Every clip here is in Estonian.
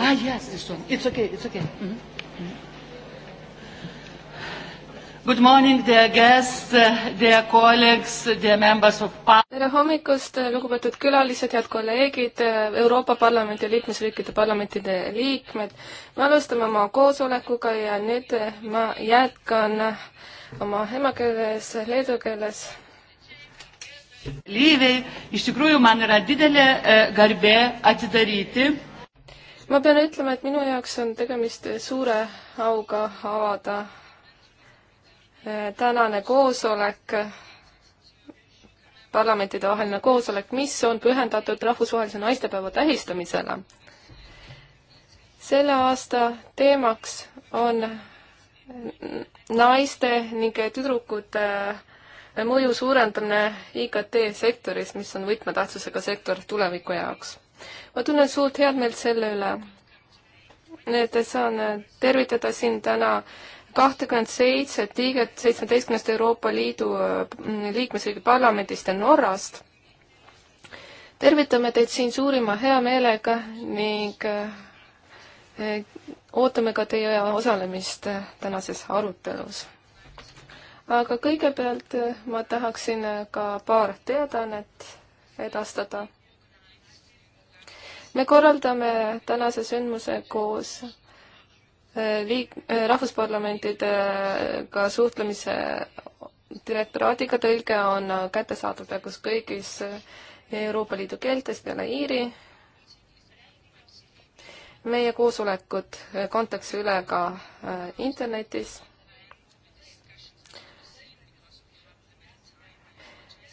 Ah, yes, this one. It's okay, it's okay. Mm -hmm. Mm -hmm. Good morning, dear guests, uh, dear colleagues, dear members of tere hommikust, uh, lugupeetud külalised, head kolleegid, uh, Euroopa Parlamendi ja liikmesriikide parlamentide liikmed. me alustame oma koosolekuga ja nüüd ma jätkan oma emakeeles, leedu keeles. Liivi, iš tikrųjų man yra didelė garbė atidaryti ma pean ütlema, et minu jaoks on tegemist suure auga avada eh, tänane koosolek, parlamentidevaheline koosolek, mis on pühendatud rahvusvahelise naistepäeva tähistamisele. selle aasta teemaks on naiste ning tüdrukute mõju suurendamine IKT sektoris, mis on võtmetähtsusega sektor tuleviku jaoks ma tunnen suurt heameelt selle üle, et saan tervitada siin täna kahtekümmend seitset liiget seitsmeteistkümnest Euroopa Liidu mm, liikmesriigi parlamendist ja Norrast. tervitame teid siin suurima heameelega ning eh, ootame ka teie osalemist tänases arutelus. aga kõigepealt eh, ma tahaksin eh, ka paar teadaannet edastada me korraldame tänase sündmuse koos äh, liik-, äh, rahvusparlamentidega suhtlemise direktoraadiga, tõlge on äh, kättesaadav peaaegu kõigis Euroopa Liidu keeltes peale iiri. meie koosolekud kantakse üle ka internetis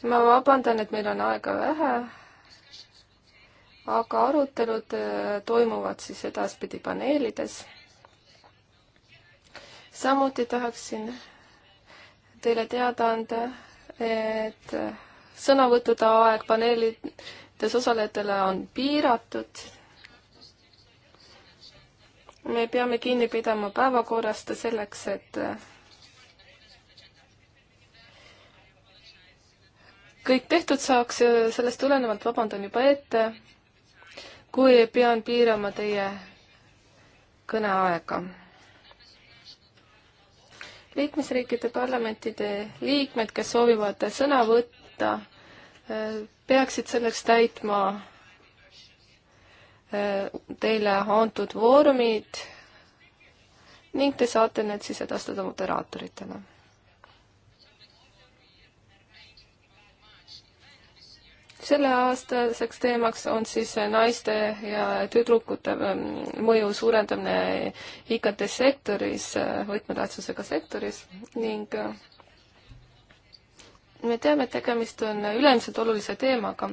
ma vabandan, et meil on aega vähe, aga arutelud äh, toimuvad siis edaspidi paneelides. samuti tahaksin teile teada anda, et sõnavõttude aeg paneelides osalejatele on piiratud. me peame kinni pidama päevakorrast selleks, et kõik tehtud saaks ja sellest tulenevalt vabandan juba ette kui pean piirama teie kõneaega. liikmesriikide parlamentide liikmed, kes soovivad sõna võtta, peaksid selleks täitma äh, teile antud vormid ning te saate need siis edastada moderaatoritele selleaastaseks teemaks on siis naiste ja tüdrukute ähm, mõju suurendamine IKT-sektoris, äh, võtmetähtsusega sektoris ning äh, me teame, et tegemist on üleilmselt olulise teemaga.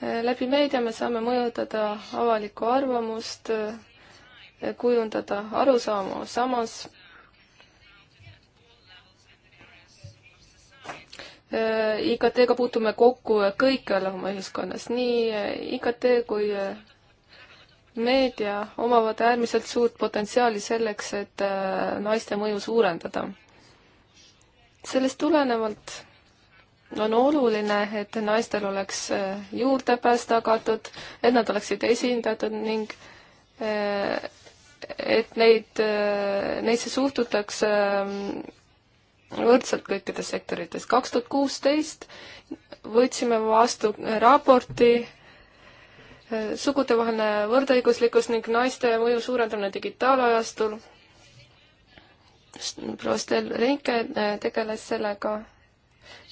Äh, läbi meedia me saame mõjutada avalikku arvamust, kujundada arusaamu, samas Äh, IKT-ga puutume kokku äh, kõikjal oma ühiskonnas, nii äh, IKT kui meedia omavad äärmiselt suurt potentsiaali selleks, et naiste mõju suurendada. sellest tulenevalt on oluline, et naistel oleks juurdepääs tagatud, et nad oleksid esindatud ning et neid, neisse suhtutakse ähm, võrdselt kõikides sektorites. kaks tuhat kuusteist võtsime vastu raporti eh, sugudevaheline võrdõiguslikkus ning naiste mõju suurendamine digitaalajastul. Prostel Reinke eh, tegeles sellega.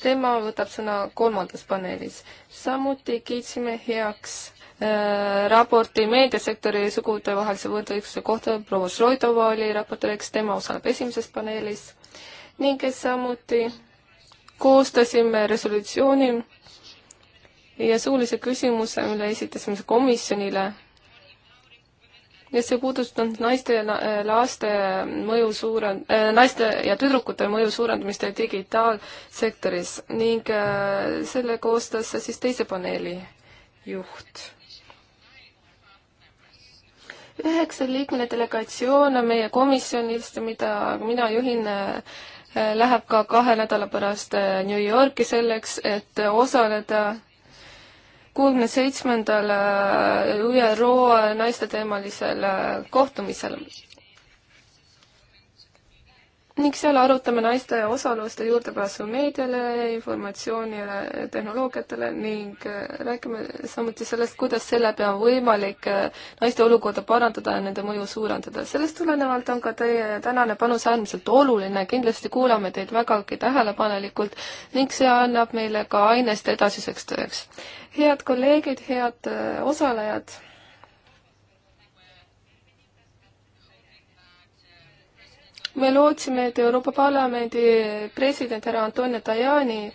tema võtab sõna kolmandas paneelis. samuti kiitsime heaks eh, raporti meediasektori sugudevahelise võrdõiguse kohta proua Šroidova oli raportööriks, tema osaleb esimeses paneelis ning samuti koostasime resolutsiooni ja suulise küsimuse, mille esitasime komisjonile. ja see puudutab naiste ja äh, laste mõju suurend-, äh, naiste ja tüdrukute mõju suurendamist digitaalsektoris ning äh, selle koostas siis teise paneeli juht üheksa liikmene delegatsioon on meie komisjonist, mida mina juhin läheb ka kahe nädala pärast äh, New Yorki selleks, et osaleda kuuekümne seitsmendal äh, ÜRO naisteteemalisel äh, kohtumisel ning seal arutame naiste osalust ja juurdepääsu meediale, informatsioonile, tehnoloogiatele ning äh, räägime samuti sellest, kuidas seeläbi on võimalik äh, naiste olukorda parandada ja nende mõju suurendada. sellest tulenevalt on ka teie tänane panus äärmiselt oluline, kindlasti kuulame teid vägagi tähelepanelikult ning see annab meile ka ainest edasiseks tööks. head kolleegid, head äh, osalejad me lootsime, et Euroopa Parlamendi president härra Antonio Tajani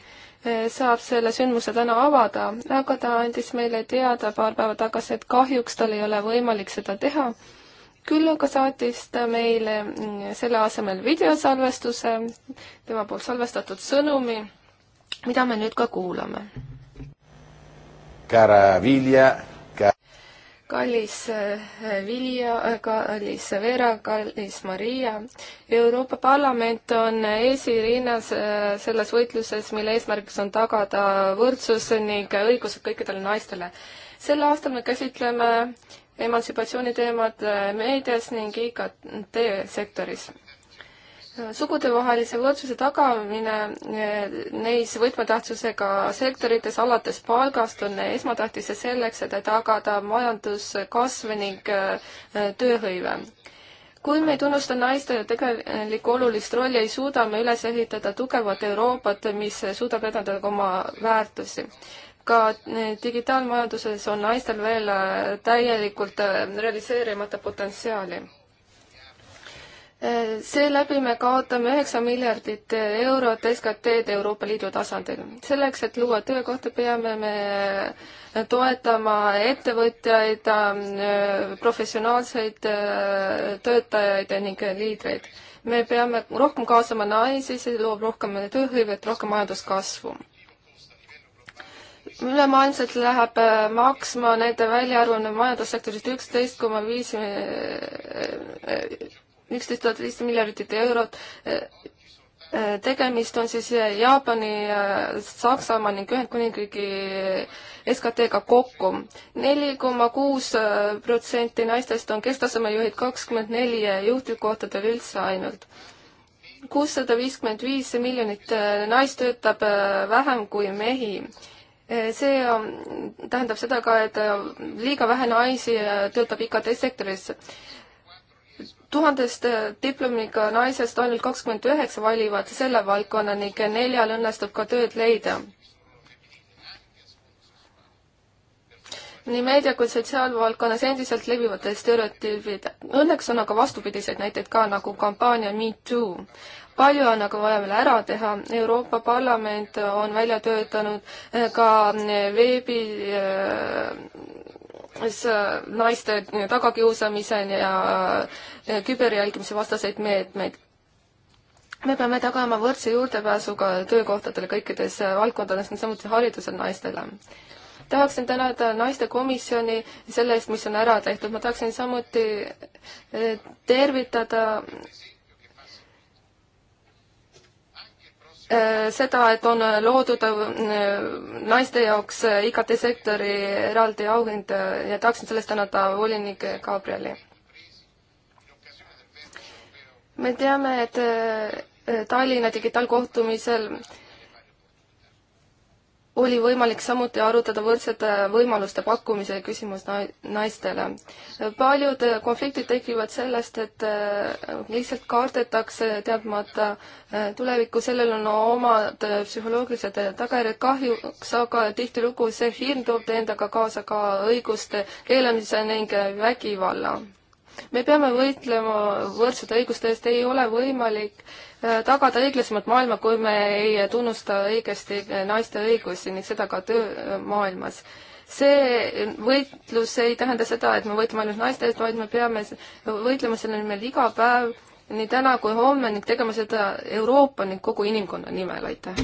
eh, saab selle sündmuse täna avada, aga ta andis meile teada paar päeva tagasi, et kahjuks tal ei ole võimalik seda teha. küll aga saatis ta meile mm, selle asemel videosalvestuse, tema poolt salvestatud sõnumi, mida me nüüd ka kuulame. Cara Viglia kallis eh, Vilja, eh, kallis Vera, kallis Maria. Euroopa Parlament on esirinnas eh, selles võitluses, mille eesmärgiks on tagada võrdsus ning õigused kõikidele naistele. sel aastal me käsitleme emantsipatsiooni teemad meedias ning IKT sektoris sugudevahelise võrdsuse tagamine eh, neis võtmetähtsusega sektorites alates palgast on esmatähtis ja selleks, et tagada majanduskasv ning eh, tööhõive. kui me ei tunnusta naiste tegelikku olulist rolli, ei suuda me üles ehitada tugevat Euroopat, mis suudab edendada oma väärtusi ka eh, digitaalmajanduses on naistel veel täielikult realiseerimata potentsiaali seeläbi me kaotame üheksa miljardit eurot SKT-d Euroopa Liidu tasandil. selleks, et luua töökohta, peame me toetama ettevõtjaid, professionaalseid äh, töötajaid ning liidreid. me peame rohkem kaasama naisi, see loob rohkem tööhõivet, rohkem majanduskasvu ülemaailmselt läheb äh, maksma nende väljaarvamine majandussektorist üksteist koma viis äh, üksteist tuhat viissada miljardit eurot. tegemist on siis Jaapani, Saksamaa ning Ühendkuningriigi SKT-ga kokku. neli koma kuus protsenti naistest on kesktasemejuhid, kakskümmend neli juhtivkohtadel üldse ainult. kuussada viiskümmend viis miljonit naist töötab vähem kui mehi see tähendab seda ka, et liiga vähe naisi töötab IKT sektoris tuhandest äh, diplomiga naisest ainult kakskümmend üheksa valivad selle valdkonna ning neljal õnnestub ka tööd leida. nii meedia kui sotsiaalvaldkonnas endiselt levivad stereotüübid. Õnneks on aga vastupidiseid näiteid ka, nagu kampaania Me Too. palju on aga vaja veel ära teha, Euroopa Parlament on välja töötanud äh, ka äh, veebi äh, Äh, naiste äh, tagakiusamise ja äh, küberjälgimise vastaseid meetmeid. me peame tagama võrdse juurdepääsuga töökohtadele kõikides valdkondades, samuti haridusel naistele tahaksin tänada naistekomisjoni selle eest, mis on ära tehtud, ma tahaksin samuti tervitada Äh, seda, et on loodud äh, naiste jaoks äh, IKT-sektori eraldi auhind ja tahaksin sellest tänada volinik Gabrieli. me teame, et Tallinna digitaalkohtumisel oli võimalik samuti arutada võrdsete võimaluste pakkumise küsimust naistele. paljud konfliktid tekivad sellest, et äh, lihtsalt kardetakse teadmata äh, tulevikku, sellel on omad äh, psühholoogilised tagajärjed kahjuks, aga tihtilugu see hirm toob endaga kaasa ka õiguste keelamise ning vägivalla. me peame võitlema võrdsete õiguste eest, ei ole võimalik äh, Äh, tagada õiglasemat maailma, kui me ei tunnusta õigesti naiste õigusi ning seda ka töömaailmas. see võitlus ei tähenda seda, et me võitleme ainult naiste eest, vaid me peame võitlema selle nimel iga päev, nii täna kui homme ning tegema seda Euroopa ning kogu inimkonna nimel, aitäh!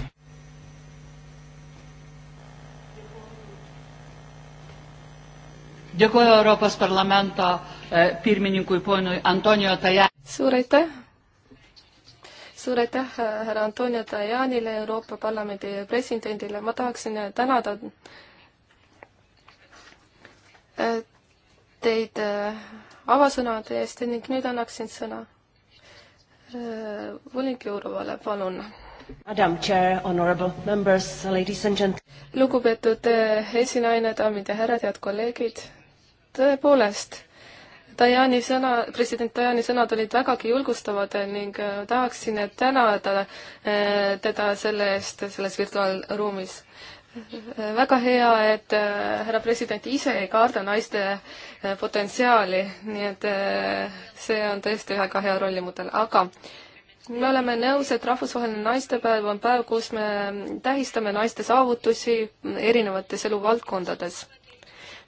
Dėkuoju Europos parlamento e, pirmininkui ponui Antonijo Tajani. Suur aitäh suur aitäh härra Antonio Tajanile, Euroopa Parlamendi presidendile, ma tahaksin tänada äh, teid äh, avasõnade eest ning nüüd annaksin sõna äh, volinik Jourovale, palun. Madam Chair, honorable members, ladies and gent-. lugupeetud esinaine, daamid ja härrad, head kolleegid, tõepoolest Tajani sõna, president Tajani sõnad olid vägagi julgustavad ning äh, tahaksin tänada äh, teda selle eest selles virtuaalruumis äh, väga hea, et härra president ise ei karda naiste potentsiaali, nii et see on tõesti väga hea rollimudel, aga me oleme nõus, et rahvusvaheline naistepäev on päev, kus me tähistame naiste saavutusi erinevates eluvaldkondades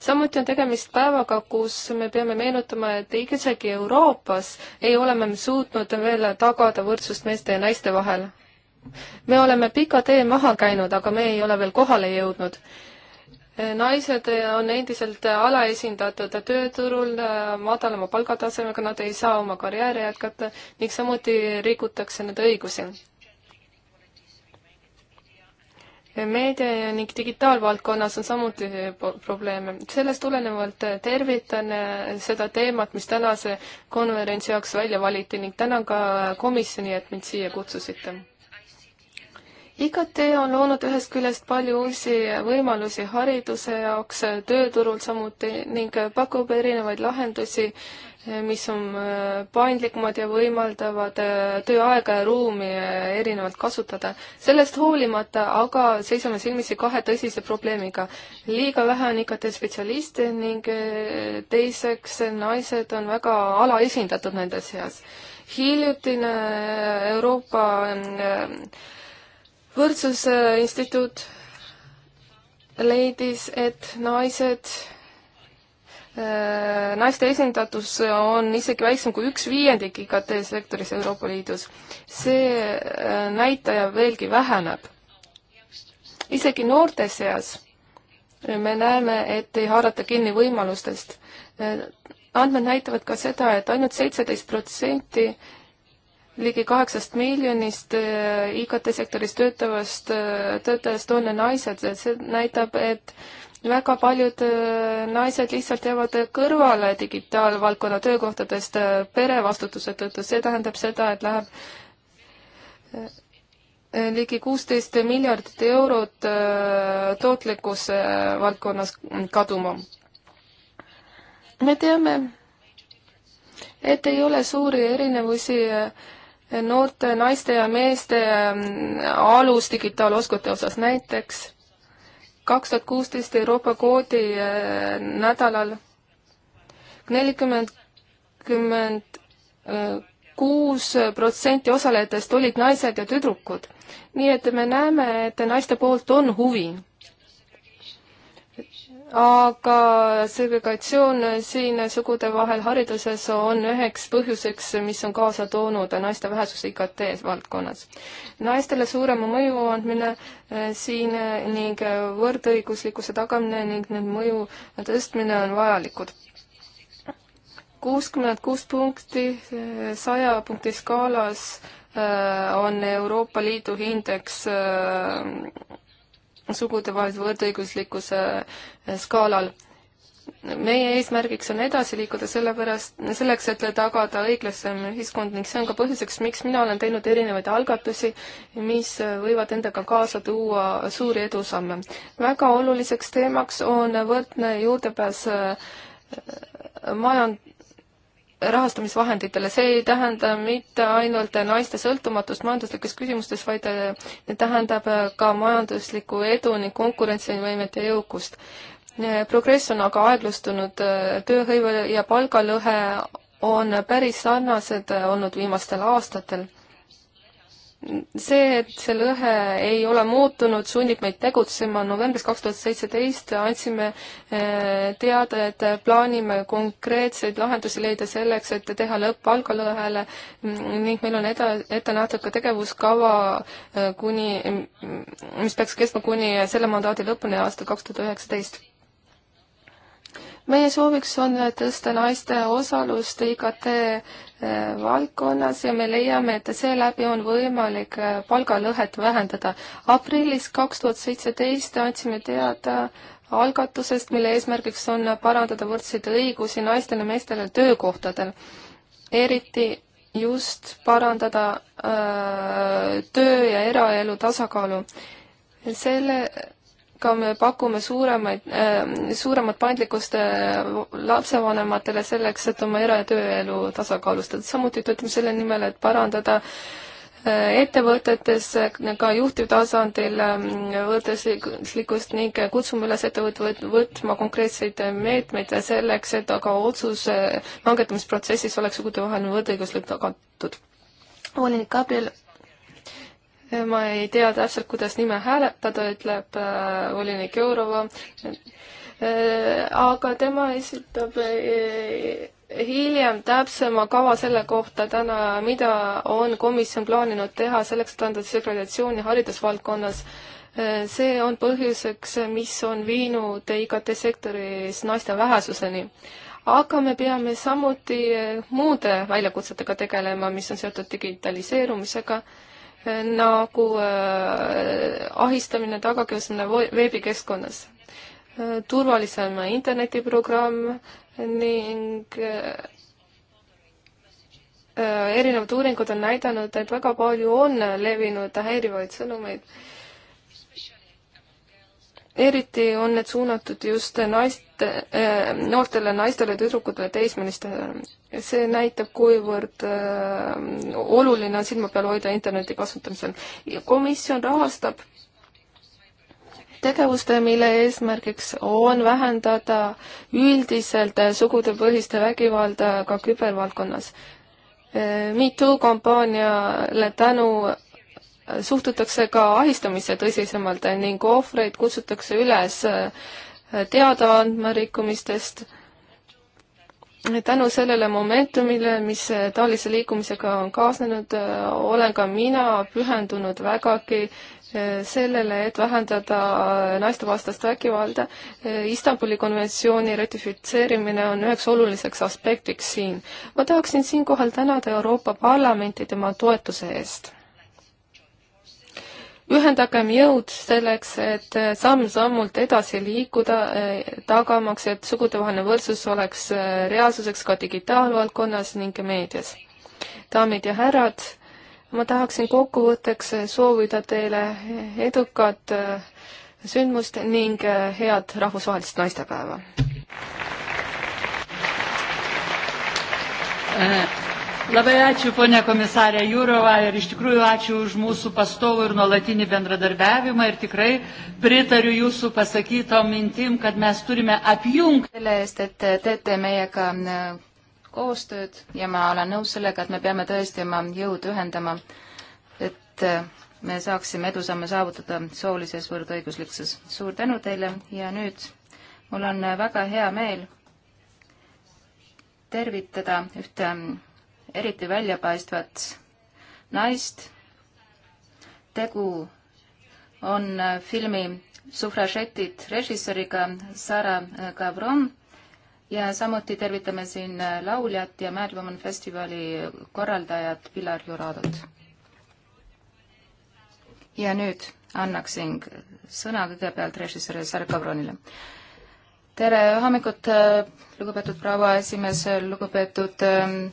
samuti on tegemist päevaga, kus me peame meenutama, et isegi Euroopas ei ole me suutnud veel tagada võrdsust meeste ja naiste vahel. me oleme pika tee maha käinud, aga me ei ole veel kohale jõudnud naised on endiselt alaesindatud tööturul madalama palgatasemega, nad ei saa oma karjääri jätkata ning samuti rikutakse nende õigusi meedia ning digitaalvaldkonnas on samuti eh, probleeme. sellest tulenevalt eh, tervitan eh, seda teemat, mis tänase konverentsi jaoks välja valiti ning tänan ka komisjoni, et mind siia kutsusite. IKT on loonud ühest küljest palju uusi võimalusi hariduse jaoks, tööturul samuti ning pakub erinevaid lahendusi äh, mis on äh, paindlikumad ja võimaldavad äh, tööaega ja ruumi äh, erinevalt kasutada. sellest hoolimata aga seisame silmitsi kahe tõsise probleemiga. liiga vähe on IKT spetsialiste ning teiseks naised on väga alaesindatud nende seas. hiljutine Euroopa Võrdsuse Instituut leidis, et naised Äh, naiste esindatus on isegi väiksem kui üks viiendik IKT sektoris Euroopa Liidus. see äh, näitaja veelgi väheneb. isegi noorte seas me näeme, et ei haarata kinni võimalustest. Äh, andmed näitavad ka seda, et ainult seitseteist protsenti ligi kaheksast miljonist IKT sektoris töötavast, töötajast on naised, see näitab, et väga paljud äh, naised lihtsalt jäävad kõrvale digitaalvaldkonna töökohtadest äh, perevastutuse tõttu, see tähendab seda, et läheb äh, ligi kuusteist miljardit eurot tootlikkus valdkonnas kaduma. me teame, et ei ole suuri erinevusi noorte naiste ja meeste alusdigitaaloskute osas näiteks kaks tuhat kuusteist Euroopa koodi äh, nädalal nelikümmend kuus protsenti osalejatest olid naised ja tüdrukud. nii et me näeme, et naiste poolt on huvi aga segregatsioon siin sugude vahel hariduses on üheks põhjuseks, mis on kaasa toonud naiste vähesuse IKT valdkonnas. naistele suurema mõju andmine eh, siin ning võrdõiguslikkuse tagamine ning need mõju tõstmine on vajalikud kuuskümmend kuus punkti eh, saja punkti skaalas eh, on Euroopa Liidu indeks sugudevahelise võrdõiguslikkuse eh, skaalal. meie eesmärgiks on edasi liikuda sellepärast, selleks, et tagada õiglasem ühiskond ning see on ka põhjuseks, miks mina olen teinud erinevaid algatusi, mis võivad endaga kaasa tuua suuri edusamme. väga oluliseks teemaks on võrdne juurdepääs eh, majand-, rahastamisvahenditele, see ei tähenda mitte ainult naiste sõltumatust majanduslikes küsimustes, vaid äh, tähendab äh, ka majanduslikku edu ning konkurentsivõimet ja jõukust. Äh, progress on aga aeglustunud, tööhõive ja palgalõhe on päris sarnased olnud viimastel aastatel see, et see lõhe ei ole muutunud, sunnib meid tegutsema. novembris kaks tuhat seitseteist andsime eh, teada, et plaanime konkreetseid lahendusi leida selleks, et teha lõpp palgalõhele mm, ning meil on eda-, ette nähtud ka tegevuskava eh, kuni, mm, mis peaks kestma kuni selle mandaadi lõpuni aastal kaks tuhat üheksateist meie sooviks on tõsta naiste osalust IKT eh, valdkonnas ja me leiame, et seeläbi on võimalik eh, palgalõhet vähendada. aprillis kaks tuhat seitseteist andsime teada algatusest, mille eesmärgiks on parandada võrdseid õigusi naistele ja meestele töökohtadel. eriti just parandada öö, eh, töö ja eraelu tasakaalu. selle ka me pakume suuremaid, äh, suuremat paindlikkust äh, lapsevanematele selleks, et oma era- ja tööelu tasakaalustada. samuti töötame selle nimel, et parandada äh, ettevõtetes ka juhtivtasandil ähm, võrdluslikkust ning kutsume üles ettevõtteid võtma konkreetseid meetmeid selleks, et aga otsuse langetamisprotsessis oleks sugudevaheline võrdõiguslik tagatud. volinik Gabriel ma ei tea täpselt, kuidas nime hääletada, ütleb äh, volinik Jourova. Äh, aga tema esitab äh, hiljem täpsema kava selle kohta täna, mida on komisjon plaaninud teha selleks, et anda segregatsiooni haridusvaldkonnas. see on põhjuseks, mis on viinud IKT sektoris naiste vähesuseni aga me peame samuti muude väljakutsetega tegelema, mis on seotud digitaliseerumisega äh, nagu äh, ahistamine, tagakiusamine veebikeskkonnas, äh, turvalisem internetiprogramm ning äh, erinevad uuringud on näidanud, et väga palju on levinud häirivaid sõnumeid eriti on need suunatud just naiste, äh, noortele naistele, tüdrukutele, teismelistele. see näitab, kuivõrd äh, oluline on silma peal hoida interneti kasutamisel. komisjon rahastab tegevuste, mille eesmärgiks on vähendada üldiselt sugudepõhiste vägivalda ka kübervaldkonnas. Äh, MeToo kampaaniale tänu suhtutakse ka ahistamisse tõsisemalt ning ohvreid kutsutakse üles äh, teada andma rikkumistest. tänu sellele momentumile, mis äh, taolise liikumisega on kaasnenud, äh, olen ka mina pühendunud vägagi sellele, et vähendada naistevastast vägivalda. Istanbuli konventsiooni ratifitseerimine on üheks oluliseks aspektiks siin. ma tahaksin siinkohal tänada Euroopa Parlamenti tema toetuse eest ühendagem jõud selleks, et samm-sammult edasi liikuda, eh, tagamaks, et sugudevaheline võrdsus oleks eh, reaalsuseks ka digitaalvaldkonnas ning meedias. daamid ja härrad, ma tahaksin kokkuvõtteks eh, soovida teile edukat sündmust ning head rahvusvahelist naistepäeva äh.! Labai ačiū, ponė komisarė Jūrova, ir iš tikrųjų ačiū už mūsų pastovų ir nuolatinį bendradarbiavimą ir tikrai pritariu jūsų pasakytom mintim, kad mes turime apjungti. selle eest, et teete meiega e, koostööd ja ma olen nõus sellega, et me peame tõesti oma jõud ühendama, et e, me saaksime edusamme saavutada soolises võrdõiguslikkuses. suur tänu teile ja nüüd mul on väga hea meel tervitada ühte eriti väljapaistvat naist. tegu on äh, filmi Suffragettid režissööriga Sara äh, Gavron ja samuti tervitame siin äh, lauljat ja Mad Woman festivali korraldajat Pilar Juradot. ja nüüd annaksin sõna kõigepealt režissööri Sara Gavronile. tere hommikut, lugupeetud proua esimees, lugupeetud äh,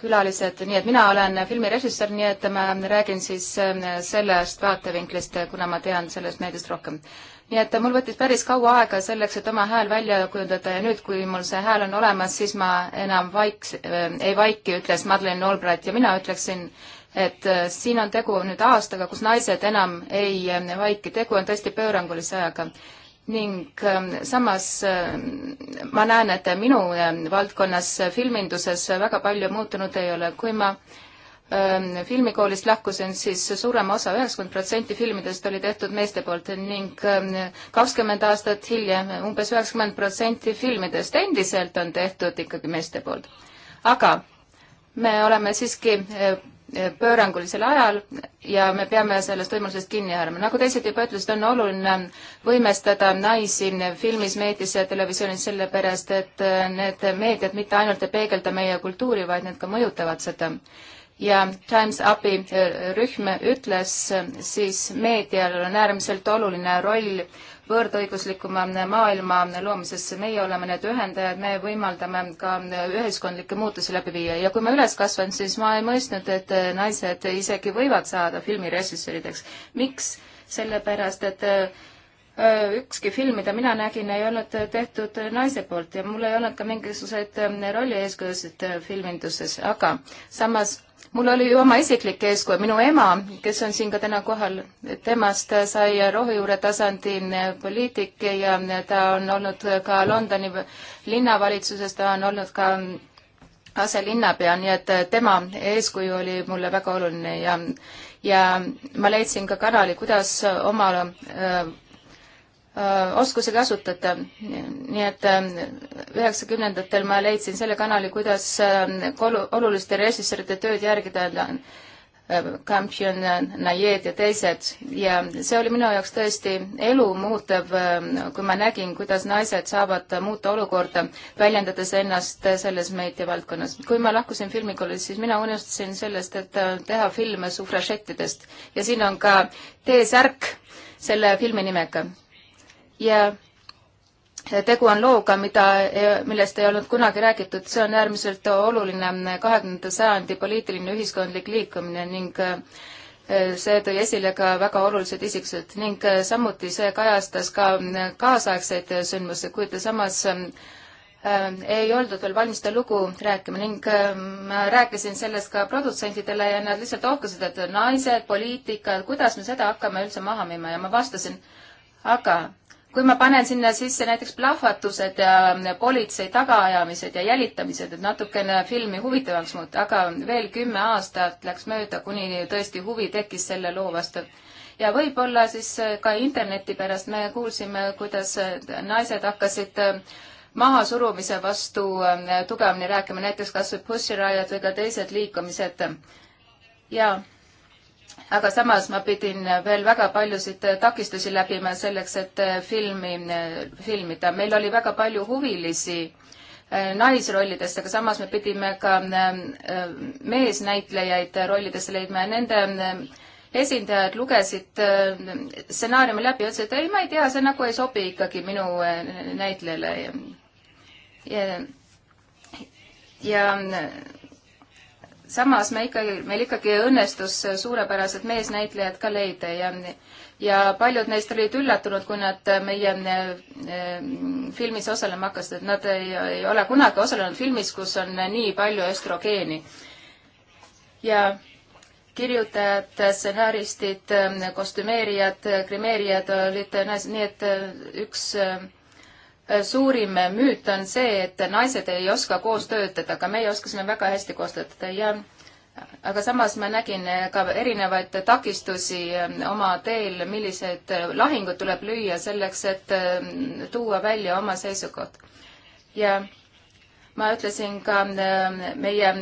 külalised, nii et mina olen filmirežissöör, nii et ma räägin siis ähm, sellest vaatevinklist, kuna ma tean sellest meediast rohkem. nii et mul võttis päris kaua aega selleks, et oma hääl välja kujundada ja nüüd, kui mul see hääl on olemas, siis ma enam vaiks- äh,, ei vaiki, ütles Madeleine Albright ja mina ütleksin, et äh, siin on tegu nüüd aastaga, kus naised enam ei ähm, vaiki, tegu on tõesti pöörangulise ajaga ning ähm, samas ähm, ma näen, et minu ähm, valdkonnas äh, filminduses äh, väga palju muutunud ei ole, kui ma filmikoolist lahkusin, siis suurema osa, üheksakümmend protsenti filmidest oli tehtud meeste poolt ning kakskümmend aastat hiljem umbes üheksakümmend protsenti filmidest endiselt on tehtud ikkagi meeste poolt. aga me oleme siiski äh, pöörangulisel ajal ja me peame sellest võimalusest kinni haarama. nagu teised juba ütlesid, on oluline võimestada naisi filmis, meedias ja televisioonis sellepärast, et need meediad mitte ainult ei peegelda meie kultuuri, vaid need ka mõjutavad seda. ja Times Upi rühm ütles siis, meedial on äärmiselt oluline roll võõrdõiguslikuma maailma loomisesse, meie oleme need ühendajad, me võimaldame ka ühiskondlikke muutusi läbi viia ja kui ma üles kasvan, siis ma ei mõistnud, et naised isegi võivad saada filmirežissöörideks. miks? sellepärast, et äh, ükski film, mida mina nägin, ei olnud tehtud naise poolt ja mul ei olnud ka mingisuguseid äh, rolli eeskujusid äh, filminduses, aga samas mul oli oma isiklik eeskuju, minu ema, kes on siin ka täna kohal, temast sai rohujuure tasandi poliitik ja ta on olnud ka Londoni linnavalitsuses, ta on olnud ka aselinnapea, nii et tema eeskuju oli mulle väga oluline ja ja ma leidsin ka kanali, kuidas oma äh, Äh, oskusi kasutada. nii et äh, üheksakümnendatel ma leidsin selle kanali, kuidas äh, oluliste režissööride tööd järgida, Campion, Nayed ja teised ja see oli minu jaoks tõesti elu muutev, kui ma nägin, kuidas naised saavad muuta olukorda, väljendades ennast selles meediavaldkonnas. kui ma lahkusin filmikoolist, siis mina unustasin sellest, et teha filme sufražettidest ja siin on ka T-särk selle filmi nimega ja tegu on looga, mida, millest ei olnud kunagi räägitud, see on äärmiselt oluline kahekümnenda sajandi poliitiline ühiskondlik liikumine ning eh, see tõi esile ka väga olulised isiksed ning eh, samuti see kajastas ka eh, kaasaegseid sündmusi, kuid samas ei oldud veel valmis seda lugu rääkima ning ma rääkisin sellest ka produtsentidele ja nad lihtsalt ohkasid, et naised, poliitika, kuidas me seda hakkame üldse maha müüma ja ma vastasin, aga kui ma panen sinna sisse näiteks plahvatused ja politsei tagaajamised ja jälitamised, et natukene filmi huvitavamaks muuta, aga veel kümme aastat läks mööda, kuni tõesti huvi tekkis selle loo vastu. ja võib-olla siis äh, ka interneti pärast me kuulsime, kuidas äh, naised hakkasid äh, mahasurumise vastu tugevamini rääkima, näiteks kas või Pussy Riot või ka teised liikumised. jaa aga samas ma pidin veel väga paljusid takistusi läbima selleks, et eh, filmi eh, filmida. meil oli väga palju huvilisi eh, naisrollidest, aga samas me pidime ka meesnäitlejaid rollidesse leidma ja nende esindajad lugesid stsenaariumi läbi ja ütlesid, et ei, ma ei tea, see nagu ei sobi ikkagi minu näitlejale ja, ja, ja samas me ikkagi, meil ikkagi õnnestus suurepärased meesnäitlejad ka leida ja ja paljud neist olid üllatunud, kui nad meie eh, filmis osalema hakkasid, et nad ei, ei ole kunagi osalenud filmis, kus on nii palju östrogeeni. ja kirjutajad, stsenaristid, kostümeerijad, grimeerijad olid, nii et üks eh, suurim müüt on see, et naised ei oska koos töötada, aga meie oskasime väga hästi koos töötada ja aga samas ma nägin ka erinevaid takistusi ähm, oma teel, millised lahingud tuleb lüüa selleks, et ähm, tuua välja oma seisukoht. ja ma ütlesin ka ähm, meie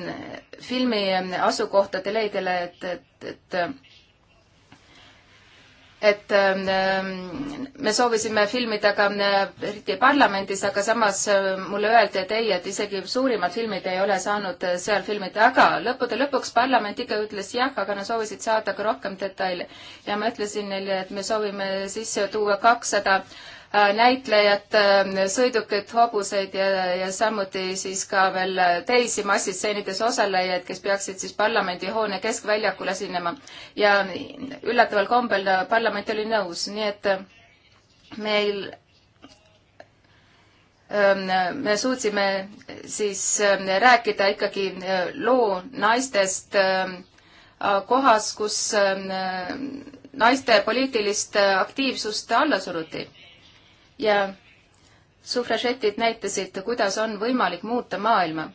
filmi asukohtade leidjale, et, et, et et ähm, ähm, me soovisime filmida ka Briti äh, parlamendis, aga samas äh, mulle öeldi, et ei, et isegi suurimad filmid ei ole saanud äh, seal filmida, aga lõppude lõpuks parlament ikka ütles jah, aga nad soovisid saada ka rohkem detaile. ja ma ütlesin neile, et me soovime sisse tuua kakssada 200 Äh, näitlejad, äh, sõidukid, hobuseid ja, ja samuti siis ka veel teisi massistseenides osalejaid, kes peaksid siis parlamendihoone keskväljakul esinema. ja üllataval kombel parlament oli nõus, nii et äh, meil ähm, me suutsime siis rääkida ikkagi loo naistest kohas, kus naiste poliitilist aktiivsust alla suruti ja sufražetid näitasid, kuidas on võimalik muuta maailma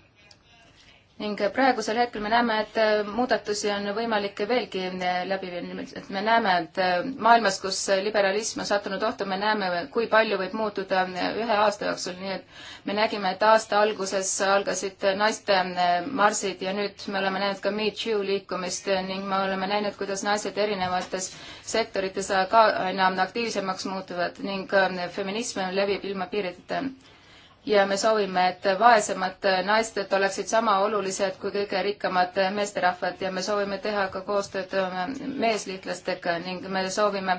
ning praegusel hetkel me näeme, et äh, muudatusi on võimalik veelgi äh, läbi viia, et me näeme, et äh, maailmas, kus liberalism on sattunud ohtu, me näeme, kui palju võib muutuda ühe aasta jooksul, nii et me nägime, et aasta alguses algasid naiste marsid ja nüüd me oleme näinud ka Me Too liikumist ning me oleme näinud, kuidas naised erinevates sektorites ka aina aktiivsemaks muutuvad ning feminism levib ilma piirideta ja me soovime, et vaesemad naised oleksid sama olulised kui kõige rikkamad meesterahvad ja me soovime teha ka koostööd meesliitlastega ning me soovime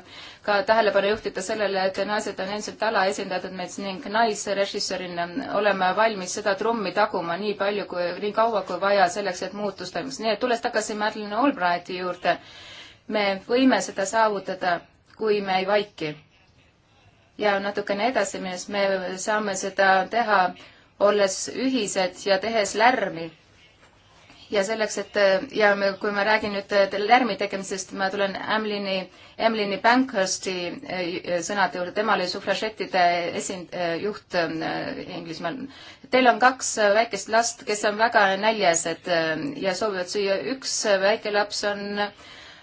ka tähelepanu juhtida sellele, et naised on endiselt alaesindatud meis ning naisrežissöörina oleme valmis seda trummi taguma nii palju kui, nii kaua kui vaja selleks, et muutus toimuks. nii et tulles tagasi Madeleine Albrighti juurde, me võime seda saavutada, kui me ei vaiki ja natukene edasi minnes me saame seda teha, olles ühised ja tehes lärmi. ja selleks, et ja me, kui ma räägin nüüd lärmi tegemisest, ma tulen Emlini, Emlini Bankhursti eh, sõnade juurde, tema oli sufražettide esind-, eh, juht eh, Inglismaal. Teil on kaks väikest last, kes on väga näljased ja soovivad süüa. üks väike laps on äh,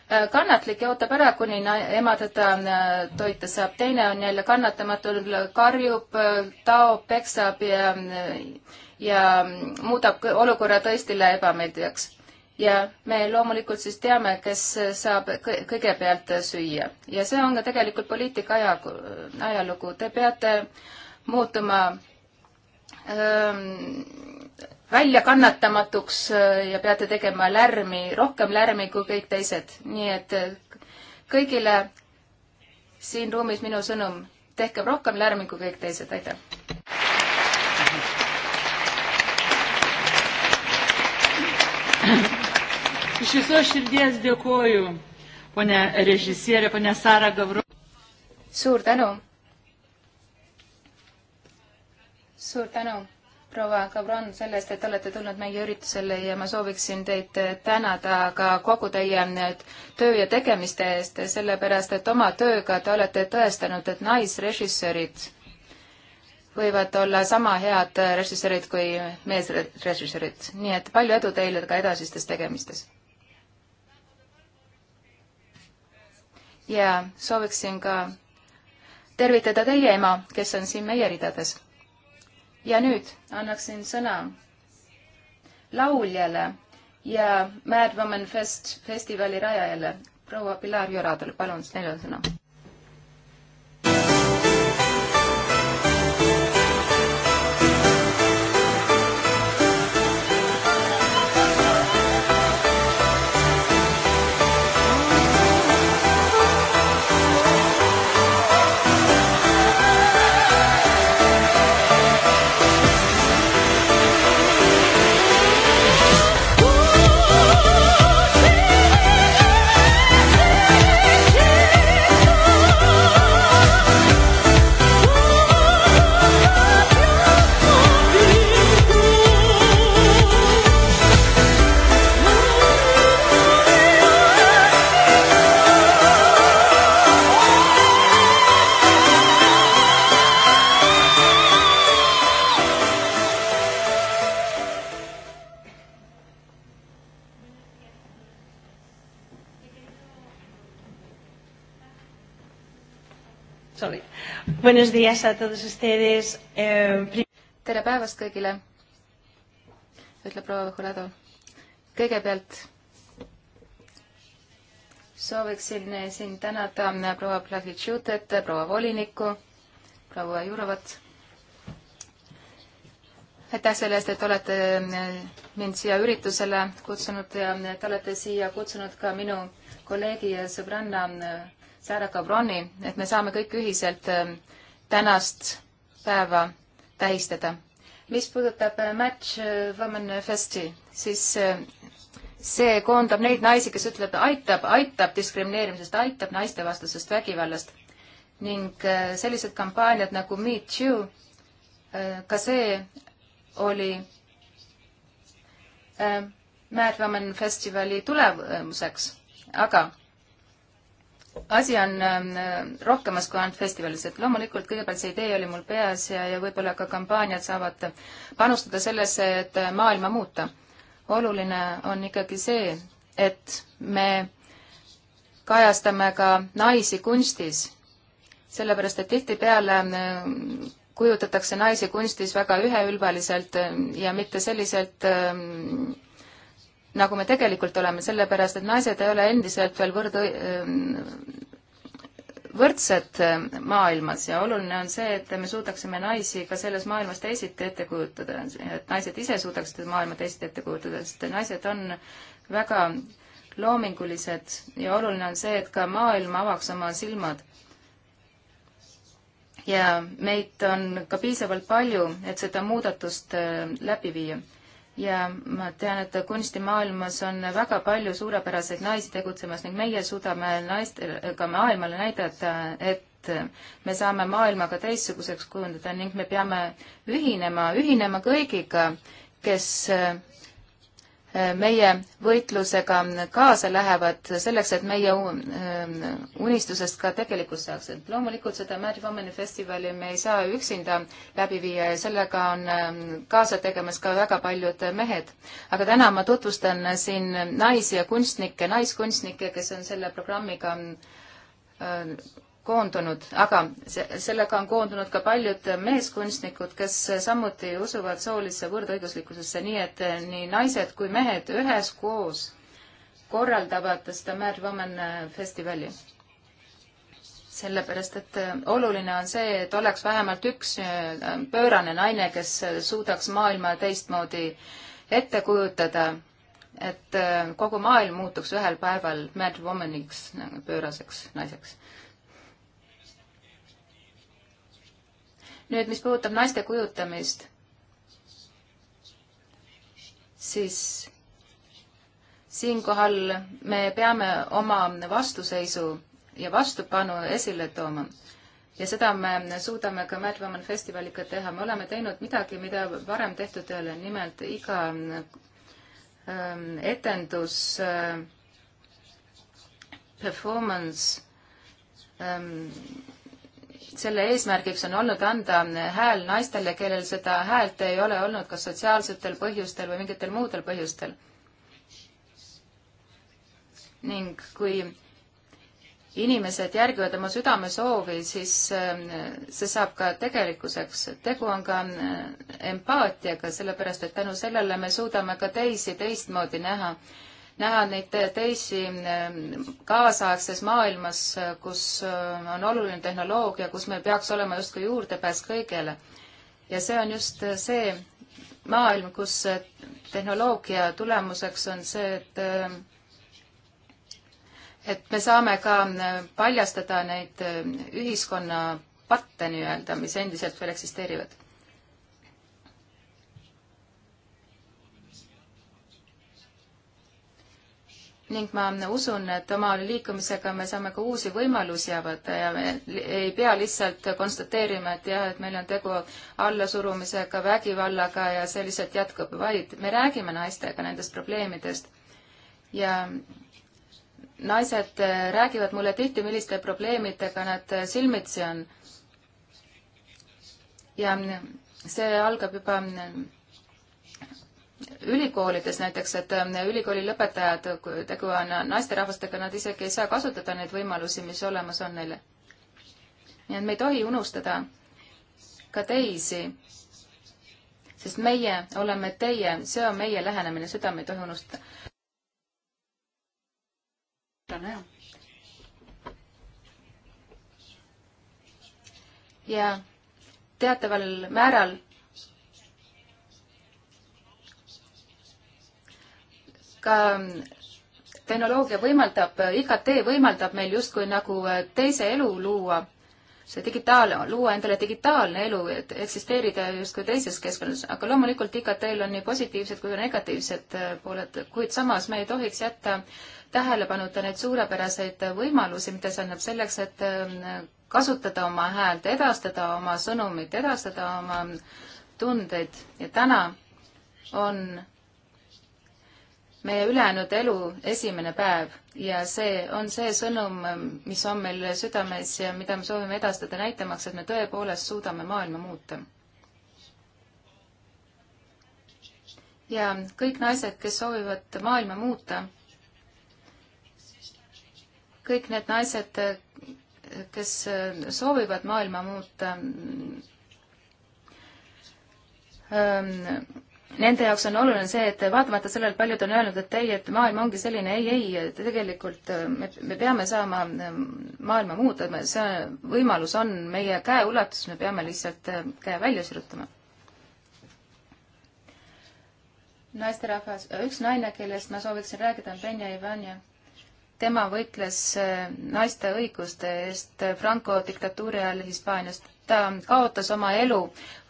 Äh, kannatlik ja ootab ära, kuni ema teda äh, toita saab. teine on jälle kannatamatul, karjub, äh, taob, peksab ja, ja muudab olukorra tõestile ebameeldivaks. ja me loomulikult siis teame, kes saab kõigepealt süüa ja see on ka tegelikult poliitika aja, ajalugu. Te peate muutuma öö, ähm, väljakannatamatuks äh, ja peate tegema lärmi, rohkem lärmi kui kõik teised. nii et äh, kõigile siin ruumis minu sõnum, tehkem rohkem lärmi kui kõik teised, aitäh! Iš viso širdies dėkoju, ponė režisierė, ponė Sara Gavro. Suur tänu! Suur tänu! proua Gavron, selle eest, et olete tulnud meie üritusele ja ma sooviksin teid eh, tänada ka kogu teie eh, töö ja tegemiste eest, sellepärast et oma tööga te olete tõestanud, et naisrežissöörid võivad olla sama head eh, režissöörid kui meesrežissöörid, nii et palju edu teile ka edasistes tegemistes! ja sooviksin ka tervitada teie ema, kes on siin meie ridades ja nüüd annaksin sõna lauljale ja Mad Woman Fest festivali rajajale, proua Pilar Joradel, palun, teil on sõna Buenos días a todos ustedes. Eh, tere päevast kõigile, ütleb proua Jurado. kõigepealt sooviksin eh, siin tänada eh, proua Plahvitšutet, eh, proua volinikku, proua Jurovat. aitäh selle eest, et olete mind siia üritusele kutsunud ja te olete siia kutsunud ka minu kolleegi ja sõbranna Sarah Cabroni, et me saame kõik ühiselt äh, tänast päeva tähistada. mis puudutab äh, Match äh, Women Festi, siis äh, see koondab neid naisi, kes ütleb, aitab, aitab diskrimineerimisest, aitab naistevastasest vägivallast ning sellised kampaaniad nagu Me Too, ka see oli Mad Women festivali tulemuseks, aga asi on ähm, rohkemas kui ainult festivalis, et loomulikult kõigepealt see idee oli mul peas ja, ja võib-olla ka kampaaniad saavad panustada sellesse, et äh, maailma muuta. oluline on ikkagi see, et me kajastame ka naisi kunstis, sellepärast et tihtipeale ähm, kujutatakse naisi kunstis väga üheülbaliselt ähm, ja mitte selliselt nagu me tegelikult oleme, sellepärast et naised ei ole endiselt veel võrd-, ähm, võrdsed ähm, maailmas ja oluline on see, et me suudaksime naisi ka selles maailmas teisiti ette kujutada, et naised ise suudaksid maailma teisiti ette kujutada, sest naised on väga loomingulised ja oluline on see, et ka maailm avaks oma silmad. ja meid on ka piisavalt palju, et seda muudatust äh, läbi viia ja ma tean, et kunstimaailmas on väga palju suurepäraseid naisi tegutsemas ning meie suudame naistega maailmale näidata, et me saame maailmaga teistsuguseks kujundada ning me peame ühinema, ühinema kõigiga, kes meie võitlusega kaasa lähevad selleks, et meie ähm, unistusest ka tegelikult saaks. et loomulikult seda Mad Womani festivali me ei saa üksinda läbi viia ja sellega on ähm, kaasa tegemas ka väga paljud mehed. aga täna ma tutvustan siin naisi ja kunstnikke, naiskunstnikke, kes on selle programmiga ähm, koondunud, aga sellega on koondunud ka paljud meeskunstnikud, kes samuti usuvad soolisse võrdõiguslikkusesse, nii et eh, nii naised kui mehed üheskoos korraldavad seda Mad Woman eh, festivali. sellepärast, et eh, oluline on see, et oleks vähemalt üks pöörane naine, kes suudaks maailma teistmoodi ette kujutada, et kogu maailm muutuks ühel päeval Mad Womaniks, nagu, pööraseks naiseks nüüd, mis puudutab naiste kujutamist, siis siinkohal me peame oma vastuseisu ja vastupanu esile tooma. ja seda me suudame ka Mad Woman festivaliga teha, me oleme teinud midagi, mida varem tehtud ei ole, nimelt iga ähm, etendus äh,, performance ähm,, selle eesmärgiks on olnud anda hääl naistele, kellel seda häält ei ole olnud kas sotsiaalsetel põhjustel või mingitel muudel põhjustel. ning kui inimesed järgivad oma südamesoovi, siis eh, see saab ka tegelikkuseks. tegu on ka eh, empaatiaga, sellepärast et tänu sellele me suudame ka teisi teistmoodi näha näha neid teisi ähm, kaasaegses maailmas, äh, kus äh, on oluline tehnoloogia, kus meil peaks olema justkui juurdepääs kõigele. ja see on just äh, see maailm, kus tehnoloogia tulemuseks on see, et et me saame ka paljastada neid ühiskonna patte nii-öelda, mis endiselt veel eksisteerivad. ning ma usun, et oma liikumisega me saame ka uusi võimalusi avada ja me ei pea lihtsalt konstateerima, et jah, et meil on tegu allasurumisega, vägivallaga ja see lihtsalt jätkub, vaid me räägime naistega nendest probleemidest. ja naised räägivad mulle tihti, milliste probleemidega nad silmitsi on. ja see algab juba ülikoolides näiteks, et ähm, ülikooli lõpetajad, kui tegu on naisterahvastega, nad isegi ei saa kasutada neid võimalusi, mis olemas on neil. nii et me ei tohi unustada ka teisi, sest meie oleme teie, see on meie lähenemine, seda me ei tohi unustada. ja teataval määral ka tehnoloogia võimaldab, IKT võimaldab meil justkui nagu äh, teise elu luua, see digitaal, luua endale digitaalne elu, et eksisteerida justkui teises keskkonnas, aga loomulikult IKT-l on nii positiivsed kui ka negatiivsed äh, pooled, kuid samas me ei tohiks jätta tähelepanuta neid suurepäraseid äh, võimalusi, mida see annab selleks, et kasutada oma häält, edastada oma sõnumit, edastada oma tundeid ja täna on meie ülejäänud elu esimene päev ja see on see sõnum, mis on meil südames ja mida me soovime edastada, näitamaks, et me tõepoolest suudame maailma muuta. ja kõik naised, kes soovivad maailma muuta, kõik need naised, kes soovivad maailma muuta ähm,, nende jaoks on oluline see, et vaatamata sellele, et paljud on öelnud, et ei, et maailm ongi selline, ei, ei, tegelikult äh, me, me peame saama äh, maailma muuta, see võimalus on meie käeulatus, me peame lihtsalt äh, käe välja sirutama. naisterahvas, üks naine, kellest ma sooviksin rääkida, on Benja Ivanja. tema võitles naiste õiguste eest Franco diktatuuri ajal Hispaaniast ta kaotas oma elu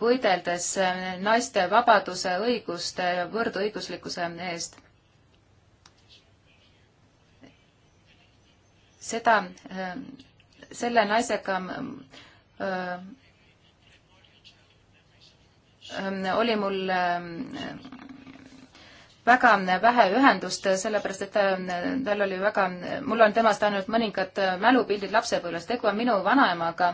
võideldes äh, naiste vabaduse, õiguste ja võrdõiguslikkuse eest. seda, äh, selle naisega äh, oli mul väga vähe ühendust, sellepärast et ta, tal oli väga, mul on temast ainult mõningad mälupildid lapsepõlvest, tegu on minu vanaemaga,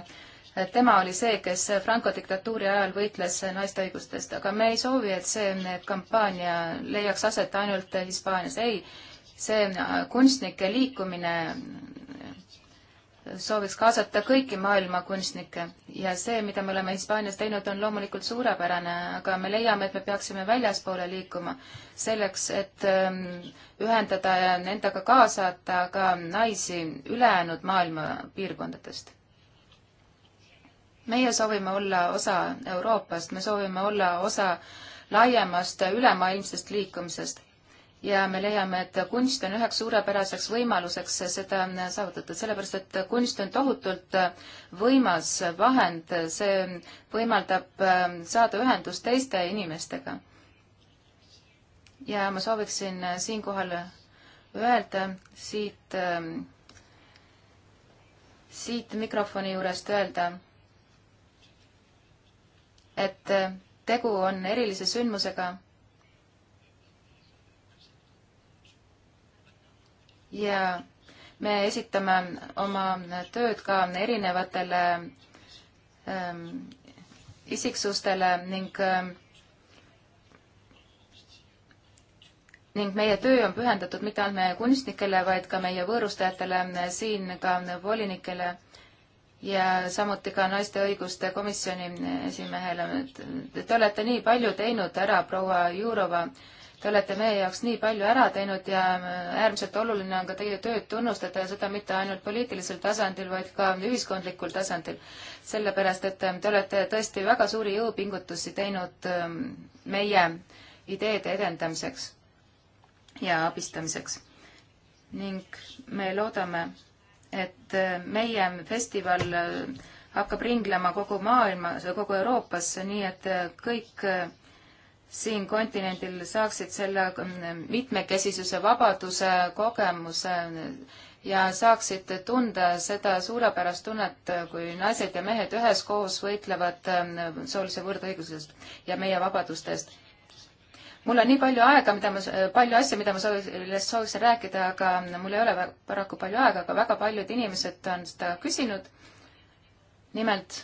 tema oli see, kes Franco diktatuuri ajal võitles naiste õigustest, aga me ei soovi, et see kampaania leiaks aset ainult Hispaanias, ei. see äh, kunstnike liikumine sooviks kaasata kõiki maailma kunstnikke ja see, mida me oleme Hispaanias teinud, on loomulikult suurepärane, aga me leiame, et me peaksime väljaspoole liikuma selleks, et ähm, ühendada ja endaga kaasata ka naisi ülejäänud maailma piirkondadest meie soovime olla osa Euroopast, me soovime olla osa laiemast ülemaailmsest liikumisest ja me leiame, et kunst on üheks suurepäraseks võimaluseks seda saavutada, sellepärast et kunst on tohutult võimas vahend, see võimaldab ähm, saada ühendust teiste inimestega. ja ma sooviksin äh, siinkohal öelda siit, ähm, siit mikrofoni juurest öelda, et äh, tegu on erilise sündmusega ja me esitame oma tööd ka erinevatele ähm, isiksustele ning ähm, ning meie töö on pühendatud mitte ainult meie kunstnikele, vaid ka meie võõrustajatele siin, ka volinikele ja samuti ka naiste õiguste komisjoni esimehele, et te olete nii palju teinud ära, proua Jurova, te olete meie jaoks nii palju ära teinud ja äärmiselt oluline on ka teie tööd tunnustada ja seda mitte ainult poliitilisel tasandil, vaid ka ühiskondlikul tasandil. sellepärast, et te olete tõesti väga suuri jõupingutusi teinud ähm, meie ideede edendamiseks ja abistamiseks. ning me loodame, et äh, meie festival äh, hakkab ringlema kogu maailmas, kogu Euroopas, nii et äh, kõik siin kontinendil saaksid selle mitmekesisuse, vabaduse, kogemuse ja saaksid tunda seda suurepärast tunnet, kui naised ja mehed üheskoos võitlevad soolise võrdõigusest ja meie vabadustest mul on nii palju aega, mida ma, palju asju, mida ma sellest sooviksin rääkida, aga mul ei ole paraku palju aega, aga väga paljud inimesed on seda küsinud. nimelt.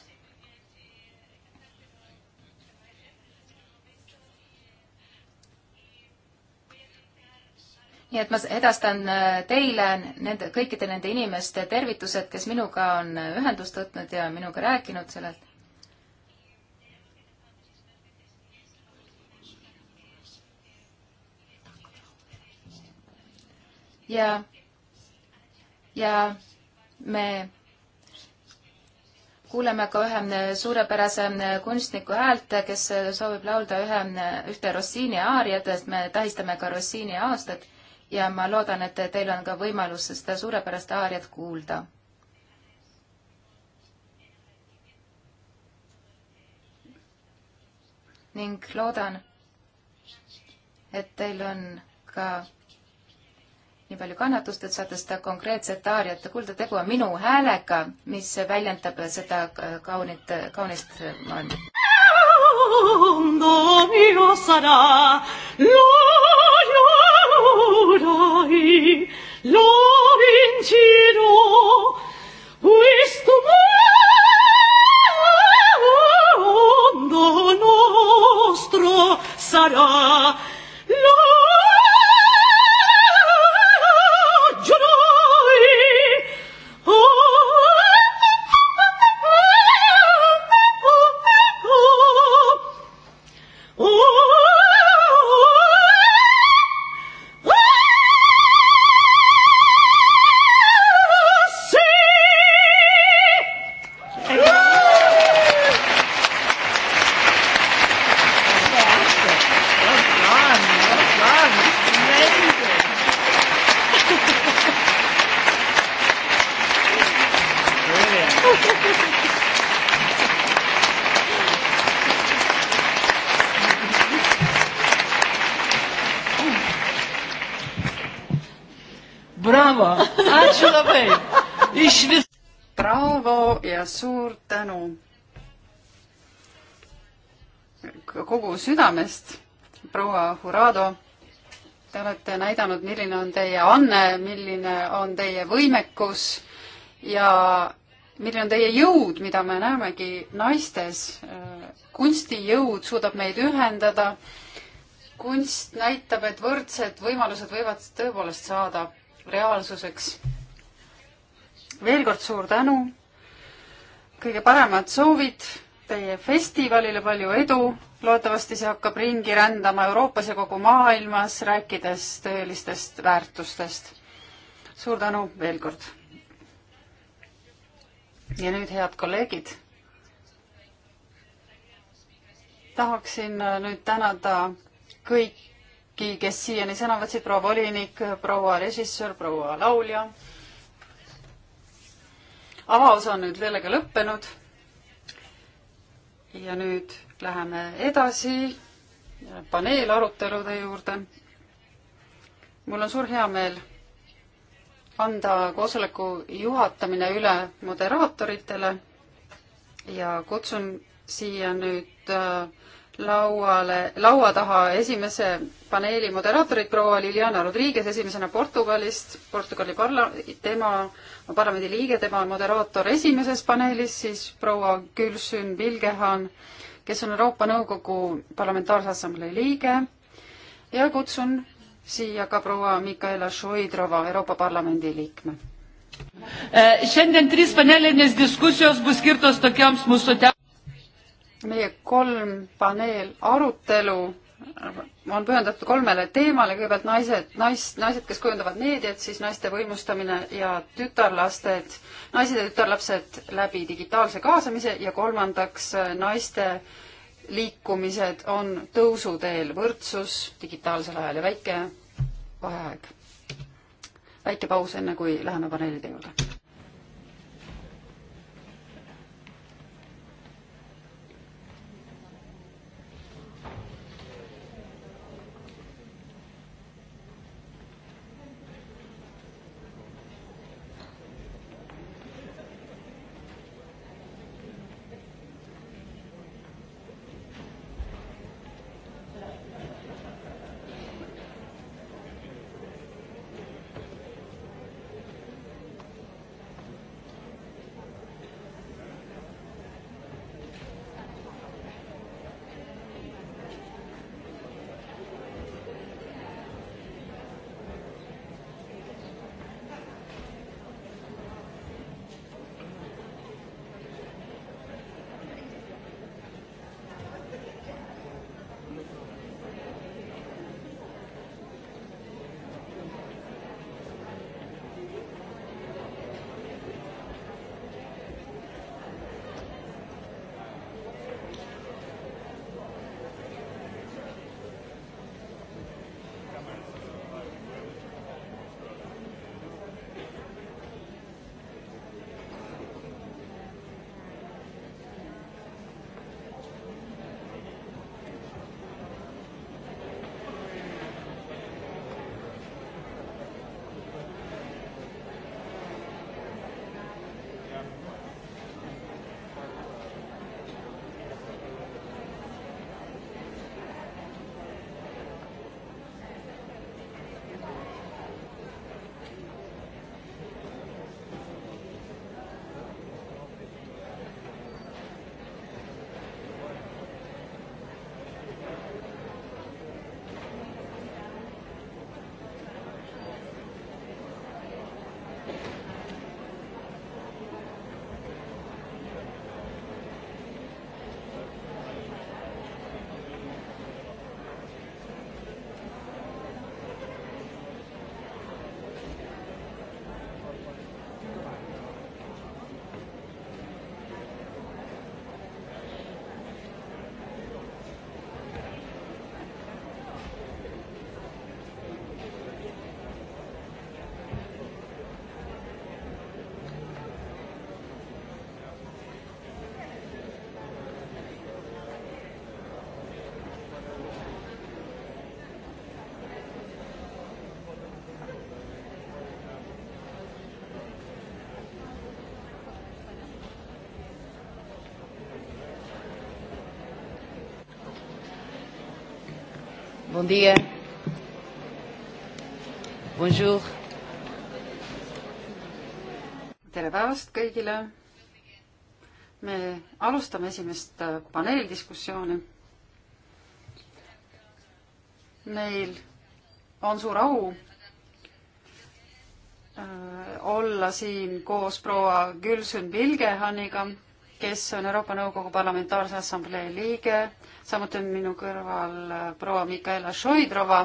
nii et ma edastan äh, teile nende, kõikide nende inimeste tervitused, kes minuga on äh, ühendust võtnud ja minuga rääkinud sellelt ja, ja me kuuleme ka ühe suurepärase kunstniku häält, kes soovib laulda ühe, ühte Rossini aariatest, me tähistame ka Rossini aastat ja ma loodan, et teil on ka võimalus seda suurepärast aariat kuulda. ning loodan, et teil on ka nii palju kannatust, et saada seda konkreetset aariat. kuulda, tegu on minu häälega, mis väljendab seda kaunit, kaunist maailma. Lo vincerò questo mondo nostro sarà kogu südamest, proua Hurado. Te olete näidanud, milline on teie anne, milline on teie võimekus ja milline on teie jõud, mida me näemegi naistes. kunstijõud suudab meid ühendada. kunst näitab, et võrdsed võimalused võivad tõepoolest saada reaalsuseks. veel kord suur tänu. kõige paremad soovid teie festivalile palju edu. loodetavasti see hakkab ringi rändama Euroopas ja kogu maailmas, rääkides tõelistest väärtustest. suur tänu veel kord. ja nüüd, head kolleegid, tahaksin äh, nüüd tänada kõiki, kes siiani sõna võtsid, proua volinik, proua režissöör, proua laulja. avaosa on nüüd sellega lõppenud ja nüüd läheme edasi paneelarutelude juurde. mul on suur heameel anda koosoleku juhatamine üle moderaatoritele ja kutsun siia nüüd äh, lauale, laua taha esimese paneeli moderaatorid proua Liliana Rodriguez esimesena Portugalist, Portugali parla-, tema on parlamendi liige, tema on moderaator esimeses paneelis, siis proua Gülsün Vilgehan, kes on Euroopa Nõukogu Parlamentaarse Assamblee liige ja kutsun siia ka proua Mikaela Šoidrova, Euroopa Parlamendi liikme. Šiandien trys panelinės diskusijos bus skirtos tokioms mūsų te- meie kolm paneelarutelu on pühendatud kolmele teemale, kõigepealt naised, nais, naised, kes kujundavad meediat, siis naiste võimustamine ja tütarlasted, naised ja tütarlapsed läbi digitaalse kaasamise ja kolmandaks naiste liikumised on tõusuteel, võrdsus digitaalsel ajal ja väike vaheaeg. väike paus, enne kui läheme paneelide juurde. Bom dia. Bonjour. tere päevast kõigile. me alustame esimest äh, paneeldiskussiooni. meil on suur au äh, olla siin koos proua Gülsün Vilgehaniga, kes on Euroopa Nõukogu Parlamentaarse Assamblee liige samuti on minu kõrval äh, proua Mikaela Šoidrova,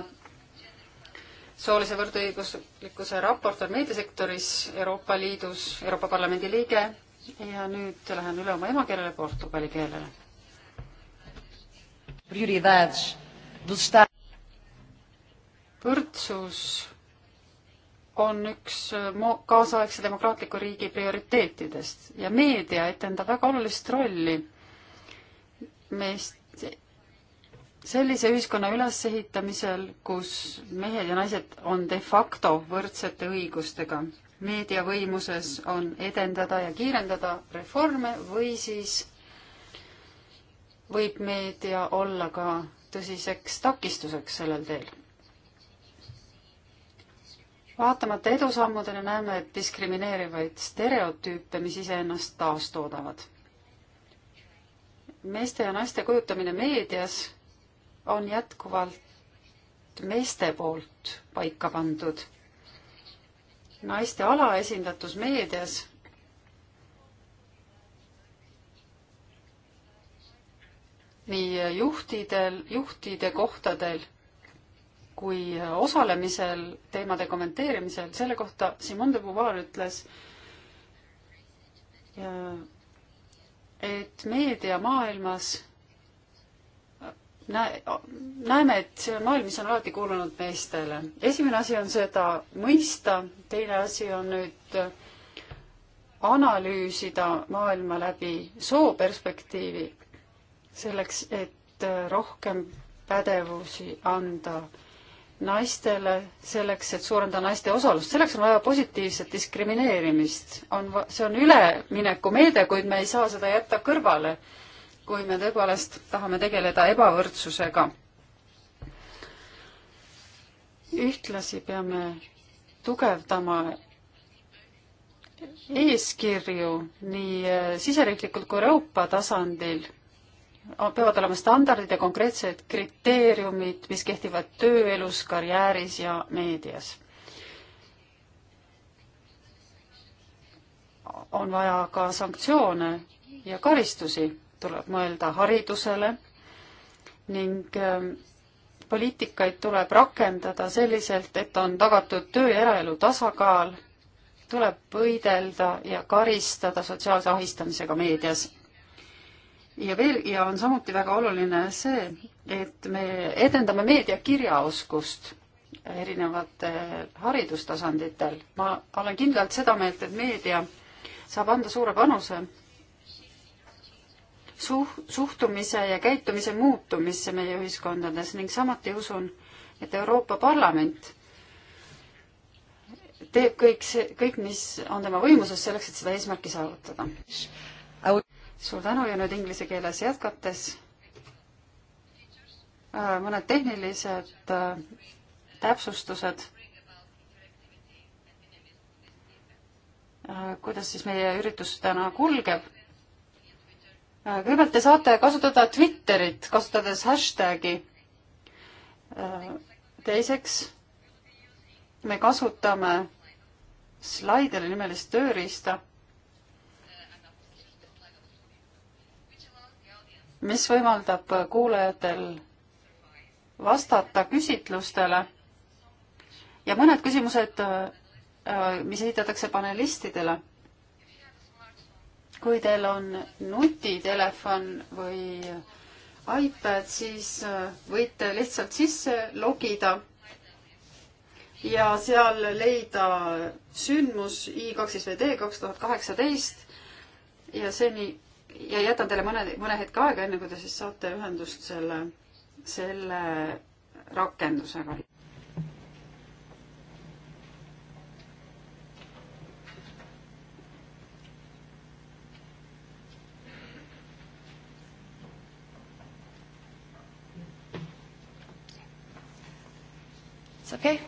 soolise võrdõiguslikkuse raportor meediasektoris Euroopa Liidus, Euroopa Parlamendi liige ja nüüd lähen üle oma emakeelele, portugali keelele. võrdsus on üks äh, kaasaegse demokraatliku riigi prioriteetidest ja meedia etendab väga olulist rolli meist sellise ühiskonna ülesehitamisel, kus mehed ja naised on de facto võrdsete õigustega. meedia võimuses on edendada ja kiirendada reforme või siis võib meedia olla ka tõsiseks takistuseks sellel teel. vaatamata edusammudele näeme diskrimineerivaid stereotüüpe, mis iseennast taastoodavad. meeste ja naiste kujutamine meedias on jätkuvalt meeste poolt paika pandud. naiste alaesindatus meedias nii juhtidel, juhtide kohtadel kui osalemisel, teemade kommenteerimisel, selle kohta Simone de Beauvoir ütles, et meediamaailmas näeme, et see on maailm, mis on alati kuulunud meestele. esimene asi on seda mõista, teine asi on nüüd analüüsida maailma läbi sooperspektiivi, selleks et rohkem pädevusi anda naistele, selleks et suurendada naiste osalust, selleks on vaja positiivset diskrimineerimist. on, see on üleminekumeede, kuid me ei saa seda jätta kõrvale kui me tõepoolest tahame tegeleda ebavõrdsusega. ühtlasi peame tugevdama eeskirju nii eh, siseriiklikult kui Euroopa tasandil peavad olema standardid ja konkreetsed kriteeriumid, mis kehtivad tööelus, karjääris ja meedias. on vaja ka sanktsioone ja karistusi tuleb mõelda haridusele ning ähm, poliitikaid tuleb rakendada selliselt, et on tagatud töö ja eraelu tasakaal, tuleb võidelda ja karistada sotsiaalse ahistamisega meedias. ja veel, ja on samuti väga oluline see, et me edendame meediakirjaoskust erinevatel haridustasanditel. ma olen kindlalt seda meelt, et meedia saab anda suure panuse suh-, suhtumise ja käitumise muutumisse meie ühiskondades ning samuti usun, et Euroopa Parlament teeb kõik see, kõik, mis on tema võimuses selleks, et seda eesmärki saavutada. suur tänu ja nüüd inglise keeles jätkates äh, mõned tehnilised äh, täpsustused äh, kuidas siis meie üritus täna kulgeb Äh, kõigepealt te saate kasutada Twitterit, kasutades hashtag'i. Äh, teiseks, me kasutame slaideri nimelist tööriista, mis võimaldab kuulajatel vastata küsitlustele ja mõned küsimused, äh, mis esitatakse panelistidele kui teil on nutitelefon või iPad, siis äh, võite lihtsalt sisse logida ja seal leida sündmus I12VD kaks tuhat kaheksateist ja seni ja jätan teile mõne, mõne hetke aega, enne kui te siis saate ühendust selle, selle rakendusega. It's okay?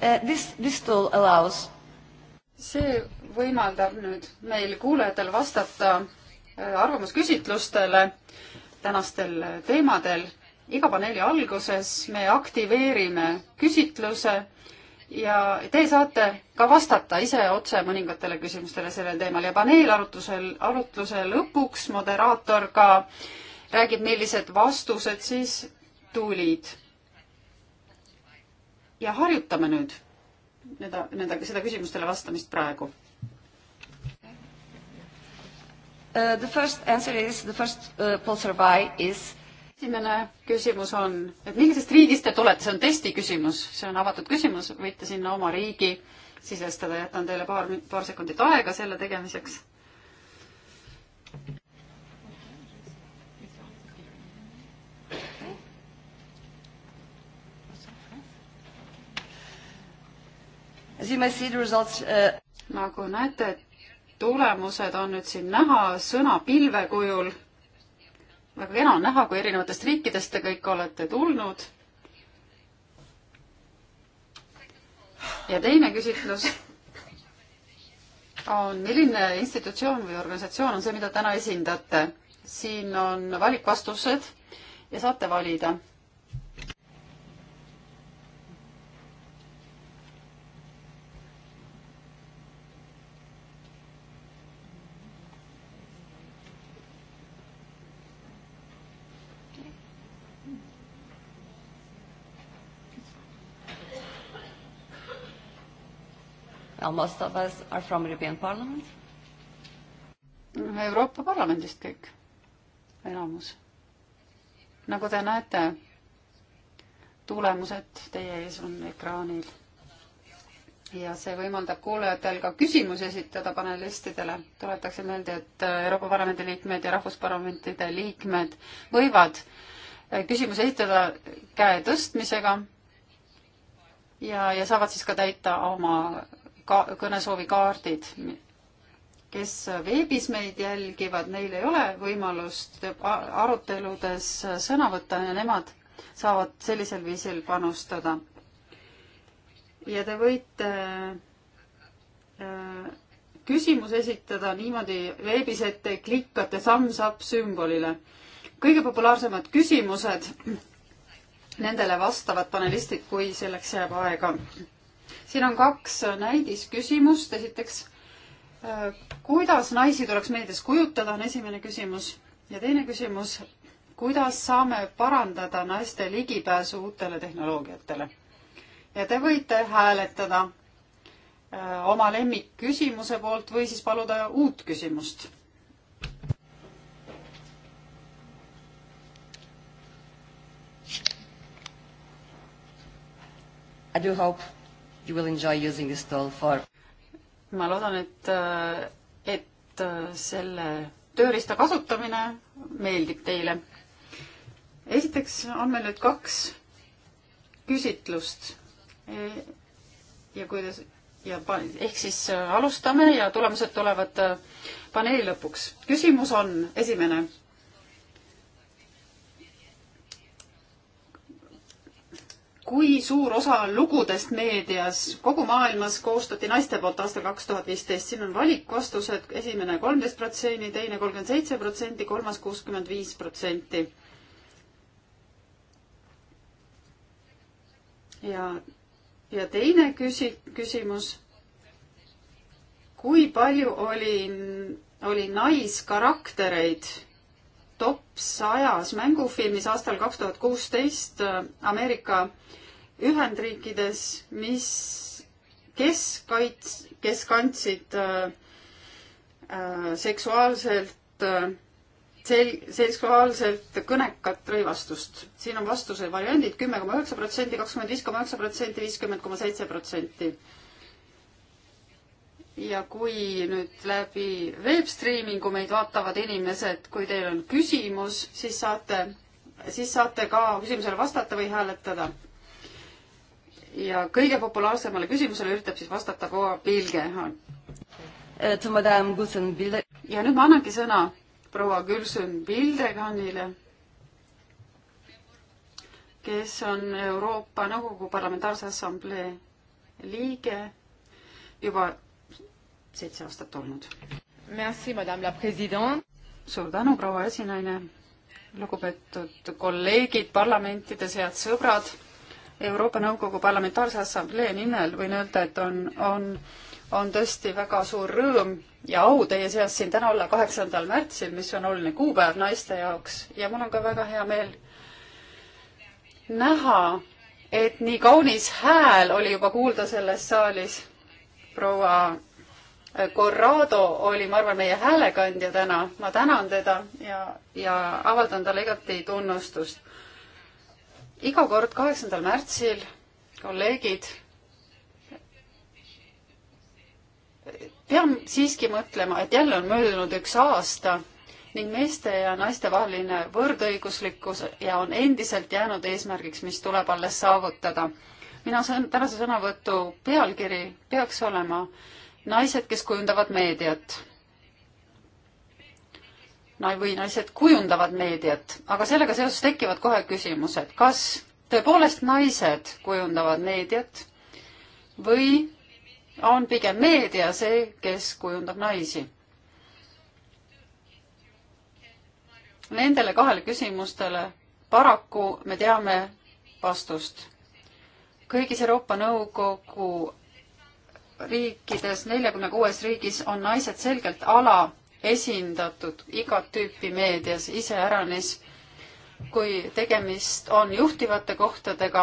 Uh, this, this tool allows see võimaldab nüüd meil kuulajatel vastata uh, arvamusküsitlustele tänastel uh, teemadel. iga paneeli alguses me aktiveerime küsitluse ja te saate ka vastata ise otse mõningatele küsimustele sellel teemal ja paneelarutlusel, arutluse lõpuks moderaator ka räägib, millised vastused siis tulid. ja harjutame nüüd nende, nende, seda küsimustele vastamist praegu. Uh, the first answer is, the first uh, poll survey is esimene küsimus on, et millisest riigist te tulete, see on testi küsimus, see on avatud küsimus, võite sinna oma riigi sisestada, jätan teile paar, paar sekundit aega selle tegemiseks As you may see the results uh... nagu näete, tulemused on nüüd siin näha sõnapilve kujul. väga kena on näha, kui erinevatest riikidest te kõik olete tulnud. ja teine küsitlus on, milline institutsioon või organisatsioon on see, mida täna esindate? siin on valikvastused ja saate valida how most of us are from European Parliament. Euroopa Parlamendist kõik, enamus. nagu te näete, tulemused teie ees on ekraanil. ja see võimaldab kuulajatel ka küsimusi esitada panelistidele. tuletaksin meelde, et Euroopa Parlamendi liikmed ja Rahvusparlamentide liikmed võivad eh, küsimusi esitada käe tõstmisega ja, ja saavad siis ka täita oma ka kõnesoovikaardid. kes veebis meid jälgivad, neil ei ole võimalust aruteludes sõna võtta ja nemad saavad sellisel viisil panustada. ja te võite äh, küsimus esitada niimoodi veebis, et te klikkate thumbs up sümbolile. kõige populaarsemad küsimused, nendele vastavad panelistid, kui selleks jääb aega siin on kaks äh, näidisküsimust, esiteks äh, kuidas naisi tuleks meedias kujutada, on esimene küsimus ja teine küsimus, kuidas saame parandada naiste ligipääsu uutele tehnoloogiatele? ja te võite hääletada äh, oma lemmikküsimuse poolt või siis paluda uut küsimust I do hope you will enjoy using this tool for. ma loodan, et, äh, et äh, selle tööriista kasutamine meeldib teile. esiteks on meil nüüd kaks küsitlust. E, ja kuidas ja ehk siis äh, alustame ja tulemused tulevad paneeli lõpuks. küsimus on esimene kui suur osa lugudest meedias kogu maailmas koostati naiste poolt aastal kaks tuhat viisteist. siin on valikvastused, esimene kolmteist protsenti, teine kolmkümmend seitse protsenti, kolmas kuuskümmend viis protsenti. ja, ja teine küsi-, küsimus. kui palju oli, oli naiskaraktereid top sajas mängufilmis aastal kaks tuhat kuusteist äh, Ameerika äh, Ühendriikides, mis, kes kaits-, kes kandsid äh, äh, seksuaalselt äh, sel-, seksuaalselt kõnekat rõivastust. siin on vastuse variandid kümme koma üheksa protsenti, kakskümmend viis koma üheksa protsenti, viiskümmend koma seitse protsenti. ja kui nüüd läbi veebstriimingu meid vaatavad inimesed, kui teil on küsimus, siis saate, siis saate ka küsimusele vastata või hääletada ja kõige populaarsemale küsimusele üritab siis vastata proua Pilgehan. Eh, ja nüüd ma annangi sõna proua Gülsün Bildeganile, kes on Euroopa Nõukogu Parlamentaarse Assamblee liige juba seitse aastat olnud. suur tänu, proua esinaine, lugupeetud kolleegid parlamentides, head sõbrad Euroopa Nõukogu Parlamentaarse Assamblee nimel võin öelda, et on, on, on tõesti väga suur rõõm ja au teie seas siin täna olla kaheksandal märtsil, mis on oluline kuupäev naiste jaoks ja mul on ka väga hea meel näha, et nii kaunis hääl oli juba kuulda selles saalis. proua Corrado oli, ma arvan, meie häälekandja täna. ma tänan teda ja, ja avaldan talle igati tunnustust iga kord kaheksandal märtsil kolleegid, pean siiski mõtlema, et jälle on möödunud üks aasta ning meeste ja naiste vaheline võrdõiguslikkus ja on endiselt jäänud eesmärgiks, mis tuleb alles saavutada. mina saan, tänase sõnavõtu pealkiri peaks olema Naised, kes kujundavad meediat no, või naised kujundavad meediat, aga sellega seoses tekivad kohe küsimused, kas tõepoolest naised kujundavad meediat või on pigem meedia see, kes kujundab naisi? Nendele kahele küsimustele paraku me teame vastust. kõigis Euroopa Nõukogu riikides, neljakümne kuues riigis on naised selgelt ala esindatud igat tüüpi meedias iseäranis, kui tegemist on juhtivate kohtadega.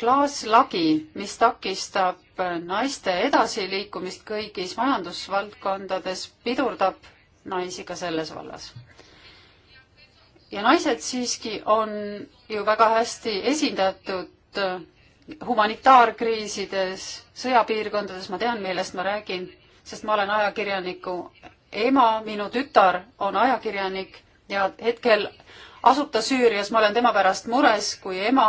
klaaslagi, mis takistab naiste edasiliikumist kõigis majandusvaldkondades, pidurdab naisi ka selles vallas. ja naised siiski on ju väga hästi esindatud humanitaarkriisides, sõjapiirkondades, ma tean, millest ma räägin sest ma olen ajakirjaniku ema, minu tütar on ajakirjanik ja hetkel asub ta Süürias, ma olen tema pärast mures kui ema.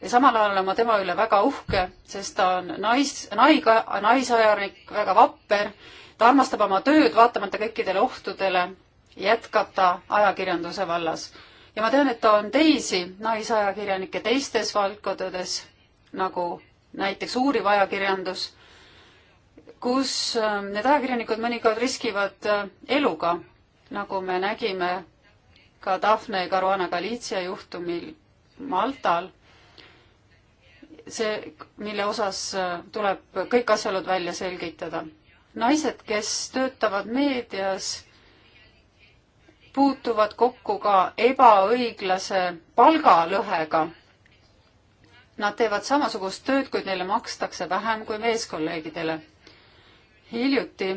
ja samal ajal olen ma tema üle väga uhke, sest ta on nais, naiga, naisajanik, väga vapper. ta armastab oma tööd, vaatamata kõikidele ohtudele, jätkab ta ajakirjanduse vallas. ja ma tean, et ta on teisi naisajakirjanikke teistes valdkondades, nagu näiteks uuriv ajakirjandus kus ähm, need ajakirjanikud mõnikord riskivad äh, eluga, nagu me nägime ka Daphne Caruana Galizia juhtumil Maltal, see, mille osas äh, tuleb kõik asjaolud välja selgitada. naised, kes töötavad meedias, puutuvad kokku ka ebaõiglase palgalõhega Nad teevad samasugust tööd, kuid neile makstakse vähem kui meeskolleegidele hiljuti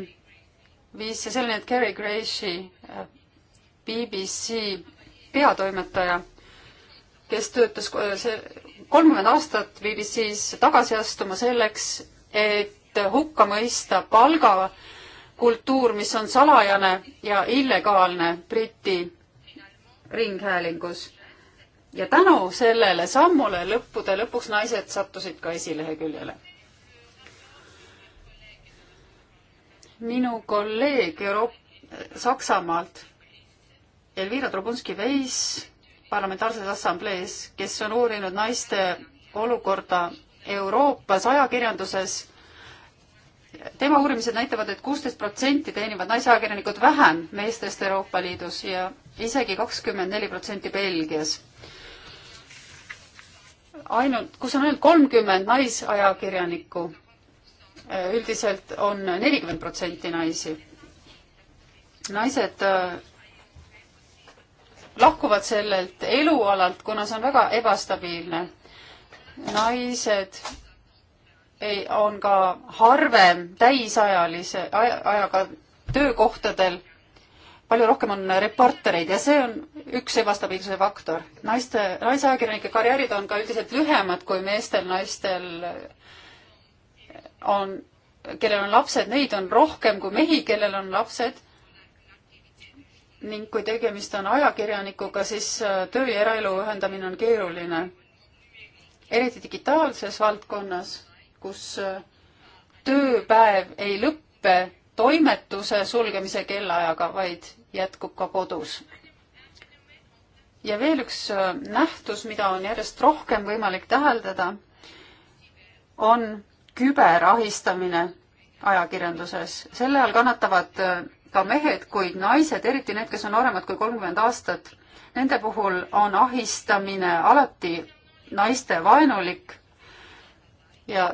viis see selleni, et Gary Gracie, äh, BBC peatoimetaja, kes töötas äh, kolmkümmend aastat BBC-s tagasi astuma selleks, et hukka mõista palgakultuur, mis on salajane ja illegaalne Briti ringhäälingus. ja tänu sellele sammule lõppude lõpuks naised sattusid ka esileheküljele minu kolleeg Euroop-, Saksamaalt, Elvira Trobunski-Veis parlamentaarses assamblees, kes on uurinud naiste olukorda Euroopas ajakirjanduses, tema uurimised näitavad et, et kuusteist protsenti teenivad naisajakirjanikud vähem meestest Euroopa Liidus ja isegi kakskümmend neli protsenti Belgias. ainult, kus on ainult kolmkümmend naisajakirjanikku üldiselt on nelikümmend protsenti naisi. naised äh, lahkuvad sellelt elualalt, kuna see on väga ebastabiilne. naised ei, on ka harvem täisajalise ajaga töökohtadel. palju rohkem on reportereid ja see on üks ebastabiilsuse faktor. naiste, naisajakirjanike karjäärid on ka üldiselt lühemad kui meestel, naistel on, kellel on lapsed, neid on rohkem kui mehi, kellel on lapsed. ning kui tegemist on ajakirjanikuga, siis äh, töö ja eraelu ühendamine on keeruline. eriti digitaalses valdkonnas, kus äh, tööpäev ei lõppe toimetuse sulgemise kellaajaga, vaid jätkub ka kodus ja veel üks äh, nähtus, mida on järjest rohkem võimalik täheldada, on küberahistamine ajakirjanduses, selle all kannatavad äh, ka mehed, kuid naised, eriti need, kes on nooremad kui kolmkümmend aastat, nende puhul on ahistamine alati naiste vaenulik ja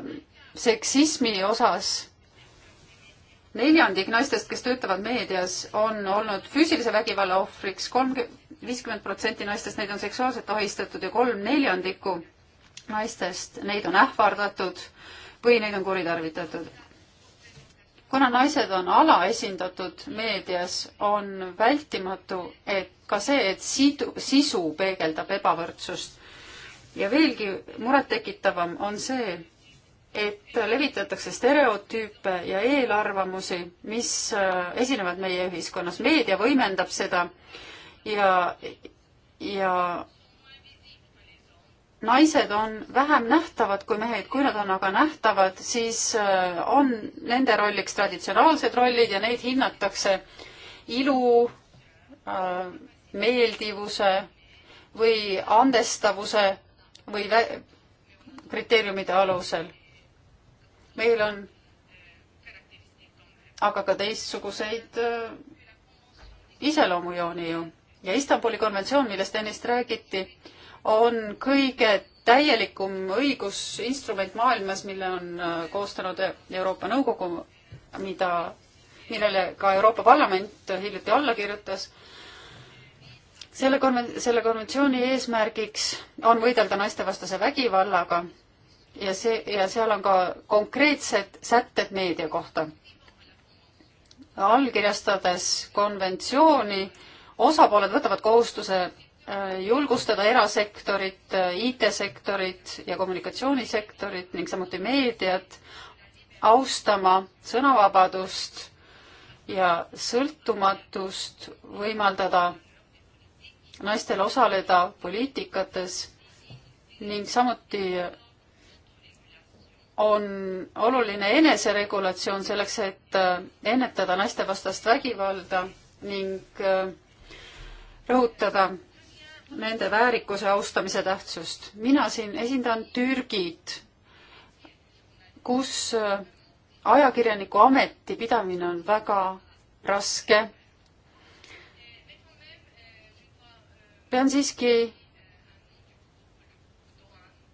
seksismi osas neljandik naistest, kes töötavad meedias, on olnud füüsilise vägivalla ohvriks, kolmkümmend, viiskümmend protsenti naistest, neid on seksuaalselt ahistatud ja kolm neljandikku naistest, neid on ähvardatud äh, või neid on kuritarvitatud. kuna naised on alaesindatud meedias, on vältimatu, et ka see, et sidu, sisu peegeldab ebavõrdsust. ja veelgi murettekitavam on see, et levitatakse stereotüüpe ja eelarvamusi, mis äh, esinevad meie ühiskonnas. meedia võimendab seda ja, ja naised on vähem nähtavad kui mehed, kui nad on aga nähtavad, siis äh, on nende rolliks traditsionaalsed rollid ja neid hinnatakse ilu, äh, meeldivuse või andestavuse või kriteeriumide alusel. meil on aga ka teistsuguseid äh, iseloomujooni ju ja Istanbuli konventsioon, millest ennist räägiti on kõige täielikum õigusinstrument maailmas, mille on äh, koostanud Euroopa Nõukogu, mida, millele ka Euroopa Parlament hiljuti alla kirjutas. selle konven-, selle konventsiooni eesmärgiks on võidelda naistevastase vägivallaga ja see, ja seal on ka konkreetsed sätted meedia kohta. allkirjastades konventsiooni, osapooled võtavad kohustuse Äh, julgustada erasektorit, äh, IT-sektorit ja kommunikatsioonisektorit ning samuti meediat austama sõnavabadust ja sõltumatust, võimaldada naistel osaleda poliitikates ning samuti on oluline eneseregulatsioon selleks, et äh, ennetada naistevastast vägivalda ning rõhutada nende väärikuse austamise tähtsust. mina siin esindan Türgit, kus äh, ajakirjaniku ameti pidamine on väga raske. pean siiski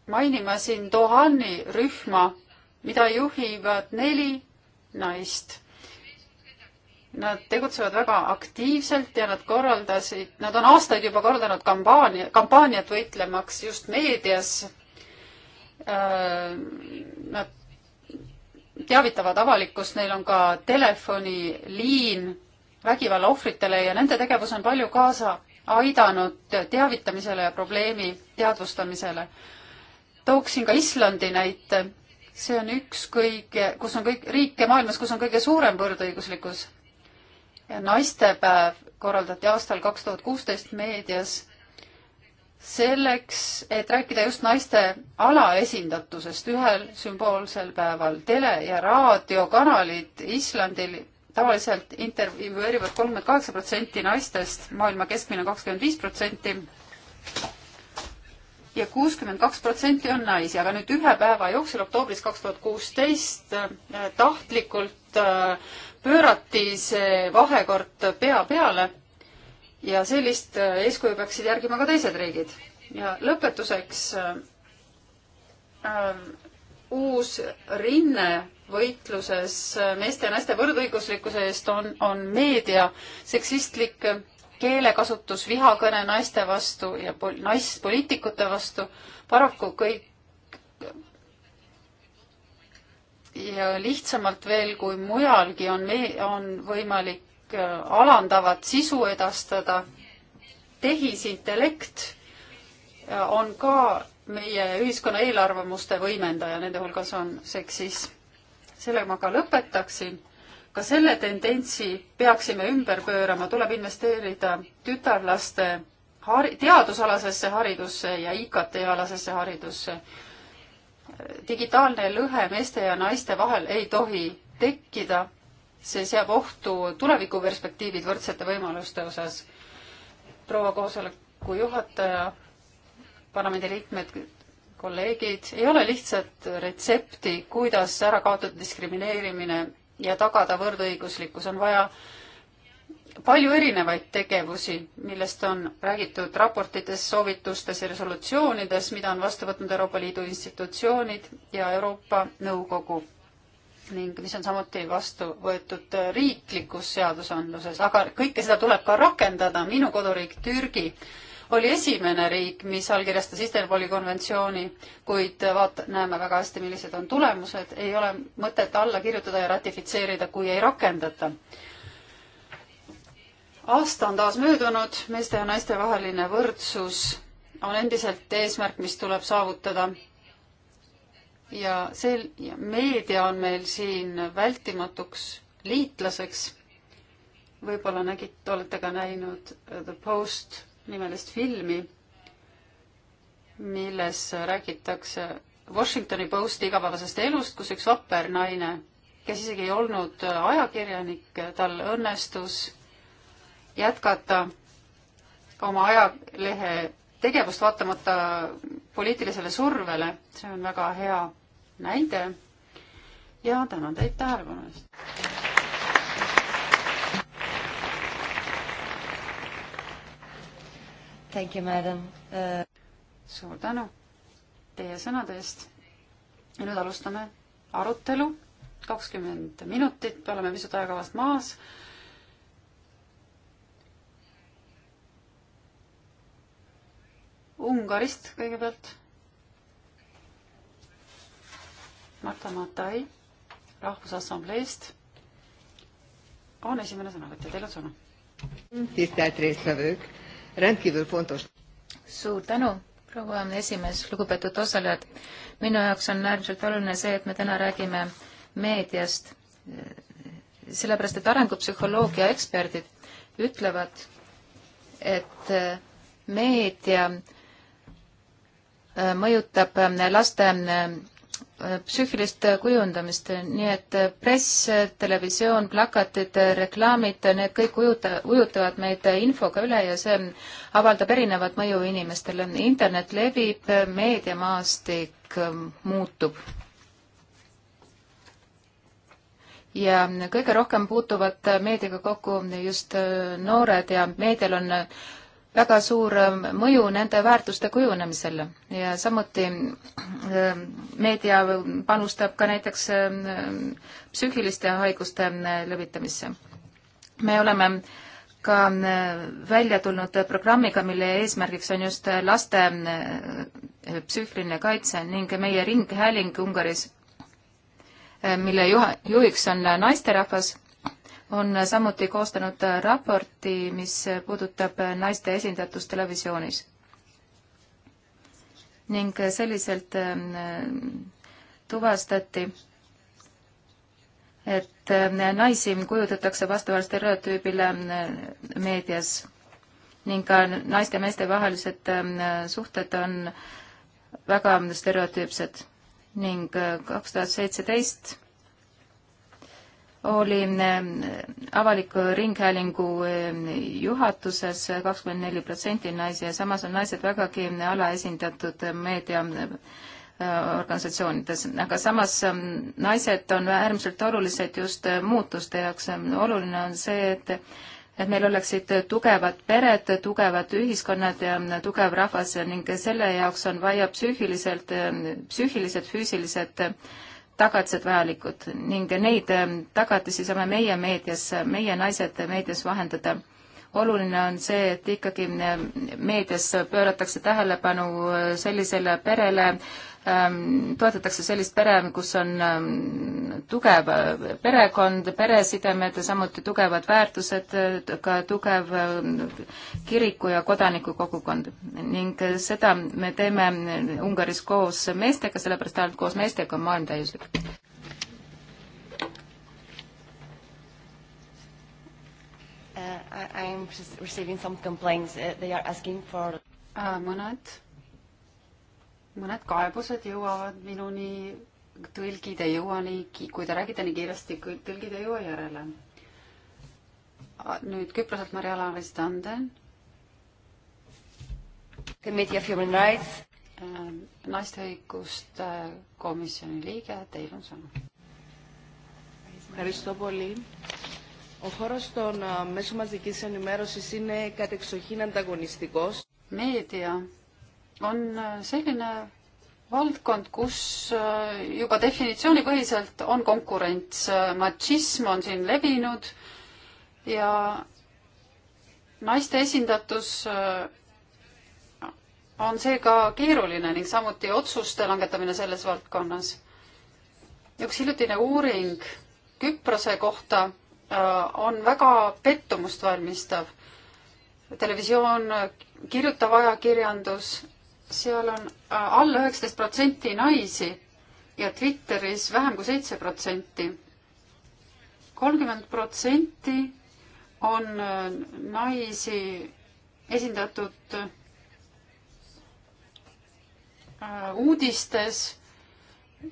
mainima siin Dohani rühma, mida juhivad neli naist Nad tegutsevad väga aktiivselt ja nad korraldasid, nad on aastaid juba korraldanud kampaania, kampaaniat võitlemaks just meedias. Äh, nad teavitavad avalikkust, neil on ka telefoniliin vägivalla ohvritele ja nende tegevus on palju kaasa aidanud teavitamisele ja probleemi teadvustamisele. tooksin ka Islandi näite. see on üks kõige, kus on kõik riike maailmas, kus on kõige suurem võrdõiguslikkus naistepäev korraldati aastal kaks tuhat kuusteist meedias selleks, et rääkida just naiste alaesindatusest ühel sümboolsel päeval. tele- ja raadiokanalid Islandil tavaliselt intervjueerivad kolmkümmend kaheksa protsenti naistest, maailma keskmine on kakskümmend viis protsenti. ja kuuskümmend kaks protsenti on naisi, aga nüüd ühe päeva jooksul, oktoobris kaks tuhat kuusteist, eh, tahtlikult eh, pöörati see vahekord pea peale ja sellist äh, eeskuju peaksid järgima ka teised riigid. ja lõpetuseks äh, ähm, uus rinne võitluses äh, meeste ja naiste võrdõiguslikkuse eest on, on meedia seksistlik keelekasutus, vihakõne naiste vastu ja pol-, naispoliitikute vastu. paraku kõik ja lihtsamalt veel kui mujalgi on, on võimalik äh, alandavat sisu edastada. tehisintellekt äh, on ka meie ühiskonna eelarvamuste võimendaja, nende hulgas on seksism. sellega ma ka lõpetaksin. ka selle tendentsi peaksime ümber pöörama, tuleb investeerida tütarlaste har-, teadusalasesse haridusse ja IKT alasesse haridusse digitaalne lõhe meeste ja naiste vahel ei tohi tekkida, see seab ohtu tulevikuperspektiivid võrdsete võimaluste osas. proua koosoleku juhataja, parlamendiliikmed, kolleegid, ei ole lihtsat retsepti, kuidas ära kaotada diskrimineerimine ja tagada võrdõiguslikkus, on vaja palju erinevaid tegevusi, millest on räägitud raportites, soovitustes ja resolutsioonides, mida on vastu võtnud Euroopa Liidu institutsioonid ja Euroopa Nõukogu ning mis on samuti vastu võetud riiklikus seadusandluses, aga kõike seda tuleb ka rakendada. minu koduriik Türgi oli esimene riik, mis allkirjastas Istanbuli konventsiooni, kuid vaata, näeme väga hästi, millised on tulemused. ei ole mõtet alla kirjutada ja ratifitseerida, kui ei rakendata aasta on taas möödunud, meeste ja naiste vaheline võrdsus on endiselt eesmärk, mis tuleb saavutada. ja see, meedia on meil siin vältimatuks liitlaseks. võib-olla nägite, olete ka näinud uh, The Post nimelist filmi, milles räägitakse Washingtoni Posti igapäevasest elust, kus üks vapper naine, kes isegi ei olnud uh, ajakirjanik, tal õnnestus jätkata oma ajalehe tegevust vaatamata poliitilisele survele, see on väga hea näide ja tänan teid tähelepanu eest. Thank you, madam uh.... suur tänu teie sõnade eest. ja nüüd alustame arutelu. kakskümmend minutit, oleme pisut ajakavast maas Ungarist kõigepealt. Marta Matai Rahvusassambleest on esimene sõnavõtja, teil on sõna. suur tänu, proua esimees, lugupeetud osalejad. minu jaoks on äärmiselt oluline see, et me täna räägime meediast, sellepärast et arengupsühholoogia eksperdid ütlevad, et meedia mõjutab äh, laste äh, psüühilist kujundamist, nii et äh, press, televisioon, plakatid, reklaamid, need kõik ujuta-, ujutavad meid infoga üle ja see avaldab erinevat mõju inimestele. internet levib, meediamaastik muutub. ja kõige rohkem puutuvad meediaga kokku just noored ja meedial on väga suur ähm, mõju nende väärtuste kujunemisel ja samuti ähm, meedia panustab ka näiteks ähm, psüühiliste haiguste levitamisse. me oleme ka välja tulnud programmiga, mille eesmärgiks on just laste äh, psüühiline kaitse ning meie ringhääling Ungaris, äh, mille juha, juhiks on naisterahvas on samuti koostanud raporti, mis puudutab naiste esindatust televisioonis. ning selliselt ähm, tuvastati, et ähm, naisi kujutatakse vastavalt stereotüübile ähm, meedias ning ka naiste ja meeste vahelised suhted on väga stereotüüpsed ning äh, kaks tuhat seitseteist oli ähm, avaliku ringhäälingu ähm, juhatuses kakskümmend neli protsenti naisi ja samas on naised vägagi ähm, alaesindatud äh, meedia äh, organisatsioonides, aga samas naised on äärmiselt olulised just äh, muutuste jaoks, oluline on see, et et meil oleksid tugevad pered, tugevad ühiskonnad ja tugev rahvas ning selle jaoks on vaja psüühiliselt, psüühilised, füüsilised äh, tagatised vajalikud ning neid tagatisi saame meie meedias, meie naised meedias vahendada oluline on see, et ikkagi meedias pööratakse tähelepanu sellisele perele, ähm, toetatakse sellist pere, kus on ähm, tugev perekond, peresidemed ja samuti tugevad väärtused, ka tugev ähm, kiriku ja kodanikukogukond. ning seda me teeme Ungaris koos meestega, sellepärast ainult koos meestega on maailm täiuslik. Uh, I, I'm receiving some complaints. Uh, they are asking for uh, mõned, mõned kaebused jõuavad minuni, tõlgid ei jõua nii, kui te räägite nii kiiresti, tõlgid ei jõua järele. nüüd Küproselt Mariala Ristanden. Committee of Human Rights. Uh, naiste õiguste komisjoni liige, teil on sõna. Ευχαριστώ πολύ. Ο χώρος των μέσων μαζικής ενημέρωσης είναι κατεξοχήν ανταγωνιστικός. Meedia on selline valdkond, kus juba definitsioonipõhiselt on konkurents. Machism on siin levinud ja naiste esindatus on seega keeruline ning samuti otsuste langetamine selles valdkonnas. üks hiljutine uuring Küprose kohta Äh, on väga pettumust valmistav. televisioon, kirjutav ajakirjandus, seal on äh, alla üheksateist protsenti naisi ja Twitteris vähem kui seitse protsenti. kolmkümmend protsenti on äh, naisi esindatud uudistes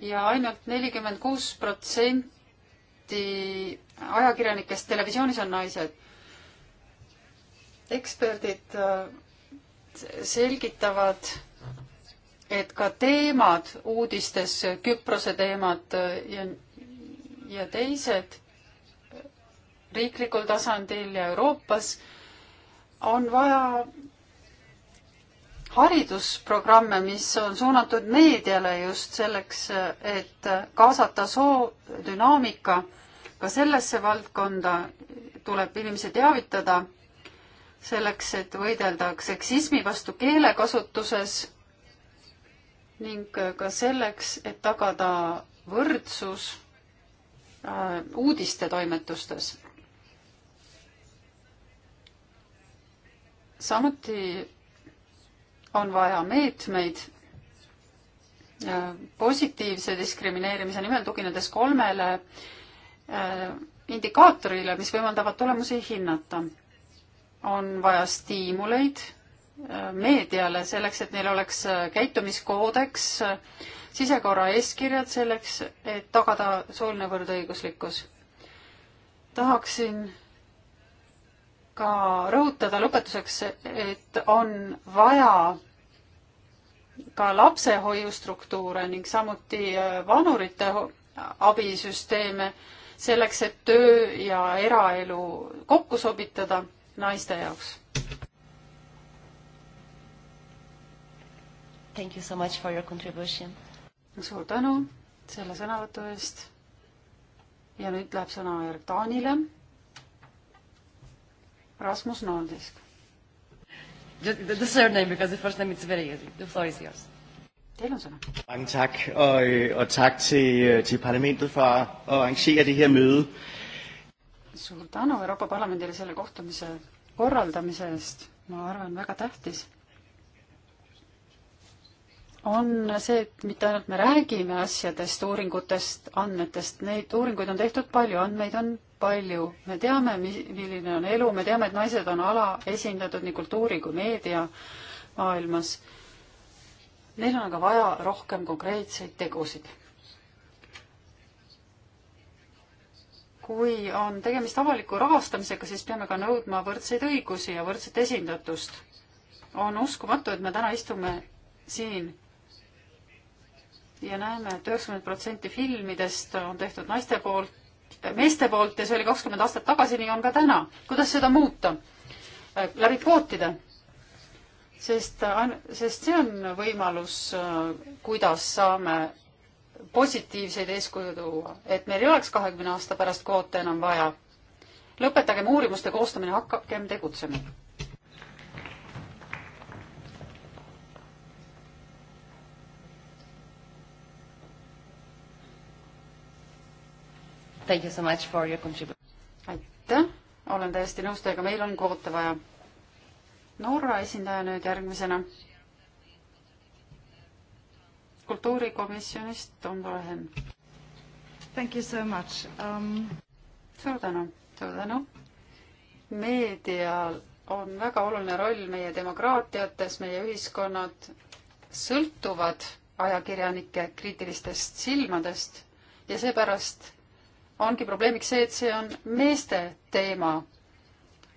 ja ainult nelikümmend kuus protsenti ajakirjanikest televisioonis on naised. eksperdid äh, selgitavad, et ka teemad uudistes, Küprose teemad äh, ja, ja teised riiklikul tasandil ja Euroopas on vaja haridusprogramme, mis on suunatud meediale just selleks, äh, et kaasata soodünaamika ka sellesse valdkonda tuleb inimesi teavitada selleks, et võidelda seksismi vastu keelekasutuses ning ka selleks, et tagada võrdsus äh, uudistetoimetustes. samuti on vaja meetmeid äh, positiivse diskrimineerimise nimel, tuginedes kolmele äh, Äh, indikaatorile, mis võimaldavad tulemusi hinnata. on vaja stiimuleid äh, meediale selleks, et neil oleks äh, käitumiskoodeks, sisekorra eeskirjad selleks, et tagada sooline võrdõiguslikkus. tahaksin ka rõhutada lõpetuseks, et on vaja ka lapsehoiustruktuure ning samuti vanurite abisüsteeme selleks, et töö ja eraelu kokku sobitada naiste jaoks. Thank you so much for your contribution. suur tänu selle sõnavõtu eest. ja nüüd läheb sõnajärg Taanile. Rasmus Noordisk. The, the surname because the first name it's very easy. The floor is yours. Teil on sõna. Mange tak og, øh, og tak til, øh, til parlamentet for at arrangere det her møde. suur tänu Euroopa Parlamendile selle kohtumise korraldamise eest, ma arvan, väga tähtis on see, et mitte ainult me räägime asjadest, uuringutest, andmetest, neid uuringuid on tehtud palju, andmeid on palju, me teame, milline on elu, me teame, et naised on alaesindatud nii kultuuri kui meedia maailmas meil on aga vaja rohkem konkreetseid tegusid. kui on tegemist avaliku rahastamisega, siis peame ka nõudma võrdseid õigusi ja võrdset esindatust. on uskumatu, et me täna istume siin ja näeme, et üheksakümmend protsenti filmidest on tehtud naiste poolt, meeste poolt ja see oli kakskümmend aastat tagasi, nii on ka täna. kuidas seda muuta? Äh, läbi kvootide sest, sest see on võimalus, äh, kuidas saame positiivseid eeskuju tuua, et meil ei oleks kahekümne aasta pärast kvoote enam vaja. lõpetagem uurimuste koostamine, hakakem tegutsema. aitäh, olen täiesti nõus teiega, meil on kvoote vaja Norra esindaja nüüd järgmisena. kultuurikomisjonist Tom Torehen. Thank you so much um.... suur tänu, suur tänu. meedial on väga oluline roll meie demokraatiates, meie ühiskonnad sõltuvad ajakirjanike kriitilistest silmadest ja seepärast ongi probleemiks see, et see on meeste teema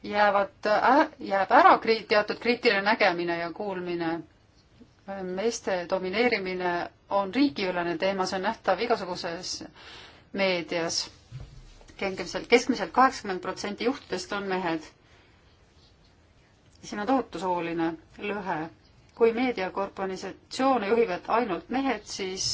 jäävad äh,, jääb ära kriit-, teatud kriitiline nägemine ja kuulmine. meeste domineerimine on riigiülene teema, see on nähtav igasuguses meedias. keskmiselt, keskmiselt kaheksakümmend protsenti juhtidest on mehed. siin on tohutu sooline lõhe. kui meediakorporatsioone juhivad ainult mehed, siis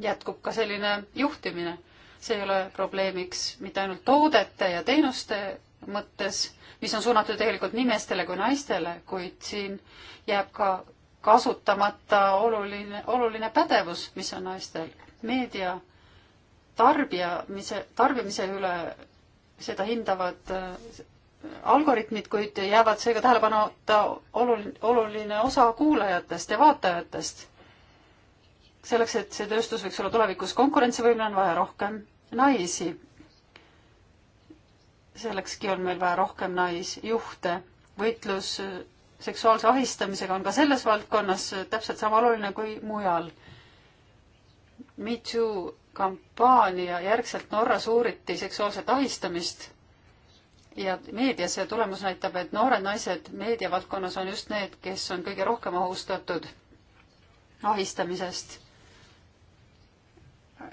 jätkub ka selline juhtimine see ei ole probleemiks mitte ainult toodete ja teenuste mõttes, mis on suunatud tegelikult nii meestele kui naistele, kuid siin jääb ka kasutamata oluline, oluline pädevus, mis on naistel. meedia tarbimise, tarbimise üle, seda hindavad äh, algoritmid, kuid jäävad seega tähelepanuta oluline, oluline osa kuulajatest ja vaatajatest. selleks, et see tööstus võiks olla tulevikus konkurentsivõimeline, on vaja rohkem naisi sellekski on meil vaja rohkem naisjuhte. võitlus seksuaalse ahistamisega on ka selles valdkonnas täpselt sama oluline kui mujal. Me Too kampaania järgselt Norras uuriti seksuaalset ahistamist ja meedias ja tulemus näitab, et noored naised meediavaldkonnas on just need, kes on kõige rohkem ohustatud ahistamisest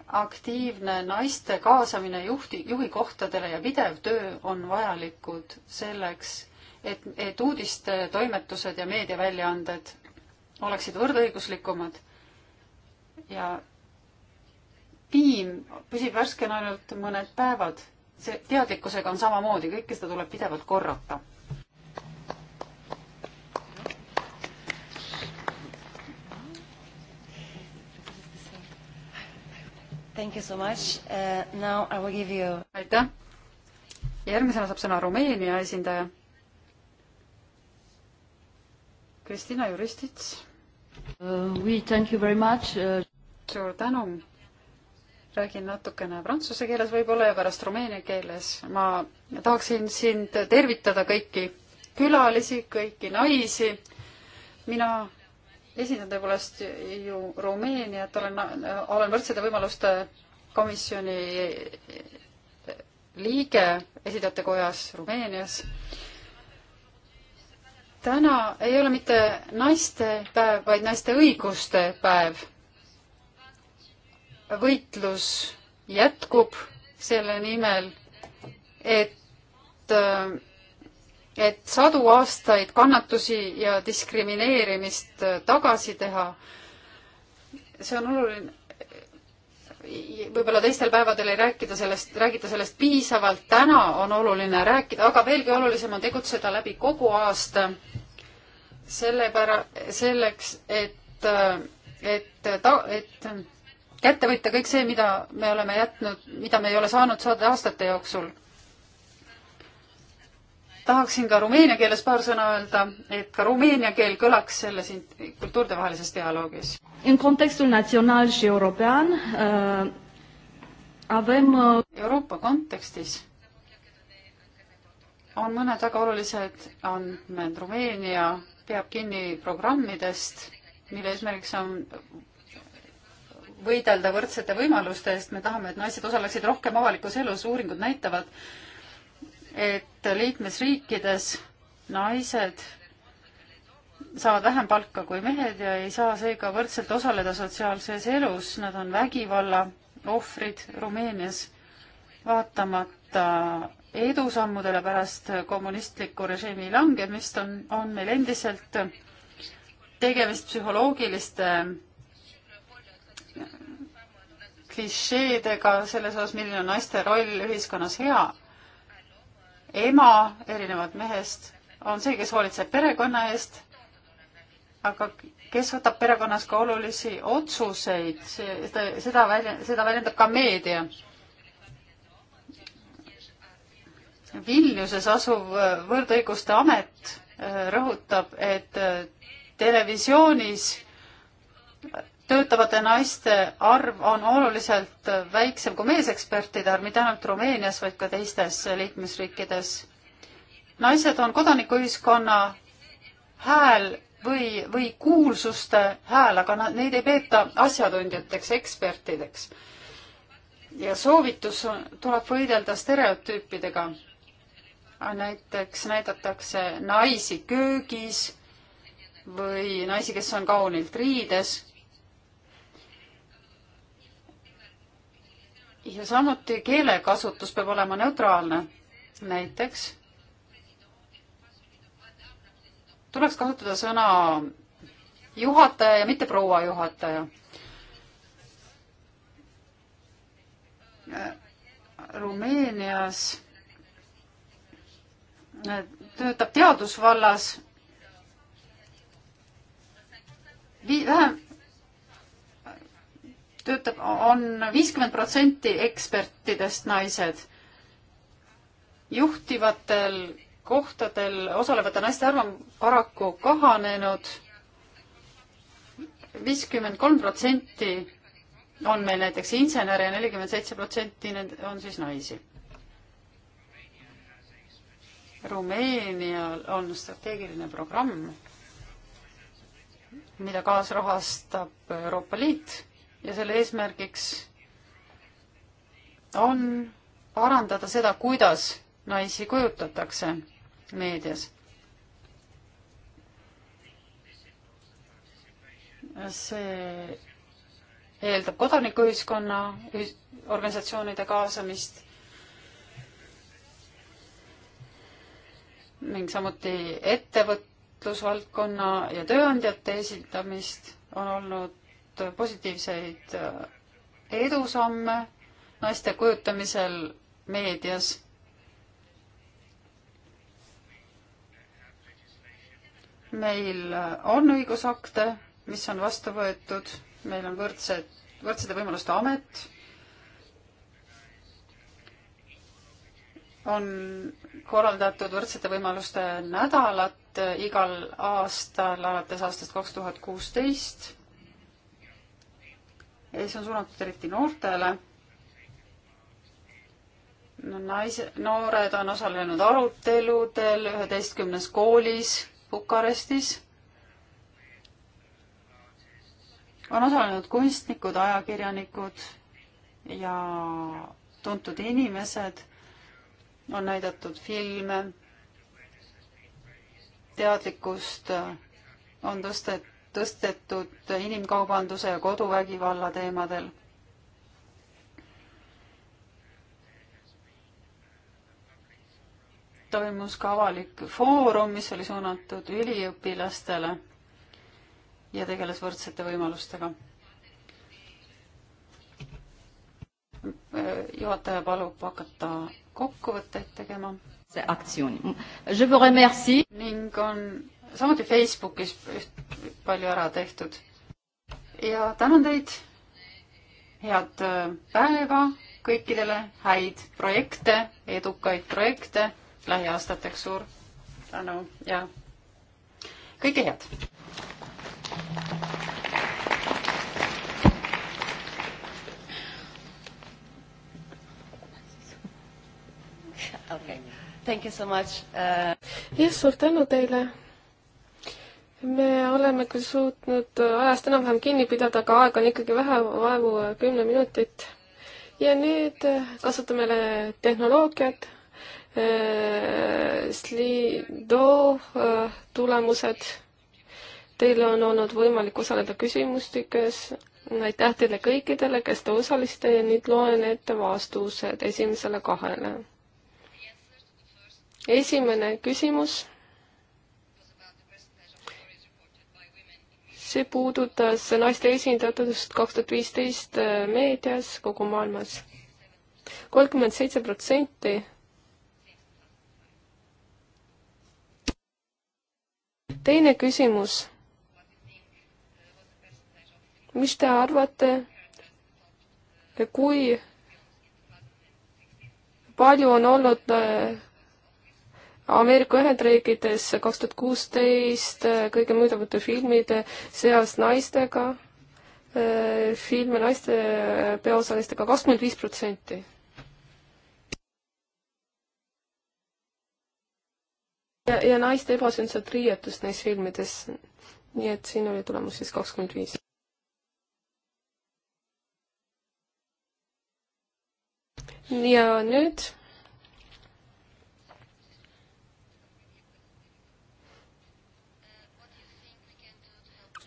aktiivne naiste kaasamine juhti, juhikohtadele ja pidev töö on vajalikud selleks, et, et uudistetoimetused ja meediaväljaanded oleksid võrdõiguslikumad ja piim püsib värskena ainult mõned päevad. see teadlikkusega on samamoodi, kõike seda tuleb pidevalt korrata Thank you so much uh,. Now I will give you. aitäh. järgmisena saab sõna Rumeenia esindaja. Kristina Juristits uh,. We thank you very much uh.... suur tänu. räägin natukene prantsuse keeles võib-olla ja pärast rumeenia keeles. ma tahaksin sind tervitada kõiki külalisi, kõiki naisi. mina esindan tõepoolest ju Rumeeniat, olen, olen võrdsete võimaluste komisjoni liige esindajate kojas Rumeenias. täna ei ole mitte naistepäev, vaid naiste õiguste päev. võitlus jätkub selle nimel, et äh, et sadu aastaid kannatusi ja diskrimineerimist äh, tagasi teha, see on oluline. võib-olla teistel päevadel ei rääkida sellest, räägita sellest piisavalt, täna on oluline rääkida, aga veelgi olulisem on tegutseda läbi kogu aasta, selle pära-, selleks, et, äh, et äh, ta-, et kätte võtta kõik see, mida me oleme jätnud, mida me ei ole saanud saada aastate jooksul tahaksin ka rumeenia keeles paar sõna öelda, et ka rumeenia keel kõlaks selles kultuuridevahelises dialoogis. In kontekstul natsionaal și european äh, avem Euroopa kontekstis on mõned väga olulised andmed. Rumeenia peab kinni programmidest, mille eesmärgiks on võidelda võrdsete võimaluste eest, me tahame, et naised osaleksid rohkem avalikus elus, uuringud näitavad, et liikmesriikides naised saavad vähem palka kui mehed ja ei saa seega võrdselt osaleda sotsiaalses elus, nad on vägivalla ohvrid Rumeenias, vaatamata edusammudele pärast kommunistliku režiimi langemist on, on meil endiselt tegemist psühholoogiliste klišeedega selles osas, milline on naiste roll ühiskonnas hea ema, erinevalt mehest, on see, kes hoolitseb perekonna eest, aga kes võtab perekonnas ka olulisi otsuseid, seda, seda välja, seda väljendab ka meedia. Vilniuses asuv äh, võrdõiguste amet äh, rõhutab, et äh, televisioonis töötavate naiste arv on oluliselt väiksem kui meesekspertide arv, mitte ainult Rumeenias, vaid ka teistes liikmesriikides. naised on kodanikuühiskonna hääl või, või kuulsuste hääl, aga nad, neid ei peeta asjatundjateks, ekspertideks. ja soovitus on, tuleb võidelda stereotüüpidega. näiteks näidatakse naisi köögis või naisi, kes on kaunilt riides ja samuti keelekasutus peab olema neutraalne. näiteks tuleks kasutada sõna juhataja ja mitte proua juhataja. Rumeenias töötab teadusvallas vähem töötab on, on viiskümmend protsenti ekspertidest naised. juhtivatel kohtadel osalevate naiste arv on paraku kahanenud. viiskümmend kolm protsenti on meil näiteks insenere ja nelikümmend seitse protsenti on siis naisi. Rumeenial on strateegiline programm, mida kaasrahastab Euroopa Liit ja selle eesmärgiks on parandada seda, kuidas naisi kujutatakse meedias. see eeldab kodanikuühiskonna organisatsioonide kaasamist ning samuti ettevõtlusvaldkonna ja tööandjate esindamist on olnud saavutatud positiivseid äh, edusamme naiste kujutamisel meedias. meil äh, on õigusakte, mis on vastu võetud, meil on võrdsed, võrdsete võimaluste amet on korraldatud võrdsete võimaluste nädalat äh, igal aastal alates aastast kaks tuhat kuusteist see on suunatud eriti noortele. no naise, noored on osalenud aruteludel üheteistkümnes koolis Bukarestis. on osalenud kunstnikud, ajakirjanikud ja tuntud inimesed. on näidatud filme, teadlikkust on tõstetud tõstetud inimkaubanduse ja koduvägivalla teemadel. toimus ka avalik foorum, mis oli suunatud üliõpilastele ja tegeles võrdsete võimalustega. juhataja palub hakata kokkuvõtteid tegema. see aktsioon. ning on samuti Facebookis üht palju ära tehtud. ja tänan teid, head äh, päeva kõikidele, häid projekte, edukaid projekte lähiaastateks, suur tänu ja kõike head! Okay. Thank you so much uh.... jah, suur tänu teile me oleme küll suutnud ajast enam-vähem kinni pidada, aga aega on ikkagi vähe, vaevu kümme minutit. ja nüüd eh, kasutame tehnoloogiat, eh, Slido eh, tulemused. Teil on olnud võimalik osaleda küsimustikes. aitäh teile kõikidele, kes te osalesite ja nüüd loen ette vastused esimesele kahele. esimene küsimus see puudutas naiste esindatust kaks tuhat viisteist äh, meedias kogu maailmas. kolmkümmend seitse protsenti teine küsimus. mis te arvate, kui palju on olnud äh, Ameerika Ühendriikides kaks tuhat kuusteist kõige mõõdavate filmide seas naistega, eh, filme naiste peaosalistega kakskümmend viis protsenti. ja, ja naiste ebasündsat riietust neis filmides. nii et siin oli tulemus siis kakskümmend viis. ja nüüd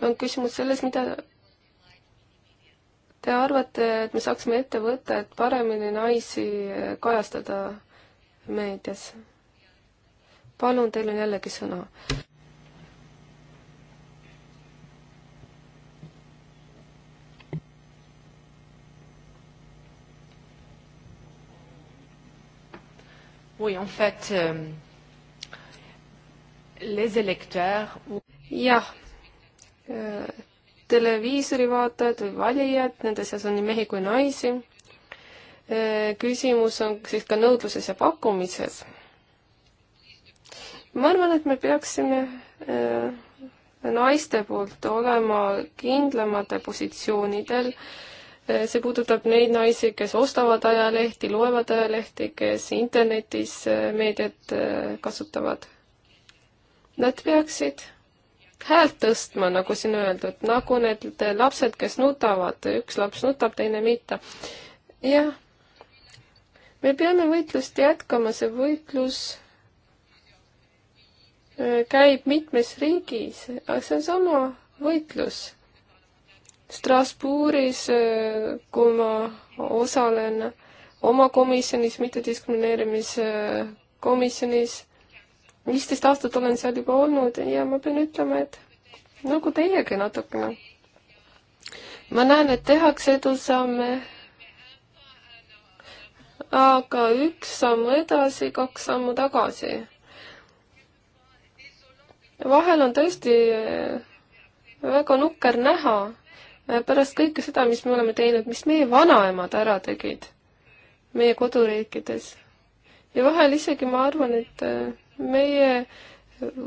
on küsimus selles, mida te arvate, et me saaksime ette võtta, et paremini naisi kajastada meedias? palun, teil on jällegi sõna. Oui, en fait, euh, les électeurs. Jah televiisori vaatajad või valijad, nende seas on nii mehi kui naisi. Äh, küsimus on siis ka nõudluses ja pakkumises. ma arvan, et me peaksime äh, naiste poolt olema kindlamate positsioonidel. Äh, see puudutab neid naisi, kes ostavad ajalehti, loevad ajalehti, kes internetis meediat kasutavad. Nad peaksid häält tõstma, nagu siin öeldud, nagu need lapsed, kes nutavad, üks laps nutab, teine mitte. jah, me peame võitlust jätkama, see võitlus äh, käib mitmes riigis, aga see on sama võitlus. Strasbourgis, äh, kui ma osalen oma komisjonis, mittediskrimineerimise komisjonis, viisteist aastat olen seal juba olnud ja ma pean ütlema, et nagu teiegi natukene. ma näen, et tehakse edusamme, aga üks samm edasi, kaks sammu tagasi. vahel on tõesti väga nukker näha pärast kõike seda, mis me oleme teinud, mis meie vanaemad ära tegid meie koduriikides. ja vahel isegi ma arvan, et meie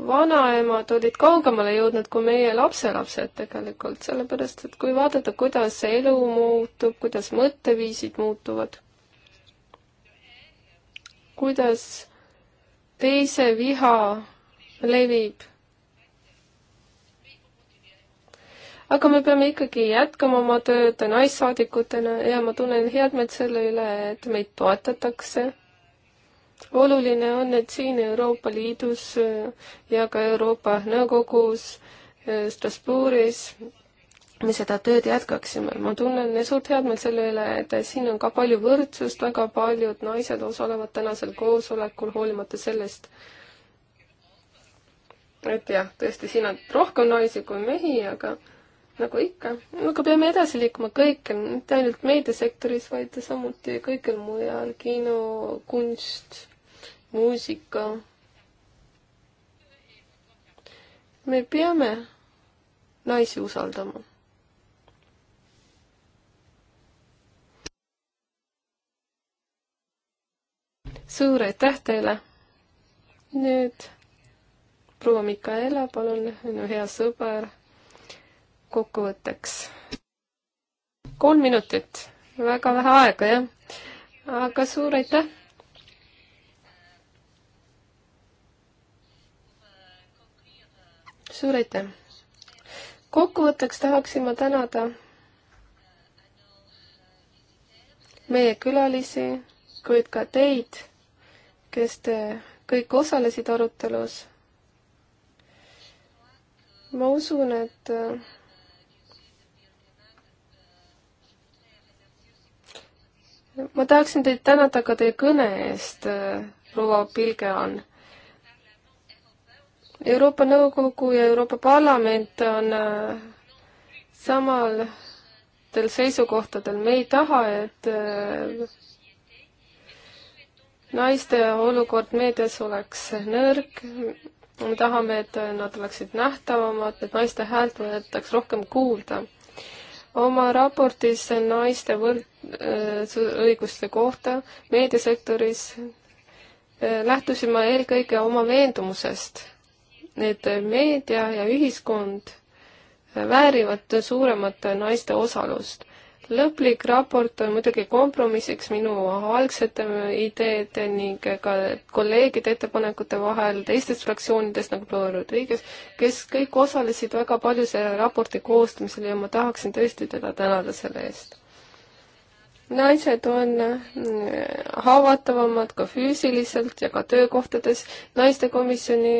vanaemad olid kaugemale jõudnud kui meie lapselapsed tegelikult, sellepärast et kui vaadata, kuidas elu muutub, kuidas mõtteviisid muutuvad, kuidas teise viha levib. aga me peame ikkagi jätkama oma tööd naissaadikutena ja ma tunnen head meelt selle üle, et meid toetatakse oluline on, et siin Euroopa Liidus äh, ja ka Euroopa Nõukogus äh, Strasbourgis me seda tööd jätkaksime. ma tunnen suurt headmeelt selle üle, et siin on ka palju võrdsust, väga paljud naised osalevad tänasel koosolekul, hoolimata sellest, et jah, tõesti, siin on rohkem naisi kui mehi, aga nagu ikka, aga peame edasi liikuma kõikjal, mitte ainult meediasektoris, vaid samuti kõikjal mujal, kino, kunst muusika. me peame naisi usaldama. suur aitäh teile. nüüd proua Mikaela, palun, minu hea sõber, kokkuvõtteks. kolm minutit, väga vähe aega, jah. aga suur aitäh suur aitäh! kokkuvõtteks tahaksin ma tänada meie külalisi, kuid ka teid, kes te kõik osalesid arutelus. ma usun, et ma tahaksin teid tänada ka teie kõne eest, proua Pilgeon Euroopa Nõukogu ja Euroopa Parlament on äh, samadel seisukohtadel, me ei taha, et äh, naiste olukord meedias oleks nõrk, me tahame, et nad oleksid nähtavamad, et naiste häält võetaks rohkem kuulda. oma raportis naiste võrdõiguste äh, kohta meediasektoris lähtusin ma eelkõige oma veendumusest et meedia ja ühiskond väärivad suuremat naiste osalust. lõplik raport on muidugi kompromissiks minu algsete ideede ning ka kolleegide ettepanekute vahel teistest fraktsioonidest nagu proua Rodriguez, kes kõik osalesid väga palju selle raporti koostamisel ja ma tahaksin tõesti teda tänada selle eest. naised on äh, haavatavamad ka füüsiliselt ja ka töökohtades. naistekomisjoni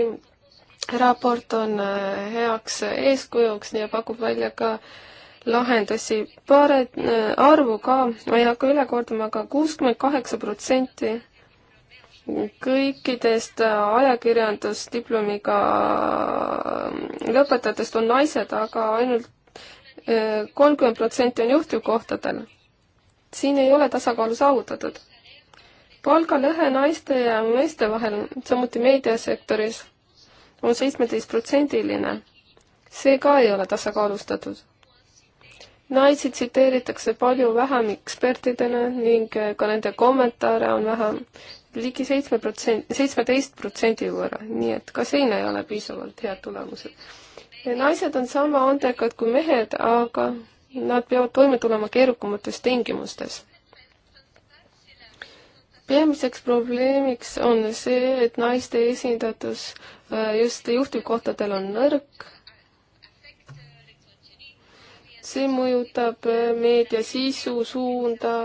raport on äh, heaks eeskujuks ja pakub välja ka lahendusi. paar äh, arvu ka, ma ei hakka üle kordama, aga kuuskümmend kaheksa protsenti kõikidest äh, ajakirjandusdiplomiga lõpetajatest on naised, aga ainult kolmkümmend protsenti on juhtivkohtadel. siin ei ole tasakaalu saavutatud. palgalõhe naiste ja meeste vahel, samuti meediasektoris on seitsmeteistprotsendiline. see ka ei ole tasakaalustatud. naisi tsiteeritakse palju vähem ekspertidena ning ka nende kommentaare on vähem ligi seitsme protsent, seitsmeteist protsendi võrra, nii et ka siin ei ole piisavalt head tulemused. naised on sama andekad kui mehed, aga nad peavad toime tulema keerukamates tingimustes peamiseks probleemiks on see, et naiste esindatus äh, just juhtivkohtadel on nõrk. see mõjutab äh, meedia sisu, suunda,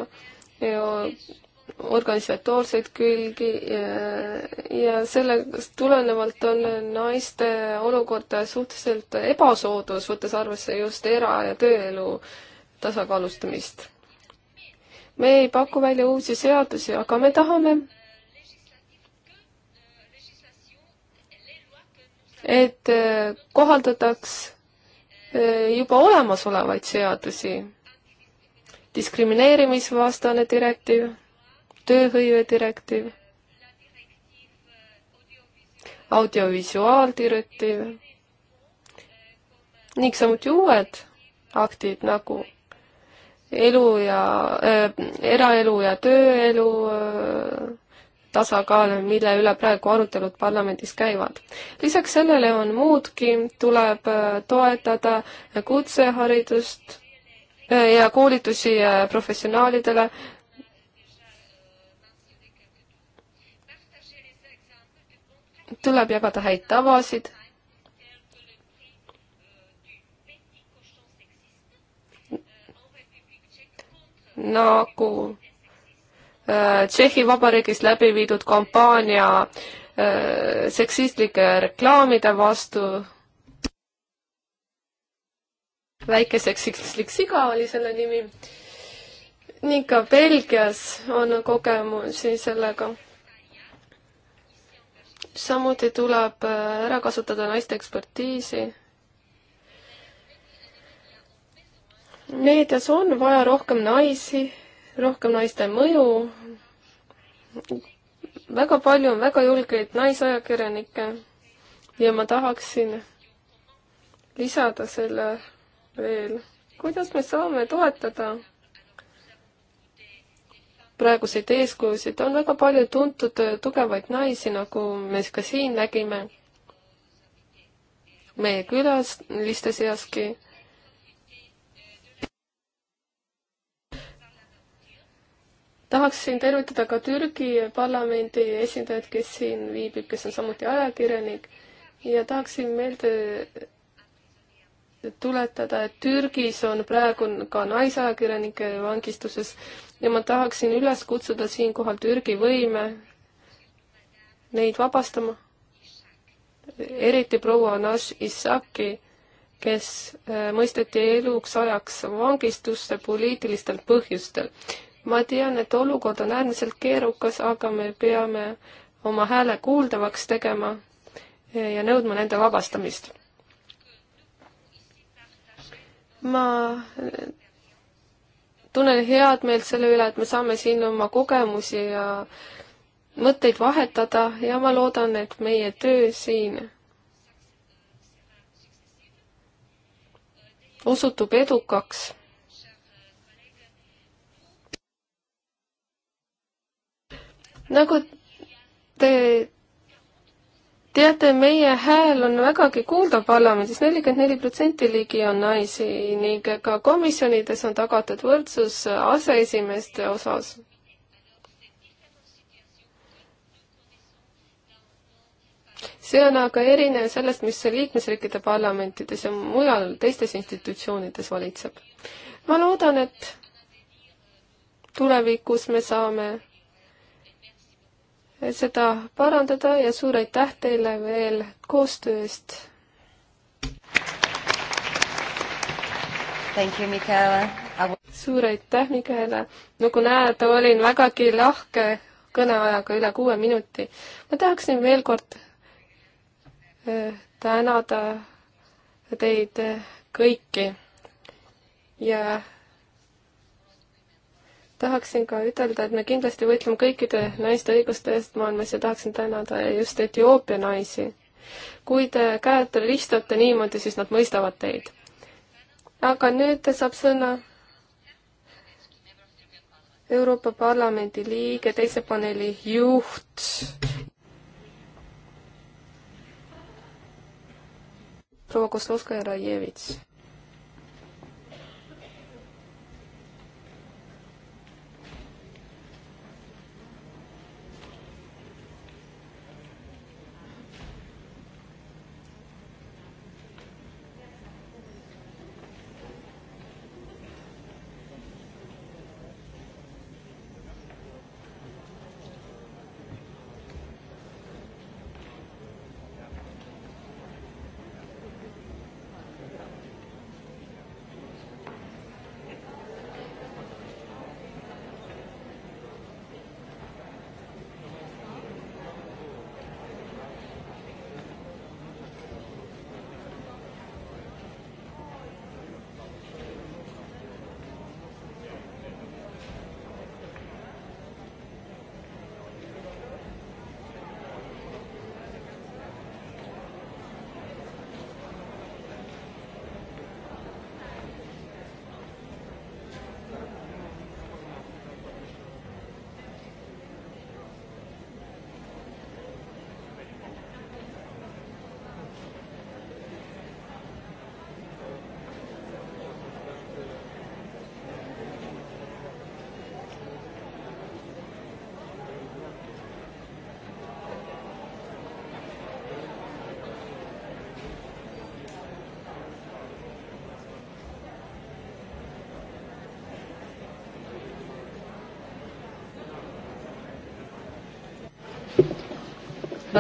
organisatoorseid külgi ja, äh, ja sellest tulenevalt on naiste olukord suhteliselt ebasoodus, võttes arvesse just era- ja tööelu tasakaalustamist me ei paku välja uusi seadusi, aga me tahame, et äh, kohaldataks äh, juba olemasolevaid seadusi. diskrimineerimisvastane direktiiv, tööhõive direktiiv, audiovisuaaldirektiiv ning samuti uued aktid nagu elu ja äh,, eraelu ja tööelu äh, tasakaal, mille üle praegu arutelud parlamendis käivad. lisaks sellele on muudki, tuleb äh, toetada kutseharidust äh, ja koolitusi äh, professionaalidele, tuleb jagada häid tavasid nagu äh, Tšehhi Vabariigis läbi viidud kampaania äh, seksistlike reklaamide vastu. väike seksistlik siga oli selle nimi. ning ka Belgias on kogemusi sellega. samuti tuleb äh, ära kasutada naiste ekspertiisi meedias on vaja rohkem naisi, rohkem naiste mõju. väga palju on väga julgeid naisajakirjanikke ja ma tahaksin lisada selle veel, kuidas me saame toetada praeguseid eeskujusid, on väga palju tuntud tugevaid naisi, nagu me ka siin nägime meie külaliste seaski tahaksin tervitada ka Türgi parlamendi esindajaid, kes siin viibib, kes on samuti ajakirjanik ja tahaksin meelde tuletada, et Türgis on praegu ka naisajakirjanike vangistuses ja ma tahaksin üles kutsuda siinkohal Türgi võime neid vabastama. eriti proua Nash Isaki, kes äh, mõisteti eluks ajaks vangistusse poliitilistel põhjustel ma tean, et olukord on äärmiselt keerukas, aga me peame oma hääle kuuldavaks tegema ja nõudma nende vabastamist. ma tunnen head meelt selle üle, et me saame siin oma kogemusi ja mõtteid vahetada ja ma loodan, et meie töö siin osutub edukaks nagu te teate, meie hääl on vägagi kuuldav parlamendis, nelikümmend neli protsenti ligi on naisi ning ka komisjonides on tagatud võrdsus aseesimeeste osas. see on aga erinev sellest, mis liikmesriikide parlamentides ja mujal teistes institutsioonides valitseb. ma loodan, et tulevikus me saame seda parandada ja suur aitäh teile veel koostöö eest. suur aitäh, Mikaela. nagu näed, olin vägagi lahke kõneajaga üle kuue minuti. ma tahaksin veel kord äh, tänada teid äh, kõiki ja tahaksin ka ütelda, et me kindlasti võitleme kõikide naiste õiguste eest maailmas ja tahaksin tänada just Etioopia naisi. kui te käed ristate niimoodi, siis nad mõistavad teid. aga nüüd saab sõna Euroopa Parlamendi liige, teise paneeli juht. proua Kozlovskaja-Rajevits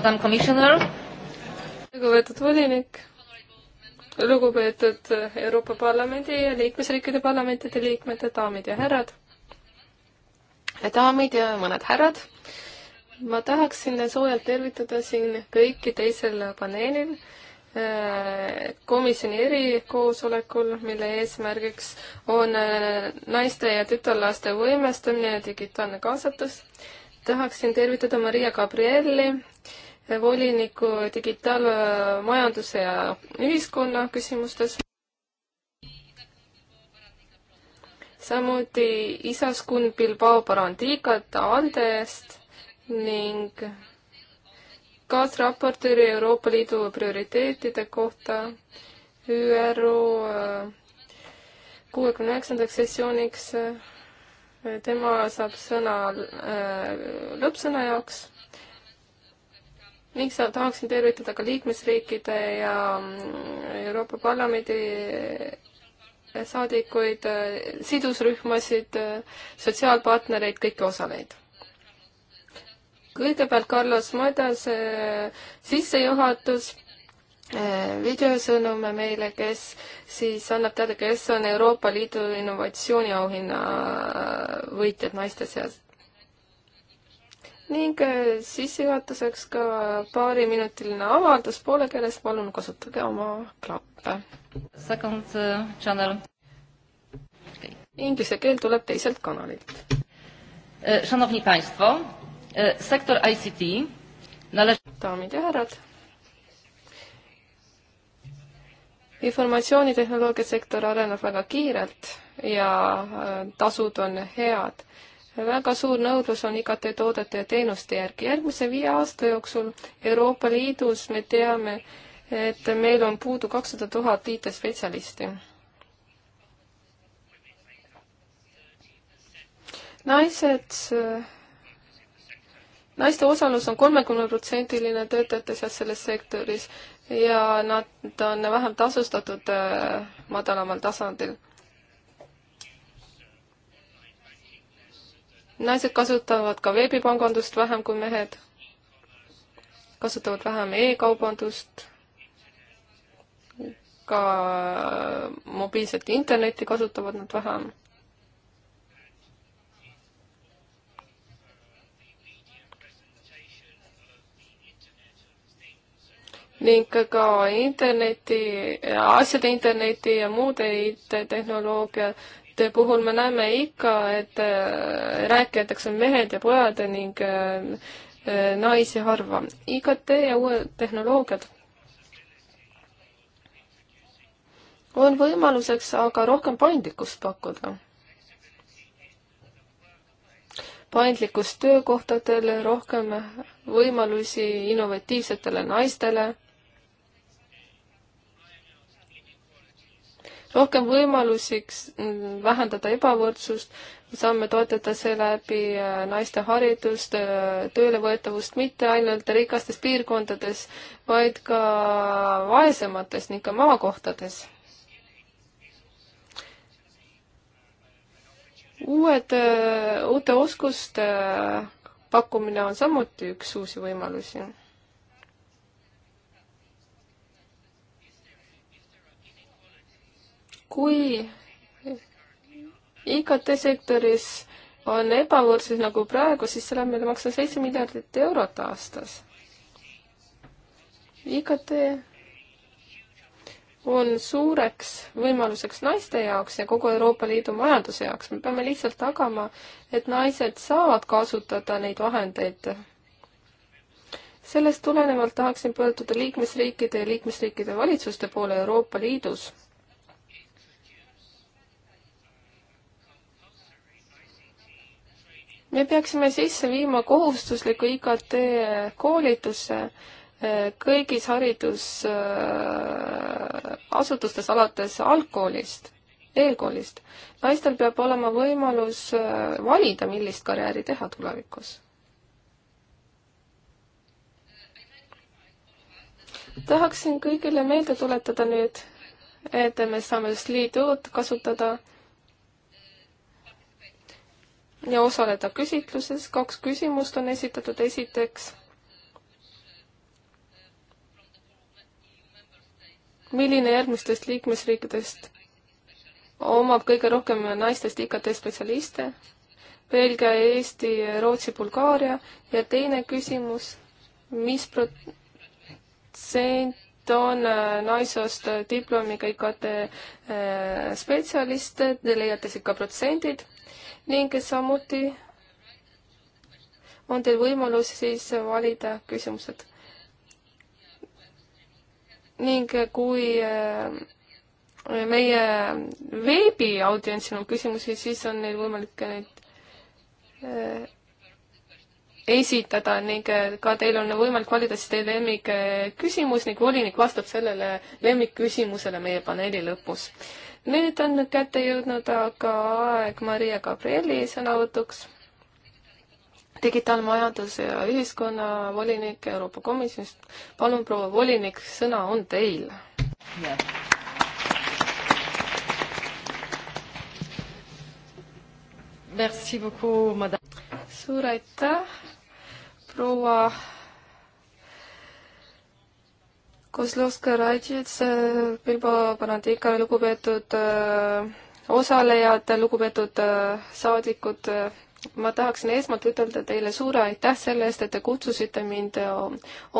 Madam Commissioner. lugupeetud volinik, lugupeetud Euroopa Parlamendi ja liikmesriikide parlamentide liikmed, daamid ja härrad. daamid ja mõned härrad. ma tahaksin soojalt tervitada siin kõiki teisel paneelil eh, komisjoni erikoosolekul, mille eesmärgiks on eh, naiste ja tütarlaste võimestamine ja digitaalne kaasatus. tahaksin tervitada Maria Gabrielli, voliniku digitaalmajanduse ja ühiskonna küsimustes. samuti isaskun Bilbao Barandigat ande eest ning kaasraportööri Euroopa Liidu prioriteetide kohta ÜRO äh, kuuekümne üheksandaks sessiooniks. Äh, tema saab sõna äh, lõppsõna jaoks ning seal tahaksin tervitada ka liikmesriikide ja mm, Euroopa Parlamendi eh, saadikuid, eh, sidusrühmasid, eh, sotsiaalpartnereid, kõiki osalejaid. kõigepealt Carlos Madase sissejuhatus, videosõnum meile, kes siis annab teada, kes on Euroopa Liidu innovatsiooniauhinna võitjad naiste seas ning äh, sissejuhatuseks ka paariminutiline avaldus poole keeles, palun kasutage oma klappe. Second äh, channel okay.. Inglise keel tuleb teiselt kanalilt. Äh, szanowni Państwo, e, sektor ICT należy... daamid ja härrad. informatsioonitehnoloogia sektor areneb väga kiirelt ja tasud on head väga suur nõudlus on IKT toodete ja teenuste järgi. järgmise viie aasta jooksul Euroopa Liidus me teame, et meil on puudu kakssada tuhat IT-spetsialisti. naised, naiste osalus on kolmekümneprotsendiline töötajate seas selles sektoris ja nad on vähem tasustatud äh, madalamal tasandil naised kasutavad ka veebipangandust vähem kui mehed, kasutavad vähem e-kaubandust, ka mobiilset internetti kasutavad nad vähem. ning ka interneti, asjade interneti ja muude IT-tehnoloogia Te puhul me näeme ikka, et äh, rääkijateks on mehed ja pojad ning äh, äh, naisi harva. IKT ja uued tehnoloogiad on võimaluseks aga rohkem paindlikkust pakkuda. paindlikkust töökohtadel, rohkem võimalusi innovatiivsetele naistele rohkem võimalusiks mm, vähendada ebavõrdsust, saame toetada seeläbi äh, naiste haridust, äh, töölevõetavust mitte ainult rikastes piirkondades, vaid ka vaesemates ning ka maakohtades. uued, äh, uute oskuste pakkumine on samuti üks uusi võimalusi kui IKT-sektoris on ebavõrdsus nagu praegu, siis see läheb meile maksma seitse miljardit eurot aastas. IKT on suureks võimaluseks naiste jaoks ja kogu Euroopa Liidu majanduse jaoks. me peame lihtsalt tagama, et naised saavad kasutada neid vahendeid. sellest tulenevalt tahaksin pöörduda liikmesriikide ja liikmesriikide valitsuste poole Euroopa Liidus me peaksime sisse viima kohustusliku IKT koolituse eh, kõigis haridusasutustes eh, alates algkoolist, eelkoolist. naistel peab olema võimalus eh, valida, millist karjääri teha tulevikus. tahaksin kõigile meelde tuletada nüüd, et me saame Sliidut kasutada ja osaleda küsitluses. kaks küsimust on esitatud, esiteks milline järgmistest liikmesriikidest omab kõige rohkem naistest IKT spetsialiste? Belgia, Eesti, Rootsi, Bulgaaria ja teine küsimus, mis protsent on äh, naissoost diplomiga IKT äh, spetsialiste, te leiate siit ka protsendid ning samuti on teil võimalus siis valida küsimused. ning kui äh, meie veebiaudientsil on küsimusi, siis on neil võimalik neid äh, esitada ning äh, ka teil on võimalik valida siis teie lemmikküsimus ning volinik vastab sellele lemmikküsimusele meie paneeli lõpus nüüd on kätte jõudnud aga aeg Maria Gabrieli sõnavõtuks, digitaalmajanduse ja ühiskonna volinik Euroopa Komisjonist. palun, proua volinik, sõna on teil. suur aitäh, proua Kozlovska Radžits, eh, Bilbo Panandika, lugupeetud eh, osalejad, lugupeetud eh, saadikud, ma tahaksin esmalt ütelda teile suure aitäh selle eest, et te kutsusite mind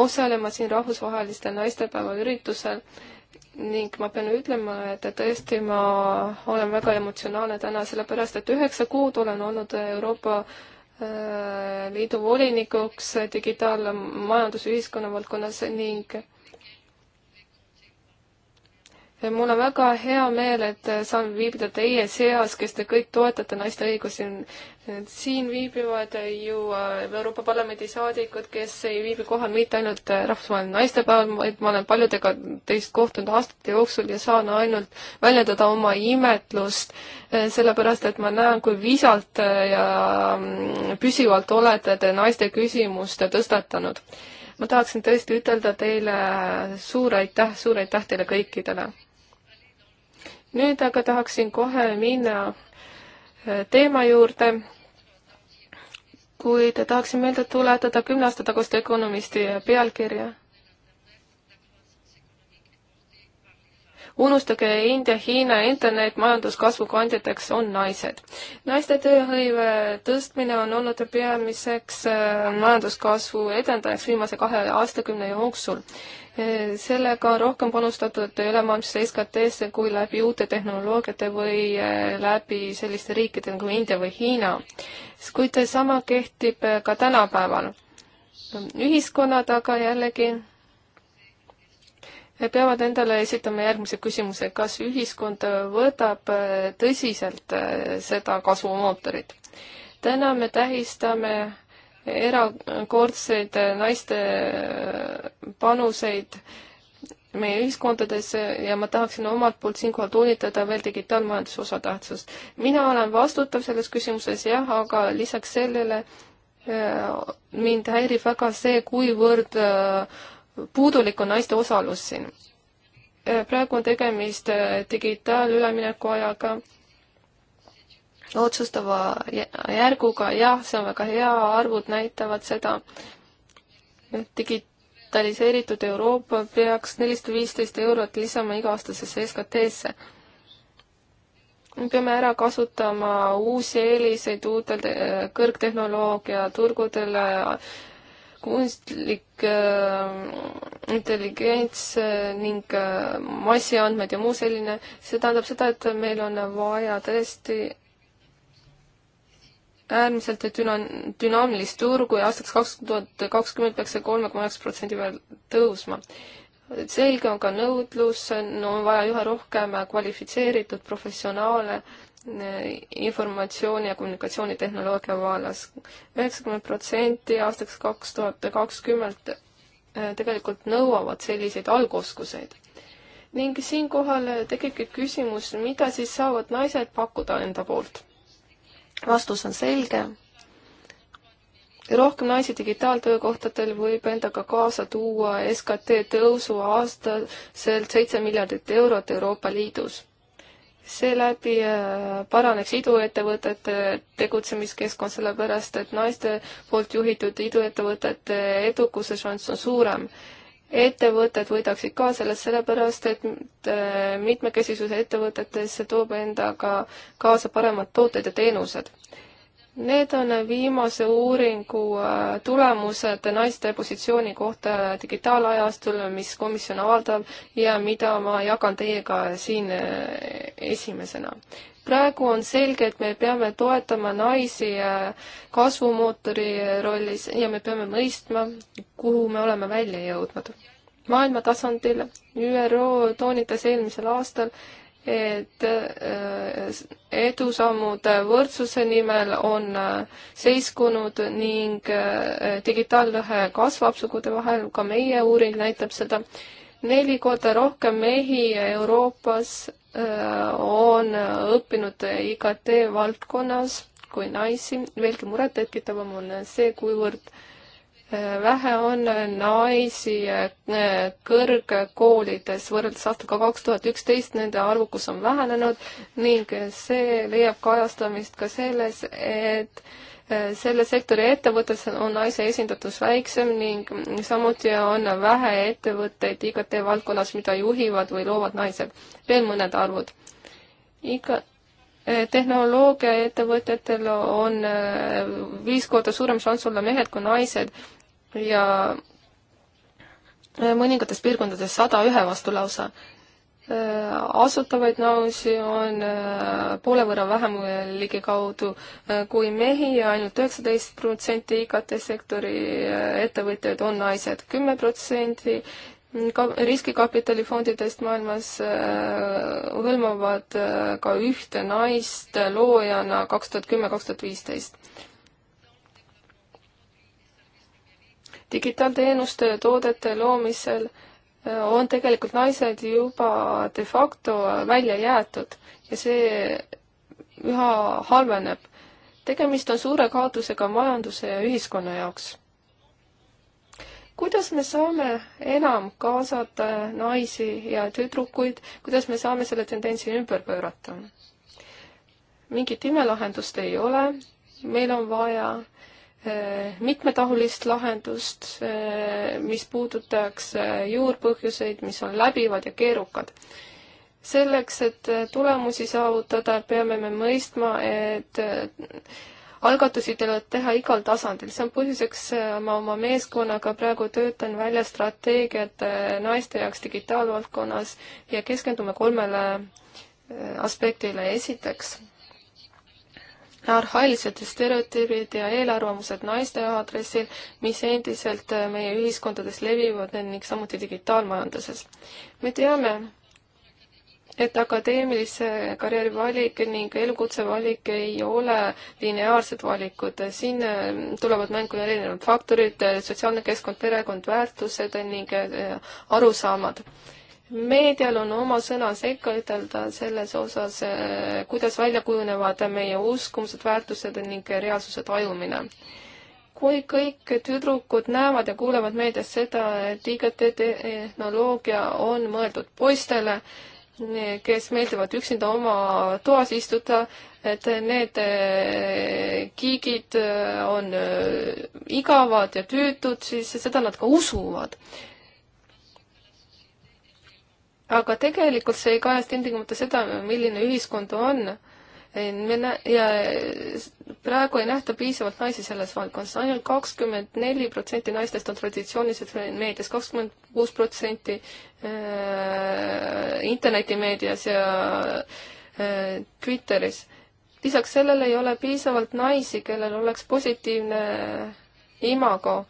osalema siin rahvusvahelistel naistepäeva üritusel ning ma pean ütlema, et tõesti ma olen väga emotsionaalne täna, sellepärast et üheksa kuud olen olnud Euroopa Liidu volinikuks digitaalmajandusühiskonna valdkonnas ning mul on väga hea meel, et saan viibida teie seas, kes te kõik toetate naiste õigusi. siin viibivad ju äh, Euroopa Parlamendi saadikud, kes ei viibi kohal mitte ainult äh, rahvusvaheline naistepäev, vaid ma olen paljudega teist kohtunud aastate jooksul ja saan ainult väljendada oma imetlust, äh, sellepärast et ma näen, kui visalt ja mm, püsivalt olete te naiste küsimust tõstatanud ma tahaksin tõesti ütelda teile suur aitäh, suur aitäh teile kõikidele nüüd aga tahaksin kohe minna äh, teema juurde, kuid tahaksin meelde tuletada kümne aasta tagust Ökonomisti pealkirja. unustage India, Hiina, internet, majanduskasvu kandjateks on naised. naiste tööhõive tõstmine on olnud peamiseks äh, majanduskasvu edendajaks viimase kahe aastakümne jooksul sellega on rohkem panustatud ülemaailmsesse SKT-sse kui läbi uute tehnoloogiate või äh, läbi selliste riikide nagu India või Hiina. kuid sama kehtib äh, ka tänapäeval. ühiskonnad aga jällegi äh, peavad endale esitama järgmise küsimuse, kas ühiskond võtab tõsiselt seda kasvumootorit? täna me tähistame erakordseid naiste panuseid meie ühiskondades ja ma tahaksin omalt poolt siinkohal toonitada veel digitaalmajanduse osatähtsust. mina olen vastutav selles küsimuses jah, aga lisaks sellele äh, mind häirib väga see, kuivõrd äh, puudulik on naiste osalus siin. Äh, praegu on tegemist digitaalülemineku ajaga otsustava järguga, jah, see on väga hea, arvud näitavad seda, et digitaliseeritud Euroopa peaks nelisada viisteist eurot lisama iga-aastasesse SKT-sse. me peame ära kasutama uusi eeliseid uutel kõrgtehnoloogia turgudel, kunstlik äh, intelligents äh, ning äh, massiandmed ja muu selline, see tähendab seda, et meil on vaja tõesti äärmiselt düna-, dünaamilist turgu ja aastaks kaks tuhat kakskümmend peaks see kolme koma üheksa protsendi peal tõusma. selge on ka nõudlus, no on vaja üha rohkem kvalifitseeritud professionaale eh, informatsiooni- ja kommunikatsioonitehnoloogia vallas. üheksakümmend protsenti aastaks kaks tuhat kakskümmend eh, tegelikult nõuavad selliseid algoskuseid. ning siinkohal tekibki küsimus, mida siis saavad naised pakkuda enda poolt vastus on selge. rohkem naisi digitaaltöökohtadel võib endaga kaasa tuua SKT tõusu aastaselt seitse miljardit eurot Euroopa Liidus seeläbi äh, paraneks iduettevõtete tegutsemiskeskkond, sellepärast et naiste poolt juhitud iduettevõtete edukuse šanss on suurem ettevõtted võidaksid ka sellest, sellepärast et äh, mitmekesisus ettevõtetesse toob endaga kaasa paremad tooted ja teenused. Need on viimase uuringu äh, tulemused naiste positsiooni kohta digitaalajastul, mis komisjon avaldab ja mida ma jagan teiega siin äh, esimesena praegu on selge, et me peame toetama naisi kasvumootori rollis ja me peame mõistma, kuhu me oleme välja jõudnud. maailma tasandil ÜRO toonitas eelmisel aastal, et äh, edusammud võrdsuse nimel on äh, seiskunud ning äh, digitaallõhe kasvab sugude vahel, ka meie uuring näitab seda neli korda rohkem mehi Euroopas on õppinud IKT valdkonnas kui naisi. veelgi murettekitavam on see, kuivõrd vähe on naisi kõrgkoolides võrreldes aastaga kaks tuhat üksteist, nende arvukus on vähenenud ning see leiab kajastamist ka selles, et selle sektori ettevõttes on naise esindatus väiksem ning samuti on vähe ettevõtteid IKT valdkonnas, mida juhivad või loovad naised. veel mõned arvud. iga eh, tehnoloogiaettevõtetel on eh, viis korda suurem šanss olla mehed kui naised ja eh, mõningates piirkondades sada ühe vastu lausa Äh, asutavaid naisi on äh, poole võrra vähem ligikaudu äh, kui mehi ja ainult üheksateist protsenti IKT-sektori ettevõtjaid on naised, kümme protsenti ka riskikapitalifondidest maailmas hõlmavad ka ühte naist loojana kaks tuhat kümme, kaks tuhat viisteist. digitaalteenuste ja toodete loomisel äh, on tegelikult naised juba de facto välja jäetud ja see üha halveneb. tegemist on suure kaotusega majanduse ja ühiskonna jaoks. kuidas me saame enam kaasata naisi ja tüdrukuid, kuidas me saame selle tendentsi ümber pöörata? mingit imelahendust ei ole, meil on vaja Äh, mitmetahulist lahendust, äh, mis puudutaks äh, juurpõhjuseid, mis on läbivad ja keerukad. selleks, et tulemusi saavutada, peame me mõistma, et algatusi tuleb teha igal tasandil, see on põhjuseks, ma oma meeskonnaga praegu töötan välja strateegiat naiste jaoks digitaalvaldkonnas ja keskendume kolmele aspektile, esiteks arhailised stereotüübid ja eelarvamused naiste aadressil, mis endiselt äh, meie ühiskondades levivad ning samuti digitaalmajanduses. me teame, et akadeemilise karjääri valik ning elukutse valik ei ole lineaarsed valikud. siin äh, tulevad mängu erinevad faktorid, äh, sotsiaalne keskkond, perekond, väärtused ning arusaamad meedial on oma sõna sekka ütelda selles osas, eh, kuidas välja kujunevad meie uskumused, väärtused ning reaalsuse tajumine. kui kõik tüdrukud näevad ja kuulevad meedias seda, et IKT tehnoloogia on mõeldud poistele, kes meeldivad üksinda oma toas istuda, et need kiigid eh, eh, on igavad ja tüütud, siis seda nad ka usuvad aga tegelikult see ei kajasta ilmtingimata seda, milline ühiskond on. me nä- ja praegu ei nähta piisavalt naisi selles valdkonnas, ainult kakskümmend neli protsenti naistest on traditsiooniliselt meedias, kakskümmend kuus protsenti äh, internetimeedias ja äh, Twitteris. lisaks sellele ei ole piisavalt naisi, kellel oleks positiivne imago,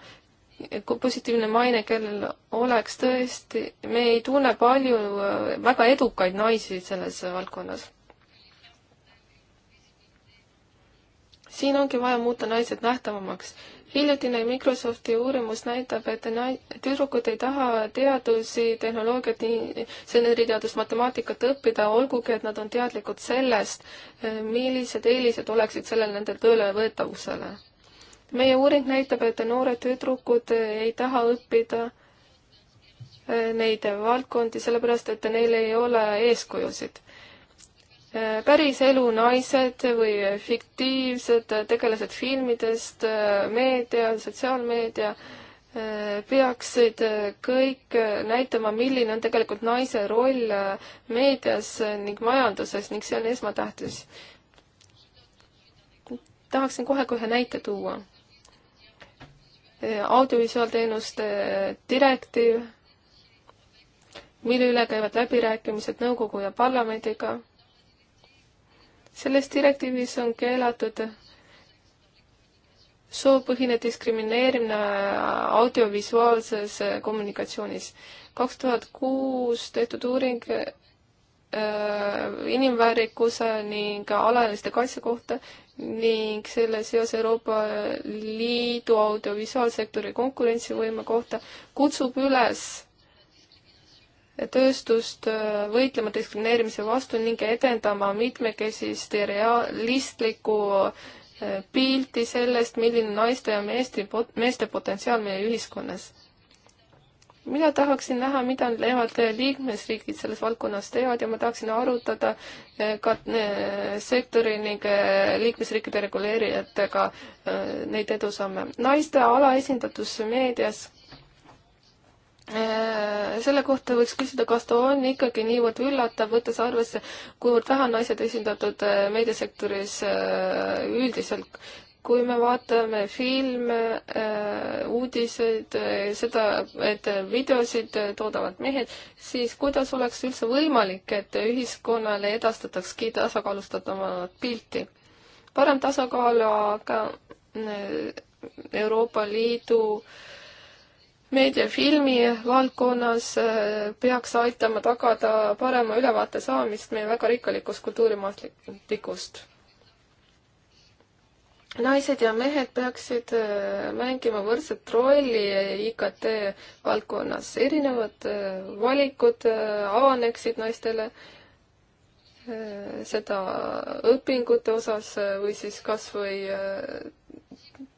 positiivne maine, kellel oleks tõesti, me ei tunne palju äh, väga edukaid naisi selles valdkonnas. siin ongi vaja muuta naised nähtavamaks. hiljutine Microsofti uurimus näitab, et nai-, tüdrukud ei taha teadusi, tehnoloogiat, inseneriteadust, matemaatikat õppida, olgugi et nad on teadlikud sellest, äh, millised eelised oleksid sellel nende töölevõetavusele meie uuring näitab, et noored tüdrukud ei taha õppida äh, neid valdkondi, sellepärast et neil ei ole eeskujusid. Äh, päriselu naised või fiktiivsed tegelased filmidest, äh, meedia, sotsiaalmeedia peaksid kõik näitama, milline on tegelikult naise roll meedias ning majanduses ning see on esmatähtis tahaksin kohe ka ühe näite tuua audiovisuaalteenuste direktiiv, mille üle käivad läbirääkimised nõukogu ja parlamendiga. selles direktiivis on keelatud soopõhine diskrimineerimine audiovisuaalses kommunikatsioonis. kaks tuhat kuus tehtud uuring äh, inimväärikuse ning alaealiste kaitse kohta ning selle seos Euroopa Liidu audiovisuaalsektori konkurentsivõime kohta kutsub üles tööstust äh, võitlema diskrimineerimise vastu ning edendama mitmekesist ja realistlikku äh, pilti sellest, milline naiste ja meeste, meeste potentsiaal meie ühiskonnas mina tahaksin näha, mida teevad eh, liikmesriigid selles valdkonnas teevad ja ma tahaksin arutada eh, ka eh, sektori ning liikmesriikide reguleerijatega neid edusamme. naiste alaesindatus meedias selle kohta võiks küsida, kas ta on ikkagi niivõrd üllatav, võttes arvesse, kuivõrd vähe naised esindatud meediasektoris üldiselt kui me vaatame filme, äh, uudiseid, äh, seda, et videosid äh, toodavad mehed, siis kuidas oleks üldse võimalik, et ühiskonnale edastataksegi tasakaalustatavat pilti? parem tasakaal aga Euroopa Liidu meediafilmi valdkonnas peaks aitama tagada parema ülevaate saamist meie väga rikkalikust kultuurimaastikust naised ja mehed peaksid äh, mängima võrdset rolli äh, IKT valdkonnas, erinevad äh, valikud avaneksid naistele, seda õpingute osas või siis kas või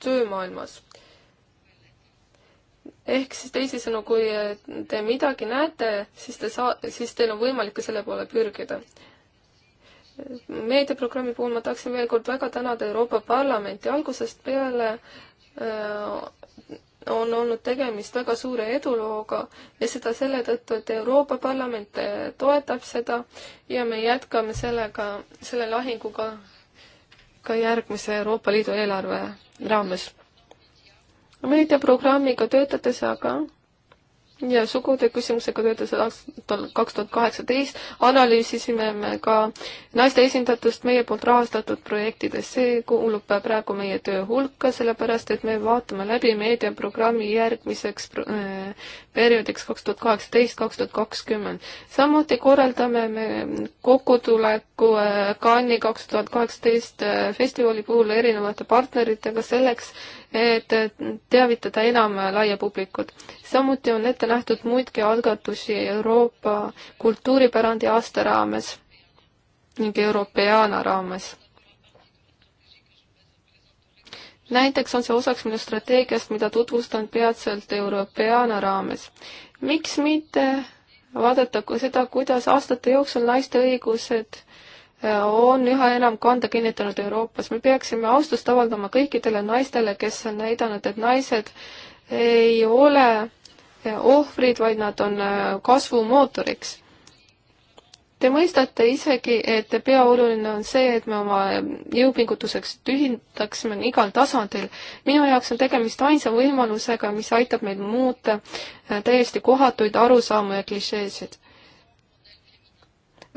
töömaailmas. ehk siis teisisõnu, kui te midagi näete, siis te saa-, siis teil on võimalik ka selle poole pürgida meediaprogrammi puhul ma tahaksin veel kord väga tänada Euroopa Parlamenti, algusest peale äh, on olnud tegemist väga suure edulooga ja seda selle tõttu, et Euroopa Parlament äh, toetab seda ja me jätkame sellega, selle lahinguga ka järgmise Euroopa Liidu eelarve raames. meediaprogrammiga töötades aga ja sugude küsimusega töötas aastal kaks tuhat kaheksateist, analüüsisime me ka naiste esindatust meie poolt rahastatud projektides, see kuulub praegu meie töö hulka, sellepärast et me vaatame läbi meediaprogrammi järgmiseks äh, perioodiks kaks tuhat kaheksateist, kaks tuhat kakskümmend. samuti korraldame me kokkutuleku äh, Cannes'i kaks tuhat kaheksateist äh, festivali puhul erinevate partneritega selleks, et teavitada enam laia publikut. samuti on ette nähtud muidki algatusi Euroopa kultuuripärandi aasta raames ning Europeana raames. näiteks on see osaks minu strateegiast, mida tutvustan peatselt Europeana raames. miks mitte vaadata seda, kuidas aastate jooksul naiste õigused on üha enam kanda kinnitanud Euroopas. me peaksime austust avaldama kõikidele naistele, kes on näidanud, et naised ei ole ohvrid, vaid nad on äh, kasvumootoriks. Te mõistate isegi, et peaoluline on see, et me oma jõupingutuseks tühindaksime igal tasandil. minu jaoks on tegemist ainsa võimalusega, mis aitab meil muuta äh, täiesti kohatuid arusaamu ja klišeesid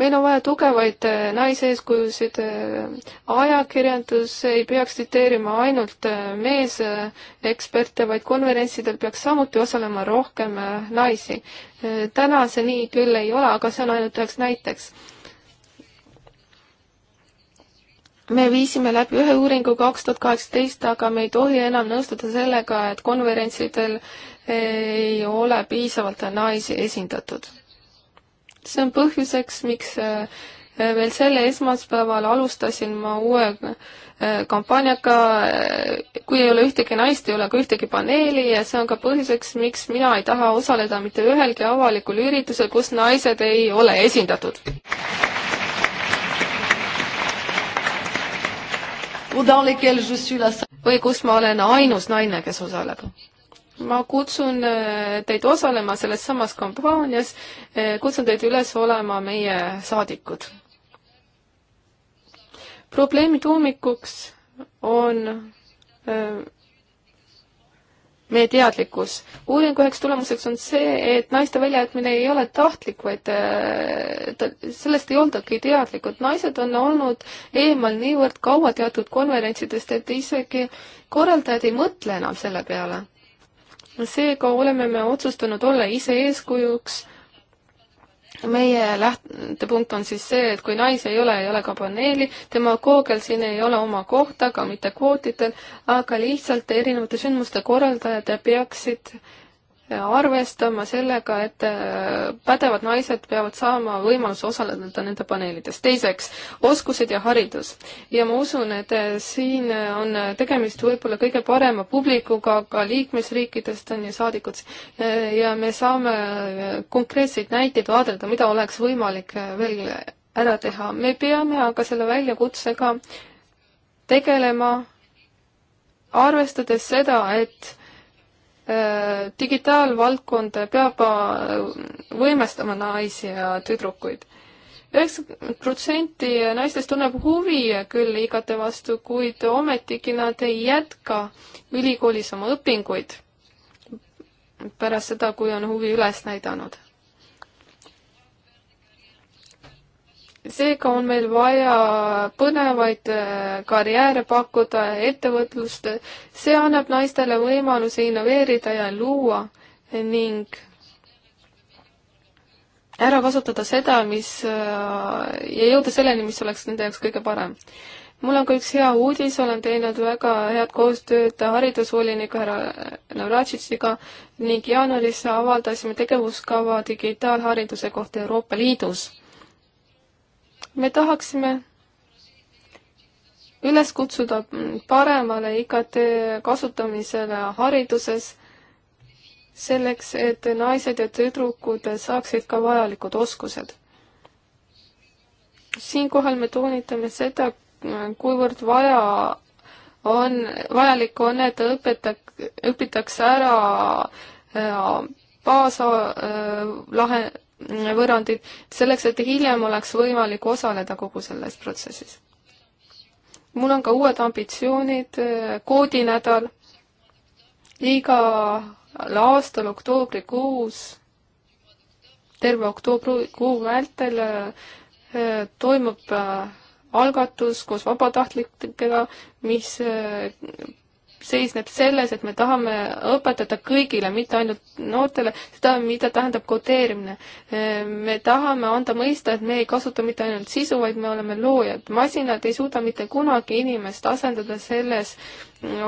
meil on vaja tugevaid äh, naiseeskujusid, äh, ajakirjandus ei peaks tsiteerima ainult äh, meeseksperte, vaid konverentsidel peaks samuti osalema rohkem naisi. täna see nii küll ei ole, aga see on ainult üheks näiteks. me viisime läbi ühe uuringu kaks tuhat kaheksateist, aga me ei tohi enam nõustuda sellega, et konverentsidel ei ole piisavalt naisi esindatud see on põhjuseks, miks äh, äh, veel selle esmaspäeval alustasin ma uue äh, kampaaniaga Kui ei ole ühtegi naist, ei ole ka ühtegi paneeli ja see on ka põhjuseks, miks mina ei taha osaleda mitte ühelgi avalikul üritusel, kus naised ei ole esindatud. või kus ma olen ainus naine, kes osaleb ma kutsun äh, teid osalema selles samas kampaanias, äh, kutsun teid üles olema meie saadikud. probleemi tuumikuks on äh, meie teadlikkus. uuringu üheks tulemuseks on see, et naiste väljajätmine ei ole tahtlik, vaid ta, sellest ei oldagi teadlikud. naised on olnud eemal niivõrd kaua teatud konverentsidest, et isegi korraldajad ei mõtle enam selle peale seega oleme me otsustanud olla ise eeskujuks. meie lähtepunkt on siis see, et kui naisi ei ole, ei ole ka paneeli, demagoogial siin ei ole oma kohta, ka mitte kvootidel, aga lihtsalt erinevate sündmuste korraldajad peaksid äh, arvestama sellega, et äh, pädevad naised peavad saama võimaluse osaleda nende paneelides. teiseks, oskused ja haridus. ja ma usun, et äh, siin on äh, tegemist võib-olla kõige parema publikuga ka liikmesriikidest on ju saadikud ja me saame konkreetseid näiteid vaadelda, mida oleks võimalik veel ära teha. me peame aga selle väljakutsega tegelema, arvestades seda, et Äh, digitaalvaldkond peab äh, võimestama naisi ja tüdrukuid. üheksakümmend protsenti naistest tunneb huvi küll IKT vastu, kuid ometigi nad ei jätka ülikoolis oma õpinguid pärast seda, kui on huvi üles näidanud seega on meil vaja põnevaid äh, karjääre pakkuda, ettevõtlust, see annab naistele võimaluse innoveerida ja luua ning ära kasutada seda, mis äh, ja jõuda selleni, mis oleks nende jaoks kõige parem. mul on ka üks hea uudis, olen teinud väga head koostööd haridusvoliniku härra Navratšitšiga ning jaanuaris avaldasime tegevuskava digitaalhariduse kohta Euroopa Liidus me tahaksime üles kutsuda paremale IKT kasutamisele hariduses, selleks et naised ja tüdrukud saaksid ka vajalikud oskused. siinkohal me toonitame seda, kuivõrd vaja on, vajalik on, et õpetak-, õpitakse ära äh, baas äh, lahe, võrrandid, selleks et hiljem oleks võimalik osaleda kogu selles protsessis. mul on ka uued ambitsioonid, eh, koodinädal, igal aastal oktoobrikuus, terve oktoobrikuu vältel eh, toimub eh, algatus koos vabatahtlikega, mis seisneb selles, et me tahame õpetada kõigile, mitte ainult noortele, seda, mida tähendab kodeerimine. me tahame anda mõista, et me ei kasuta mitte ainult sisu, vaid me oleme loojad. masinad ei suuda mitte kunagi inimest asendada selles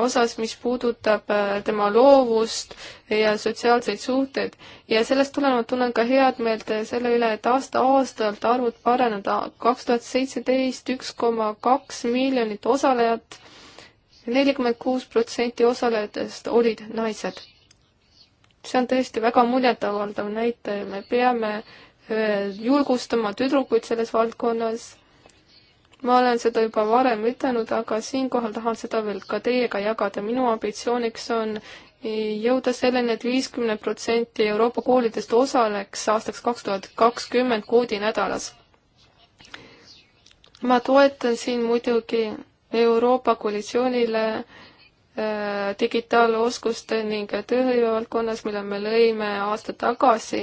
osas, mis puudutab äh, tema loovust ja sotsiaalseid suhteid. ja sellest tulenevalt tunnen ka head meelt selle üle, et aasta-aastalt arvud paranevad. kaks tuhat seitseteist üks koma kaks miljonit osalejat nelikümmend kuus protsenti osalejatest olid naised. see on tõesti väga muljetavaldav näitaja, me peame äh, julgustama tüdrukuid selles valdkonnas. ma olen seda juba varem ütelnud, aga siinkohal tahan seda veel ka teiega jagada, minu ambitsiooniks on jõuda selleni et, et viiskümmend protsenti Euroopa koolidest osaleks aastaks kaks tuhat kakskümmend koodi nädalas. ma toetan siin muidugi Euroopa koalitsioonile äh, digitaaloskuste ning tööhõive valdkonnas, mille me lõime aasta tagasi.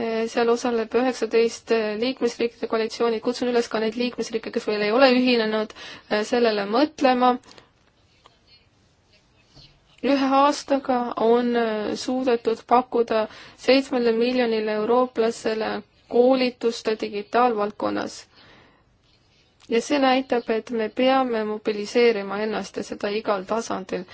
Äh, seal osaleb üheksateist liikmesriikide koalitsiooni, kutsun üles ka neid liikmesriike, kes veel ei ole ühinenud, äh, sellele mõtlema. ühe aastaga on suudetud pakkuda seitsmele miljonile eurooplasele koolitust digitaalvaldkonnas ja see näitab, et me peame mobiliseerima ennast ja seda igal tasandil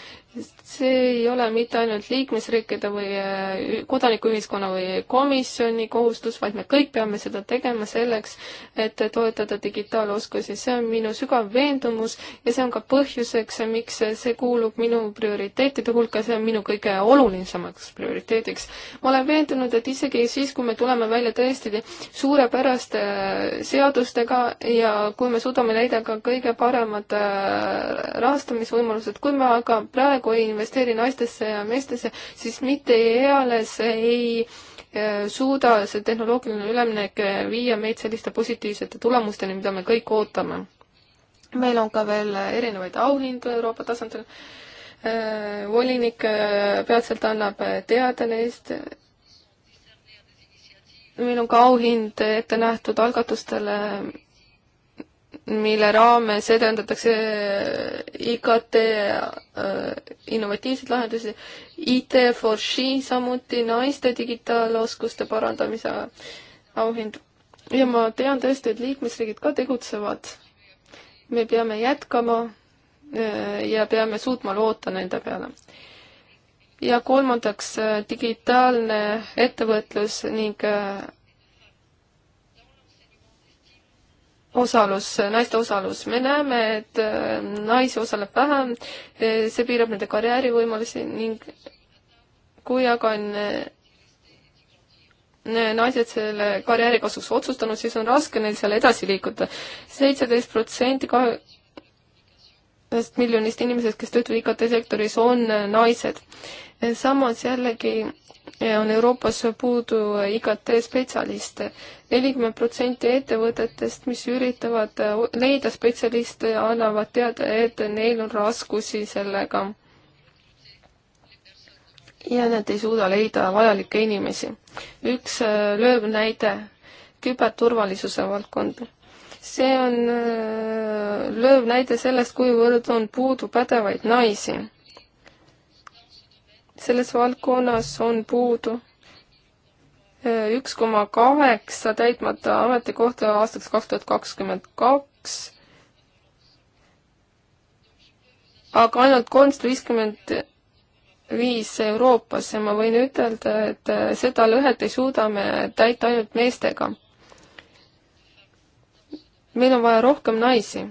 see ei ole mitte ainult liikmesriikide või äh, kodanikuühiskonna või komisjoni kohustus, vaid me kõik peame seda tegema selleks, et toetada digitaaloskusi. see on minu sügav veendumus ja see on ka põhjuseks, miks see kuulub minu prioriteetide hulka, see on minu kõige olulisemaks prioriteediks. ma olen veendunud, et isegi siis, kui me tuleme välja tõesti suurepäraste äh, seadustega ja kui me suudame leida ka kõige paremad äh, rahastamisvõimalused, kui me aga praegu kui ei investeeri naistesse ja meestesse, siis mitte eales ei äh, suuda see tehnoloogiline üleminek äh, viia meid selliste positiivsete tulemusteni, mida me kõik ootame. meil on ka veel erinevaid auhindu Euroopa tasandil. Äh, volinik peatselt annab teada neist meil on ka auhind ette nähtud algatustele, mille raames edendatakse IKT äh, innovatiivseid lahendusi, IT for she samuti naiste digitaaloskuste parandamise auhind. ja ma tean tõesti, et liikmesriigid ka tegutsevad. me peame jätkama äh, ja peame suutma loota nende peale. ja kolmandaks, äh, digitaalne ettevõtlus ning osalus, naiste osalus, me näeme, et äh, naisi osaleb vähem, äh, see piirab nende karjäärivõimalusi ning kui aga on äh, naised selle karjääri kasuks otsustanud, siis on raske neil seal edasi liikuda. seitseteist protsenti kahest miljonist inimesest, kes töötavad IKT sektoris, on naised. samas jällegi on Euroopas puudu IKT spetsialiste. nelikümmend protsenti ettevõtetest, mis üritavad leida spetsialiste, annavad teada, et neil on raskusi sellega. ja nad ei suuda leida vajalikke inimesi. üks äh, lööv näide küberturvalisuse valdkonda see on äh, lööv näide sellest, kuivõrd on puudu pädevaid naisi selles valdkonnas on puudu äh, üks koma kaheksa täitmata ametikohta aastaks kaks tuhat kakskümmend kaks, aga ainult kolmsada viiskümmend viis Euroopas ja ma võin ütelda, et äh, seda lõhet ei suuda me täita ainult meestega. meil on vaja rohkem naisi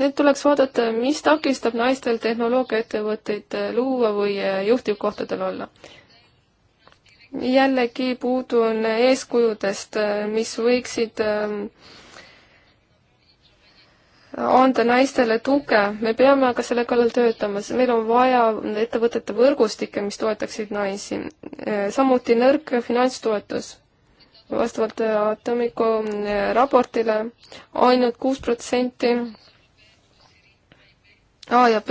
nüüd tuleks vaadata, mis takistab naistel tehnoloogiaettevõtteid äh, luua või äh, juhtivkohtadel olla. jällegi puudu on eeskujudest, äh, mis võiksid ähm, anda naistele tuge, me peame aga selle kallal töötama, meil on vaja ettevõtete võrgustikke, mis toetaksid naisi. samuti nõrk finantstoetus vastavalt Atomico raportile ainult kuus protsenti A ja B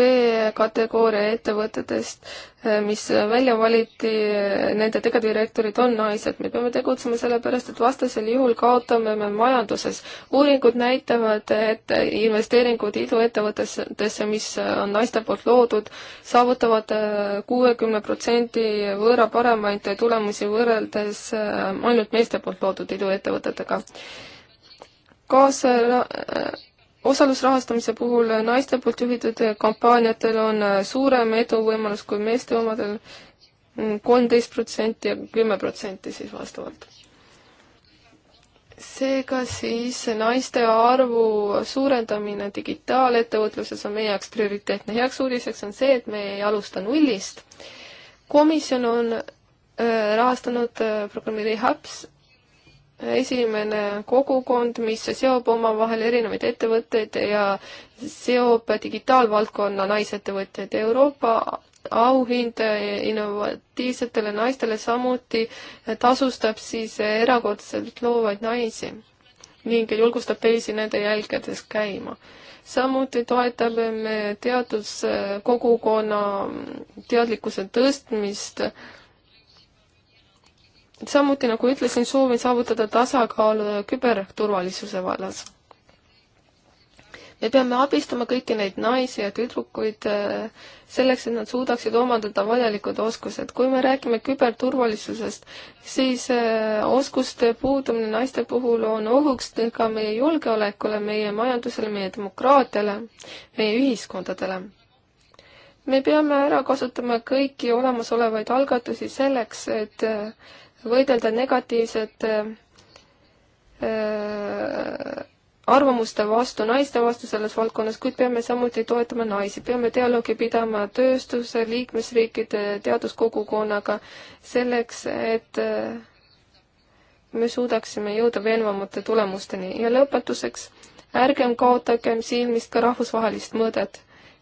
kategooria ettevõtetest, eh, mis välja valiti, eh, nende tegevdirektorid on naised. me peame tegutsema sellepärast, et vastasel juhul kaotame me majanduses. uuringud näitavad, et investeeringud iduettevõtetesse, mis on naiste poolt loodud, saavutavad eh, kuuekümne protsendi võõra paremaid tulemusi võrreldes ainult meeste poolt loodud iduettevõtetega. kaasa osalusrahastamise puhul naiste poolt juhitud kampaaniatel on suurem eduvõimalus kui meeste omadel, kolmteist protsenti ja kümme protsenti siis vastavalt. seega siis naiste arvu suurendamine digitaalettevõtluses on meie jaoks prioriteetne. heaks uudiseks on see, et me ei alusta nullist. komisjon on äh, rahastanud äh, programmi Rehabs esimene kogukond, mis seob omavahel erinevaid ettevõtteid ja seob digitaalvaldkonna naisettevõtteid. Euroopa auhind innovatiivsetele naistele samuti tasustab siis erakordselt loovaid naisi ning julgustab teisi nende jälgedes käima. samuti toetame me teaduskogukonna teadlikkuse tõstmist äh, samuti, nagu ütlesin, soovin saavutada tasakaalu küberturvalisuse vallas. me peame abistama kõiki neid naisi ja tüdrukuid äh, selleks, et nad suudaksid omandada vajalikud oskused. kui me räägime küberturvalisusest, siis äh, oskuste puudumine naiste puhul on ohuks ka meie julgeolekule, meie majandusele, meie demokraatiale, meie ühiskondadele me peame ära kasutama kõiki olemasolevaid algatusi selleks, et äh, võidelda negatiivsete äh, arvamuste vastu, naiste vastu selles valdkonnas, kuid peame samuti toetama naisi, peame dialoogi pidama tööstuse, liikmesriikide, teaduskogukonnaga selleks, et äh, me suudaksime jõuda veenvamate tulemusteni ja lõpetuseks ärgem kaotagem silmist ka rahvusvahelist mõõdet.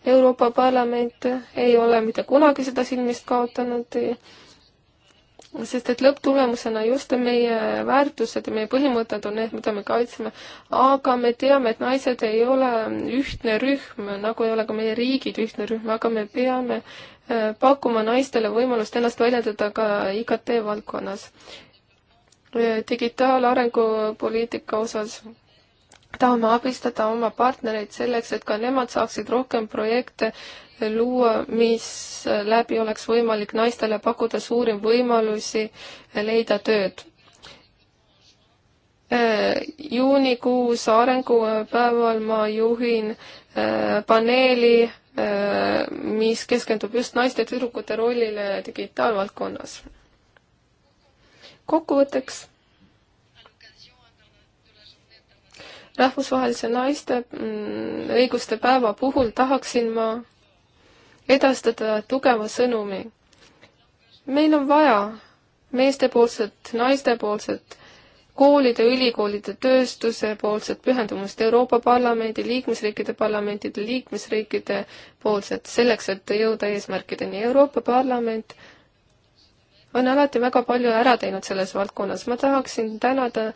Euroopa Parlament ei ole mitte kunagi seda silmist kaotanud sest et lõpptulemusena just meie väärtused ja meie põhimõtted on need, mida me kaitseme, aga me teame, et naised ei ole ühtne rühm, nagu ei ole ka meie riigid ühtne rühm, aga me peame äh, pakkuma naistele võimalust ennast väljendada ka IKT valdkonnas. Äh, digitaalarengupoliitika osas tahame abistada oma partnereid selleks, et ka nemad saaksid rohkem projekte luua, mis läbi oleks võimalik naistele pakkuda suurim võimalusi leida tööd. Äh, juunikuus arengupäeval ma juhin äh, paneeli, äh, mis keskendub just naiste tüdrukute rollile digitaalvaldkonnas. kokkuvõtteks rahvusvahelise naiste mm, õiguste päeva puhul tahaksin ma edastada tugeva sõnumi. meil on vaja meestepoolset, naistepoolset, koolide, ülikoolide, tööstuse poolset pühendumust Euroopa Parlamendi, liikmesriikide parlamentide, liikmesriikide poolset, selleks, et jõuda eesmärkideni. Euroopa Parlament on alati väga palju ära teinud selles valdkonnas. ma tahaksin tänada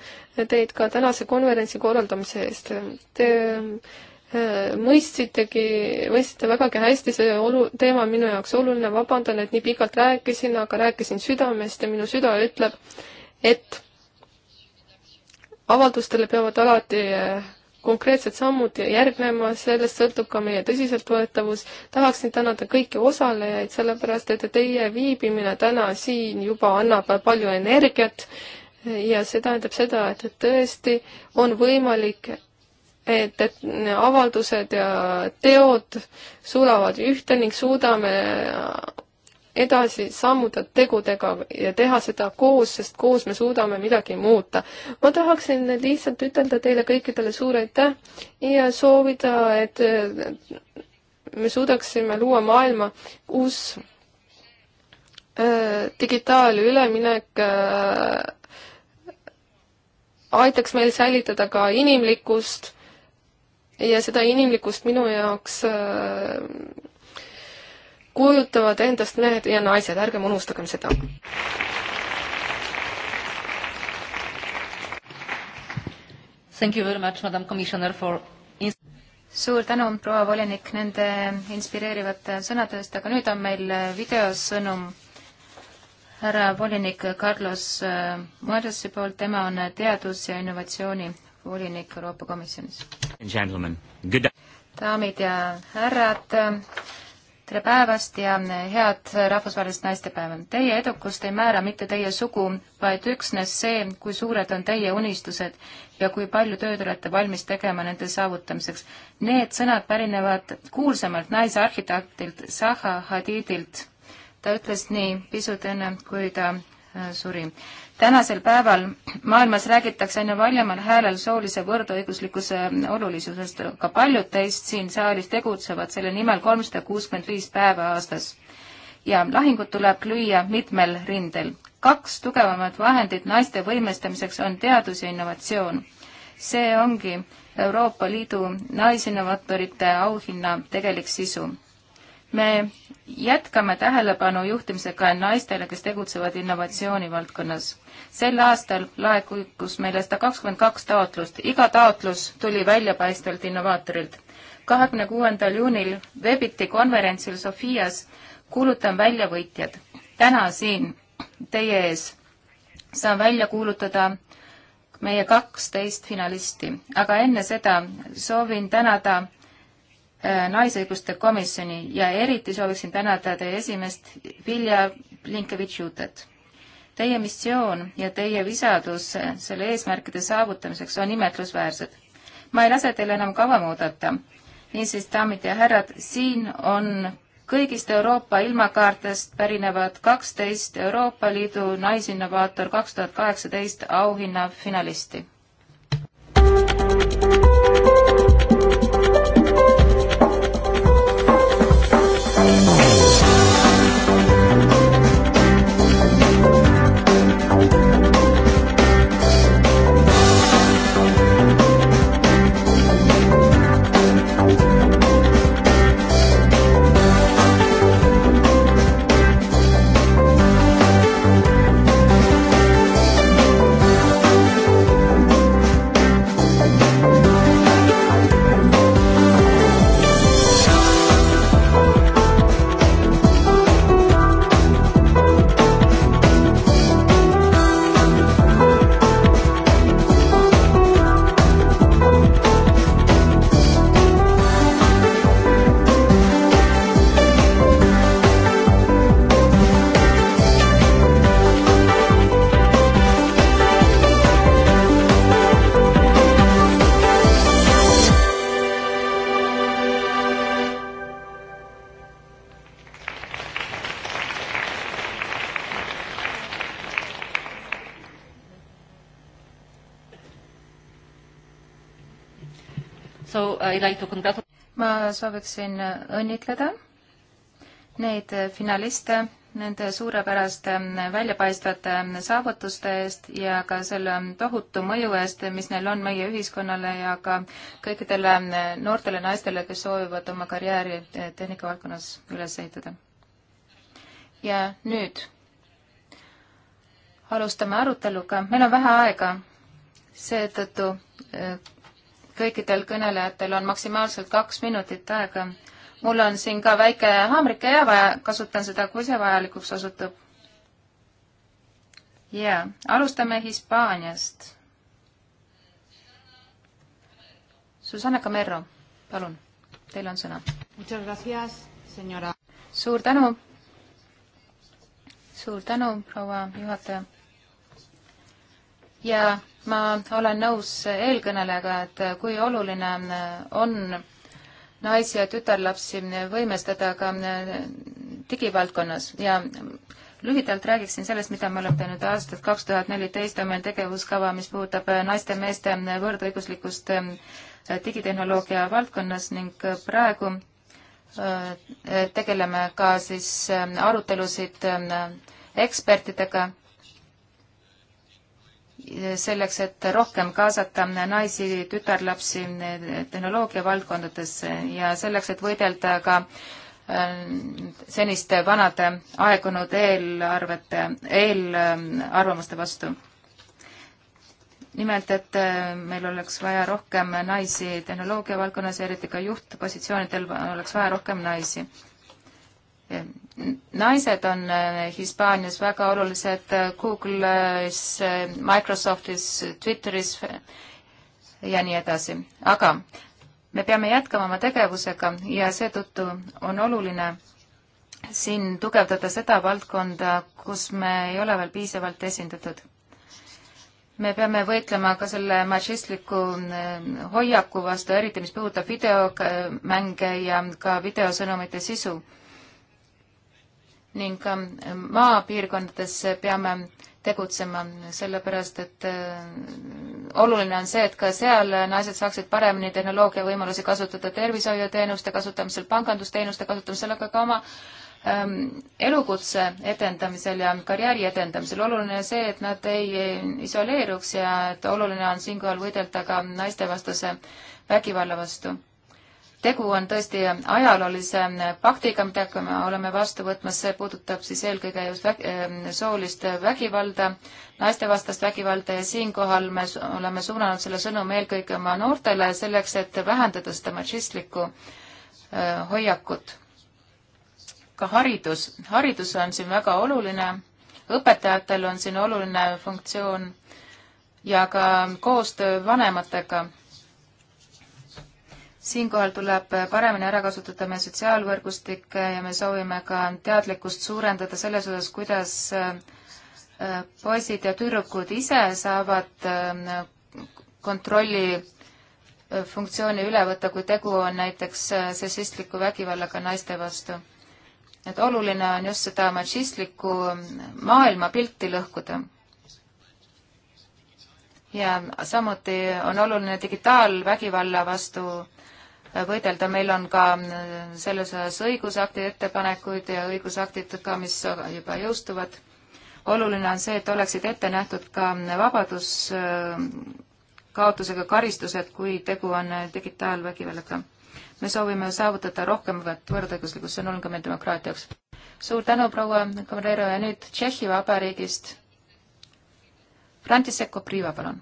teid ka tänase konverentsi korraldamise eest. Te äh, mõistsitegi, mõistsite vägagi hästi, see olu-, teema on minu jaoks oluline, vabandan, et nii pikalt rääkisin, aga rääkisin südamest ja minu süda ütleb, et avaldustele peavad alati äh, konkreetsed sammud järgnema, sellest sõltub ka meie tõsiseltvõetavus. tahaksin tänada kõiki osalejaid, sellepärast et teie viibimine täna siin juba annab palju energiat ja see tähendab seda, et, et tõesti on võimalik, et, et avaldused ja teod sulavad ühte ning suudame edasi sammuda tegudega ja teha seda koos, sest koos me suudame midagi muuta. ma tahaksin lihtsalt ütelda teile kõikidele suur aitäh ja soovida, et äh, me suudaksime luua maailma, kus äh, digitaalüleminek äh, aitaks meil säilitada ka inimlikkust ja seda inimlikkust minu jaoks äh, kujutavad endast mehed ja naised, ärgem unustagem seda. Thank you very much, madam commissioner for suur tänu, proua volinik, nende inspireerivate sõnade eest, aga nüüd on meil videosõnum härra volinik Carlos äh, Moedasi poolt, tema on teadus- ja innovatsioonivolinik Euroopa Komisjonis. daamid ja härrad, tere päevast ja head rahvusvahelist naistepäeva. Teie edukust ei määra mitte teie sugu, vaid üksnes see, kui suured on teie unistused ja kui palju tööd olete valmis tegema nende saavutamiseks. Need sõnad pärinevad kuulsamalt naisarhitektilt Zaha Hadidilt. ta ütles nii pisut enne, kui ta äh, suri tänasel päeval maailmas räägitakse aina valjemal häälel soolise võrdõiguslikkuse olulisusest, ka paljud teist siin saalis tegutsevad selle nimel kolmsada kuuskümmend viis päeva aastas. ja lahingut tuleb lüüa mitmel rindel. kaks tugevamat vahendit naiste võimestamiseks on teadus ja innovatsioon. see ongi Euroopa Liidu naisinnovaatorite auhinna tegelik sisu me jätkame tähelepanu juhtimisega naistele, kes tegutsevad innovatsiooni valdkonnas. sel aastal laekus meile sada kakskümmend kaks taotlust, iga taotlus tuli väljapaistvalt innovaatorilt. kahekümne kuuendal juunil veebiti konverentsil Sofias kuulutan välja võitjad. täna siin teie ees saan välja kuulutada meie kaksteist finalisti, aga enne seda soovin tänada Äh, Naisõiguste Komisjoni ja eriti sooviksin tänada teie esimeest Vilja Blinkevitš-Jutet. Teie missioon ja teie visadus selle eesmärkide saavutamiseks on imetlusväärsed. ma ei lase teil enam kauem oodata. niisiis, daamid ja härrad, siin on kõigist Euroopa ilmakaartest pärinevad kaksteist Euroopa Liidu Naisinnovaator kaks tuhat kaheksateist auhinna finalisti. ma sooviksin õnnitleda neid finaliste nende suurepäraste väljapaistvate saavutuste eest ja ka selle tohutu mõju eest, mis neil on meie ühiskonnale ja ka kõikidele noortele naistele, kes soovivad oma karjääri tehnikavaldkonnas üles ehitada. ja nüüd alustame aruteluga, meil on vähe aega, seetõttu kõikidel kõnelejatel on maksimaalselt kaks minutit aega. mul on siin ka väike haamrike ja vaja, kasutan seda, kui see vajalikuks osutub. jaa, alustame Hispaaniast. Susanna Camero, palun, teil on sõna. suur tänu. suur tänu, proua juhataja. ja ma olen nõus eelkõnelejaga, et kui oluline on naisi ja tütarlapsi võimestada ka digivaldkonnas ja lühidalt räägiksin sellest, mida me oleme teinud aastat kaks tuhat neliteist on meil tegevuskava, mis puudutab naiste ja meeste võrdõiguslikkust digitehnoloogia valdkonnas ning praegu äh, tegeleme ka siis äh, arutelusid äh, ekspertidega selleks, et rohkem kaasata naisi, tütarlapsi tehnoloogia valdkondadesse ja selleks, et võidelda ka äh, seniste vanade aegunud eelarvete, eelarvamuste vastu. nimelt, et äh, meil oleks vaja rohkem naisi tehnoloogia valdkonnas ja eriti ka juhtpositsioonidel oleks vaja rohkem naisi naised on äh, Hispaanias väga olulised äh, Google'is, äh, Microsoftis, Twitteris ja nii edasi, aga me peame jätkama oma tegevusega ja seetõttu on oluline siin tugevdada seda valdkonda, kus me ei ole veel piisavalt esindatud. me peame võitlema ka selle matšistliku hoiaku vastu, eriti mis puudutab videomänge ja ka videosõnumite sisu ning ka maapiirkondades peame tegutsema, sellepärast et äh, oluline on see, et ka seal naised saaksid paremini tehnoloogia võimalusi kasutada tervishoiuteenuste kasutamisel, pangandusteenuste kasutamisel, aga ka oma ähm, elukutse edendamisel ja karjääri edendamisel. oluline on see, et nad ei isoleeruks ja et oluline on siinkohal võidelda ka naistevastase vägivalla vastu tegu on tõesti ajaloolise paktiga, mida me oleme vastu võtmas, see puudutab siis eelkõige just vägi, ehm, soolist vägivalda, naistevastast vägivalda ja siinkohal me oleme suunanud selle sõnumi eelkõige oma noortele selleks, et vähendada seda matšistlikku ehm, hoiakut. ka haridus, haridus on siin väga oluline, õpetajatel on siin oluline funktsioon ja ka koostöö vanematega siinkohal tuleb paremini ära kasutada meie sotsiaalvõrgustikke ja me soovime ka teadlikkust suurendada selles osas, kuidas äh, poisid ja tüdrukud ise saavad äh, kontrolli äh, funktsiooni üle võtta, kui tegu on näiteks sessistliku vägivallaga naiste vastu. et oluline on just seda matšistlikku maailmapilti lõhkuda ja samuti on oluline digitaalvägivalla vastu võidelda, meil on ka selles osas õigusakti ettepanekuid ja õigusaktid ka, mis juba jõustuvad. oluline on see, et oleksid ette nähtud ka vabaduskaotusega karistused, kui tegu on digitaalvägivallaga. me soovime saavutada rohkemat võrdõiguslikkust, see on olnud ka meil demokraatia jaoks. suur tänu, proua Komrero ja nüüd Tšehhi Vabariigist František Koprýva, palun.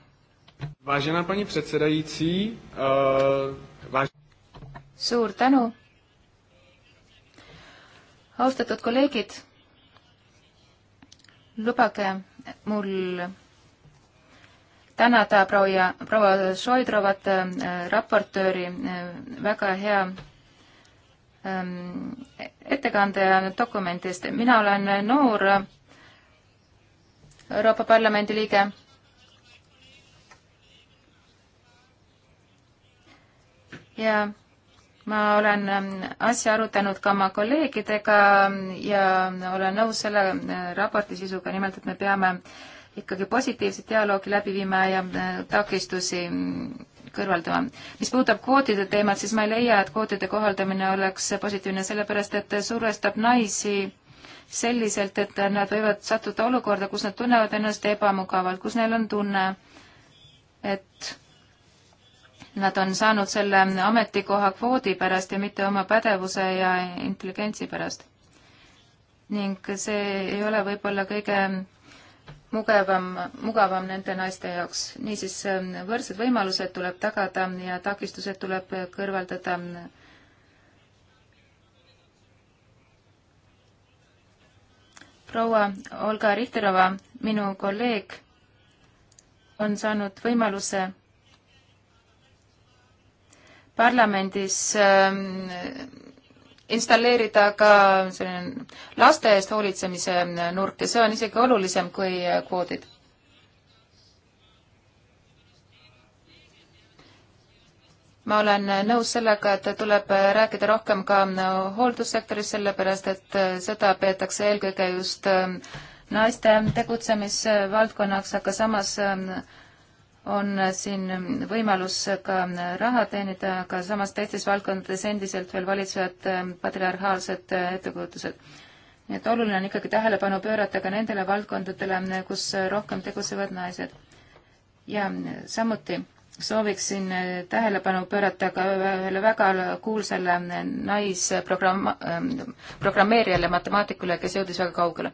Vážená paní předsedající, uh, váž... suur tänu. austatud kolleegid, lubage mul tänada proua, proua Šoidrovat äh,, raportööri äh,, väga hea ähm, ettekande ja dokumendi eest. mina olen noor äh, Euroopa Parlamendi liige. ja ma olen ähm, asja arutanud ka oma kolleegidega ja olen nõus selle äh, raporti sisuga, nimelt et me peame ikkagi positiivset dialoogi läbi viima ja äh, takistusi mm, kõrvaldama. mis puudutab kvootide teemat, siis ma ei leia, et kvootide kohaldamine oleks positiivne, sellepärast et survestab naisi selliselt, et nad võivad sattuda olukorda, kus nad tunnevad ennast ebamugavalt, kus neil on tunne, et nad on saanud selle ametikoha kvoodi pärast ja mitte oma pädevuse ja intelligentsi pärast. ning see ei ole võib-olla kõige mugavam, mugavam nende naiste jaoks. niisiis võrdsed võimalused tuleb tagada ja takistused tuleb kõrvaldada proua Olga Richterova, minu kolleeg, on saanud võimaluse parlamendis äh, installeerida ka selline laste eest hoolitsemise nurk ja see on isegi olulisem kui kvoodid ma olen nõus sellega, et tuleb rääkida rohkem ka hooldussektoris, sellepärast et seda peetakse eelkõige just ähm, naiste tegutsemisvaldkonnaks, aga samas ähm, on siin võimalus ka raha teenida, aga samas teistes valdkondades endiselt veel valitsevad ähm, patriarhaalsed äh, ettekujutused. nii et oluline on ikkagi tähelepanu pöörata ka nendele valdkondadele, kus rohkem tegutsevad naised. ja äh, samuti sooviksin äh, tähelepanu pöörata ka ühele väga kuulsale äh, naisprogramm-, äh, programmeerijale, matemaatikule, kes jõudis väga kaugele.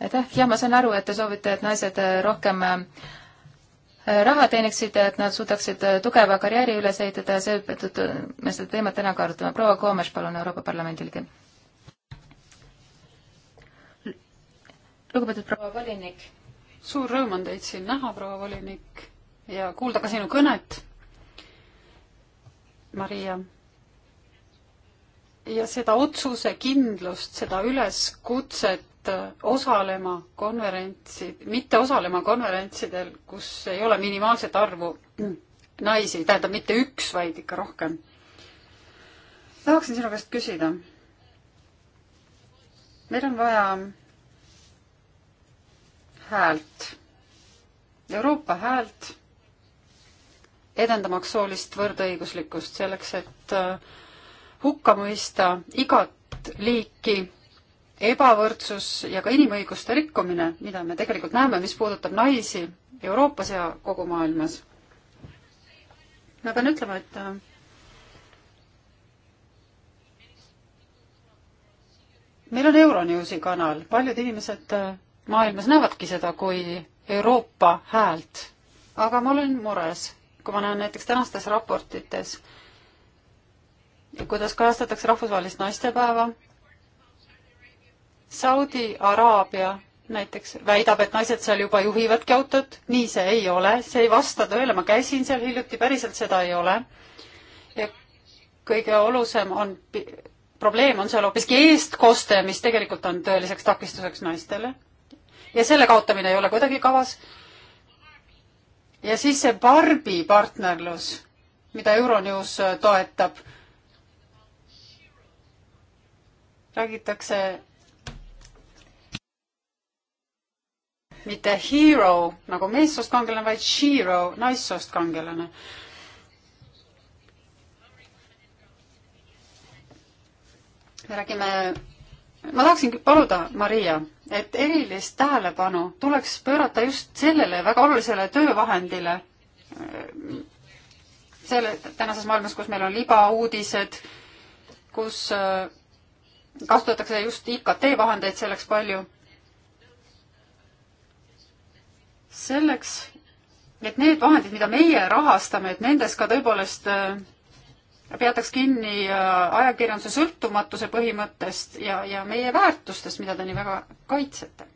aitäh, jah, ma saan aru, et te soovite, et naised rohkem raha teeniksid, et nad suudaksid tugeva karjääri üles ehitada ja seetõttu me seda teemat täna ka arutame. proua Koomes, palun, Euroopa Parlamendi liige. lugupeetud proua volinik suur rõõm on teid siin näha, proua volinik, ja kuulda ka sinu kõnet, Maria. ja seda otsusekindlust, seda üleskutset äh, osalema konverentsi, mitte osalema konverentsidel, kus ei ole minimaalset arvu äh, naisi, tähendab mitte üks, vaid ikka rohkem. tahaksin sinu käest küsida. meil on vaja häält, Euroopa häält, edendamaks soolist võrdõiguslikkust selleks, et äh, hukka mõista igat liiki ebavõrdsus ja ka inimõiguste rikkumine, mida me tegelikult näeme, mis puudutab naisi Euroopas ja kogu maailmas. ma pean ütlema, et äh, meil on Euronewsi kanal, paljud inimesed äh, maailmas näevadki seda kui Euroopa häält. aga ma olen mures, kui ma näen näiteks tänastes raportites, kuidas kajastatakse rahvusvahelist naistepäeva. Saudi Araabia näiteks väidab, et naised seal juba juhivadki autot, nii see ei ole, see ei vasta tõele, ma käisin seal hiljuti, päriselt seda ei ole. ja kõige olusem on, probleem on seal hoopiski eestkoste, mis tegelikult on tõeliseks takistuseks naistele ja selle kaotamine ei ole kuidagi kavas. ja siis see Barbi partnerlus, mida Euronews äh, toetab. räägitakse mitte hero nagu meessoost kangelane, vaid shero naissoost kangelane. me räägime, ma tahaksin paluda, Maria et erilist tähelepanu tuleks pöörata just sellele väga olulisele töövahendile, äh, selle tänases maailmas, kus meil on libauudised, kus äh, kasutatakse just IKT vahendeid selleks palju. selleks, et need vahendid, mida meie rahastame, et nendes ka tõepoolest äh, peataks kinni äh, ajakirjanduse sõltumatuse põhimõttest ja, ja meie väärtustest, mida te nii väga kaitsete.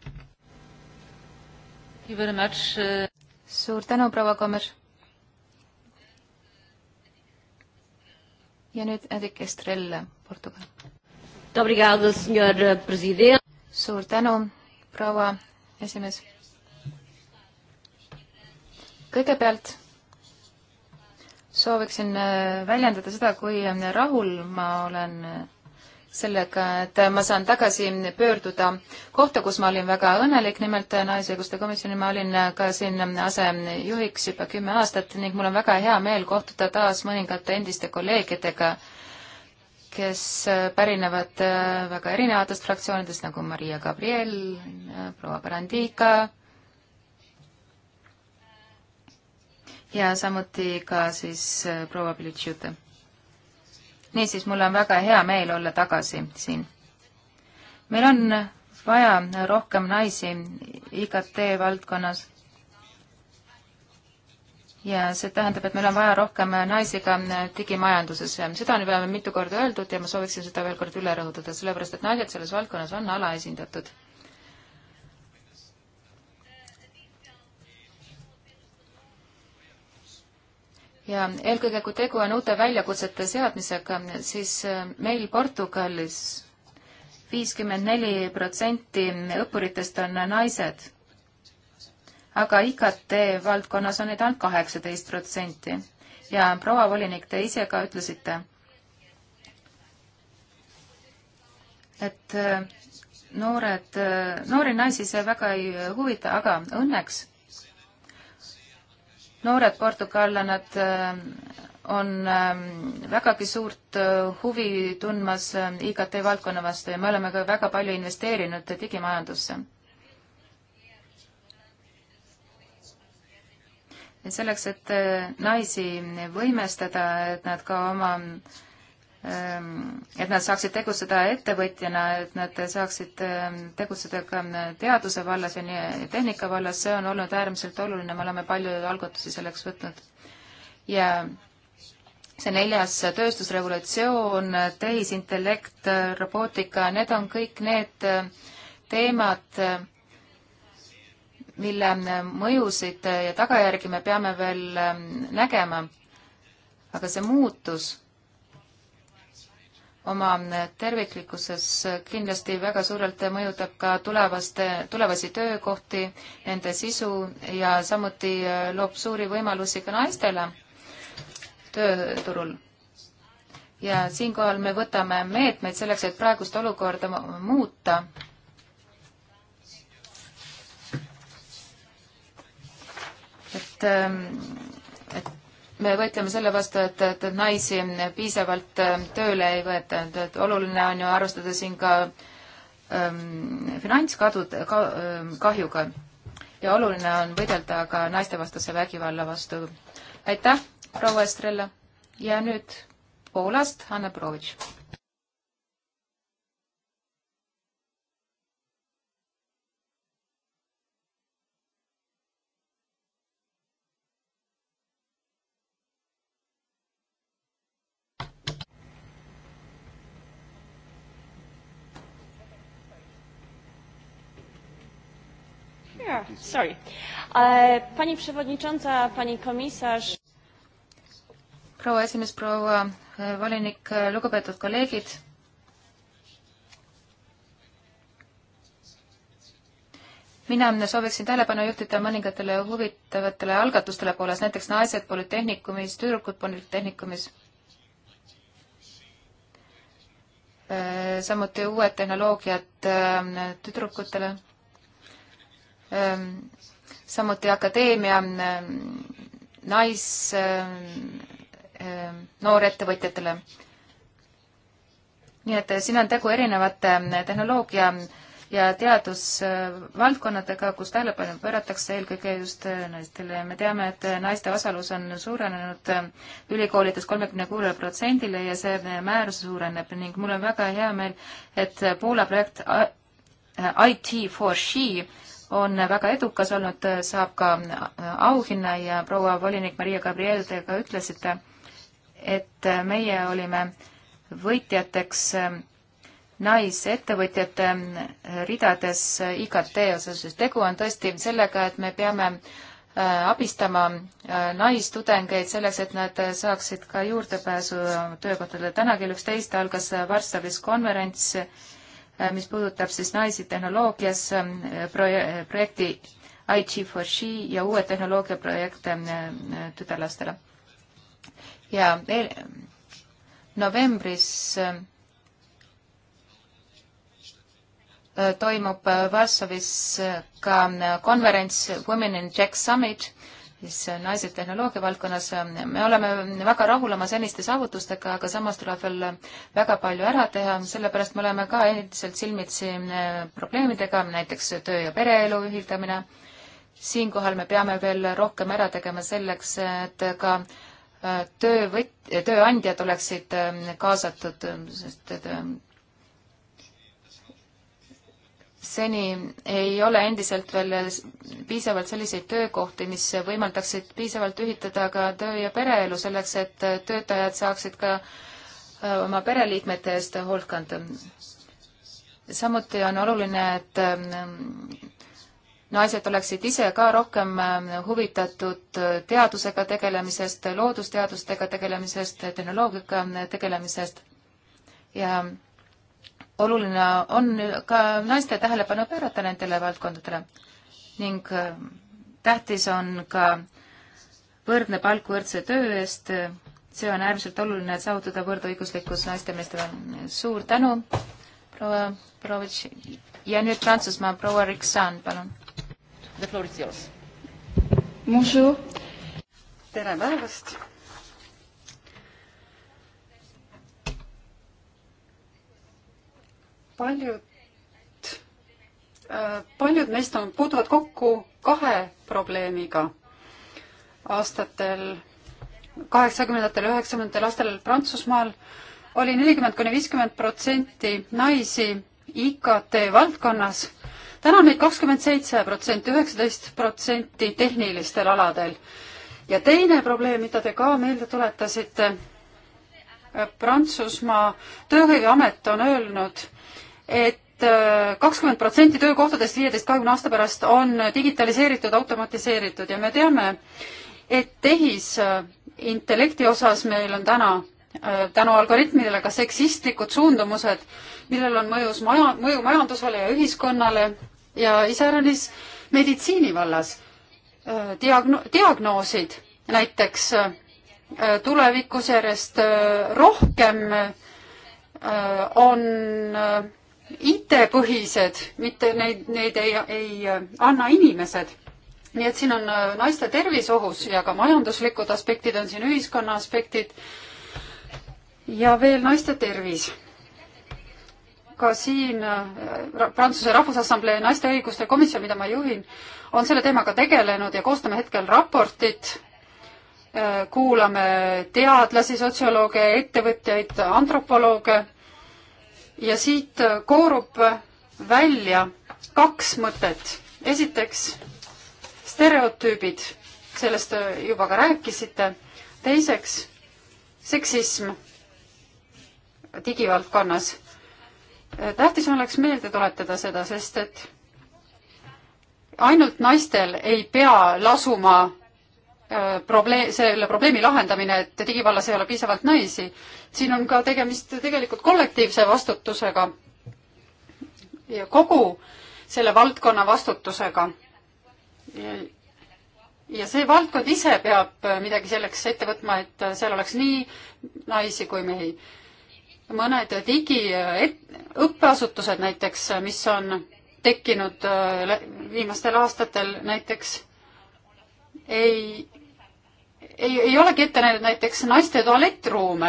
Äh. suur tänu, proua Kommer. ja nüüd Edik Estrella, Portugal. suur tänu, proua esimees. kõigepealt sooviksin äh, väljendada seda, kui äh, rahul ma olen äh, sellega, et ma saan tagasi pöörduda kohta, kus ma olin väga õnnelik, nimelt Naisõiguste komisjoni, ma olin ka siin asejuhiks juba kümme aastat ning mul on väga hea meel kohtuda taas mõningate endiste kolleegidega, kes pärinevad väga erinevatest fraktsioonidest, nagu Maria Gabriel, proua Brandiga, ja samuti ka siis äh, proua Pilitšiuta. niisiis, mul on väga hea meel olla tagasi siin. meil on vaja rohkem naisi IKT valdkonnas. ja see tähendab, et meil on vaja rohkem naisi ka äh, digimajanduses. seda on juba mitu korda öeldud ja ma sooviksin seda veel kord üle rõhutada, sellepärast et naised selles valdkonnas on alaesindatud ja eelkõige, kui tegu on uute väljakutsete seadmisega, siis äh, meil Portugalis viiskümmend neli protsenti õppuritest on naised, aga IKT valdkonnas on neid ainult kaheksateist protsenti. ja proua volinik, te ise ka ütlesite, et äh, noored, äh, noori naisi see väga ei huvita, aga õnneks noored portugallannad äh, on äh, vägagi suurt äh, huvi tundmas IKT valdkonna vastu ja me oleme ka väga palju investeerinud digimajandusse. selleks, et naisi võimestada, et nad ka oma Ehm, et nad saaksid tegutseda ettevõtjana, et nad saaksid ehm, tegutseda ka mm, teaduse vallas ja nii tehnika vallas, see on olnud äärmiselt oluline, me oleme palju algatusi selleks võtnud. ja see neljas tööstusrevolutsioon, tehisintellekt, robootika, need on kõik need ehm, teemad, mille mõjusid ja tagajärgi me peame veel nägema. aga see muutus oma terviklikkuses kindlasti väga suurelt mõjutab ka tulevaste, tulevasi töökohti, nende sisu ja samuti äh, loob suuri võimalusi ka naistele tööturul. ja siinkohal me võtame meetmeid selleks, et praegust olukorda muuta et ähm, me võitleme selle vastu, et, et naisi piisavalt äh, tööle ei võeta, et, et oluline on ju arvestada siin ka ähm, finantskadud ka, ähm, kahjuga ja oluline on võidelda ka naistevastase vägivalla vastu. aitäh, proua Estrella ja nüüd Poolast Anna Provitš. Yeah, sorry. Uh, pani Przewodnicząca, Pani Komisarz. proua esimees, proua e, volinik, e, lugupeetud kolleegid. mina sooviksin tähelepanu juhtida mõningatele huvitavatele algatustele pooles, näiteks naised polütehnikumis, tüdrukud polütehnikumis. E, samuti uued tehnoloogiad tüdrukutele Ehm, samuti akadeemia ehm, nais ehm, noorettevõtjatele. nii et eh, siin on tegu erinevate tehnoloogia ja teadusvaldkonnadega, kus tähelepanu pööratakse eelkõige just eh, naistele. me teame, et eh, naiste osalus on suurenenud ülikoolides kolmekümne kuuele protsendile ja see määrus suureneb ning mul on väga hea meel, et Poola projekt IT for She on väga edukas olnud, saab ka auhinna ja proua volinik Maria Gabriel, te ka ütlesite, et meie olime võitjateks äh, naisettevõtjate äh, ridades IKT osas, sest tegu on tõesti sellega, et me peame äh, abistama naistudengeid selleks, et nad saaksid ka juurdepääsu töökohtadele. täna kell üksteist algas Varssavis konverents Äh, mis puudutab siis naisi tehnoloogias ähm, proje, projekti IT4She ja uue tehnoloogia projekte ähm, äh, tütarlastele. ja eel, äh, novembris toimub Varssavis ka konverents Women in Tech Summit siis naised tehnoloogia valdkonnas, me oleme väga rahul oma seniste saavutustega, aga samas tuleb veel väga palju ära teha, sellepärast me oleme ka endiselt silmitsi eh, probleemidega, näiteks töö- ja pereelu ühildamine. siinkohal me peame veel rohkem ära tegema selleks, et ka eh, töövõt-, tööandjad oleksid eh, kaasatud, sest et seni ei ole endiselt veel piisavalt selliseid töökohti, mis võimaldaksid piisavalt ühitada ka töö- ja pereelu selleks, et töötajad saaksid ka äh, oma pereliikmete eest hoolt kanda. samuti on oluline, et ähm, naised oleksid ise ka rohkem äh, huvitatud äh, teadusega tegelemisest, loodusteadustega tegelemisest, tehnoloogiaga tegelemisest ja oluline on ka naiste tähelepanu pöörata nendele valdkondadele ning äh, tähtis on ka võrdne palk võrdse töö eest. see on äärmiselt oluline, et saavutada võrdõiguslikkus naiste meestele. suur tänu, proua Provitš ja nüüd Prantsusmaa, proua Riksan, palun. The floor is yours. Bonjour. tere päevast paljud, äh, paljud meist on, puutuvad kokku kahe probleemiga aastatel, kaheksakümnendatel, üheksakümnendatel aastatel Prantsusmaal oli nelikümmend kuni viiskümmend protsenti naisi IKT valdkonnas täna on neid kakskümmend seitse protsenti, üheksateist protsenti tehnilistel aladel. ja teine probleem, mida te ka meelde tuletasite, Prantsusmaa Tööhõiveamet on öelnud, et äh, kakskümmend protsenti töökohtadest viieteist, kahekümne aasta pärast on digitaliseeritud, automatiseeritud ja me teame, et tehisintellekti osas meil on täna äh, tänu algoritmidele ka seksistlikud suundumused, millel on mõjus maja, mõju majandusele ja ühiskonnale ja iseäranis meditsiini vallas äh, diagno-, diagnoosid näiteks tulevikus järjest rohkem on IT-põhised, mitte neid, neid ei, ei äh, anna inimesed. nii et siin on äh, naiste tervis ohus ja ka majanduslikud aspektid on siin, ühiskonna aspektid ja veel naiste tervis. ka siin äh, Prantsuse Rahvusassamblee naiste õiguste komisjon, mida ma juhin, on selle teemaga tegelenud ja koostame hetkel raportit, kuulame teadlasi, sotsiolooge, ettevõtjaid, antropolooge ja siit äh, koorub välja kaks mõtet. esiteks stereotüübid, sellest äh, juba ka rääkisite. teiseks seksism digivaldkonnas. Äh, tähtis oleks meelde tuletada seda, sest et ainult naistel ei pea lasuma Äh, probleem, selle probleemi lahendamine, et digivallas ei ole piisavalt naisi. siin on ka tegemist tegelikult kollektiivse vastutusega ja kogu selle valdkonna vastutusega. ja see valdkond ise peab midagi selleks ette võtma, et seal oleks nii naisi kui mehi. mõned digiõppeasutused näiteks, mis on tekkinud äh, viimastel aastatel näiteks ei ei, ei olegi ette näinud näiteks naiste tualettruume.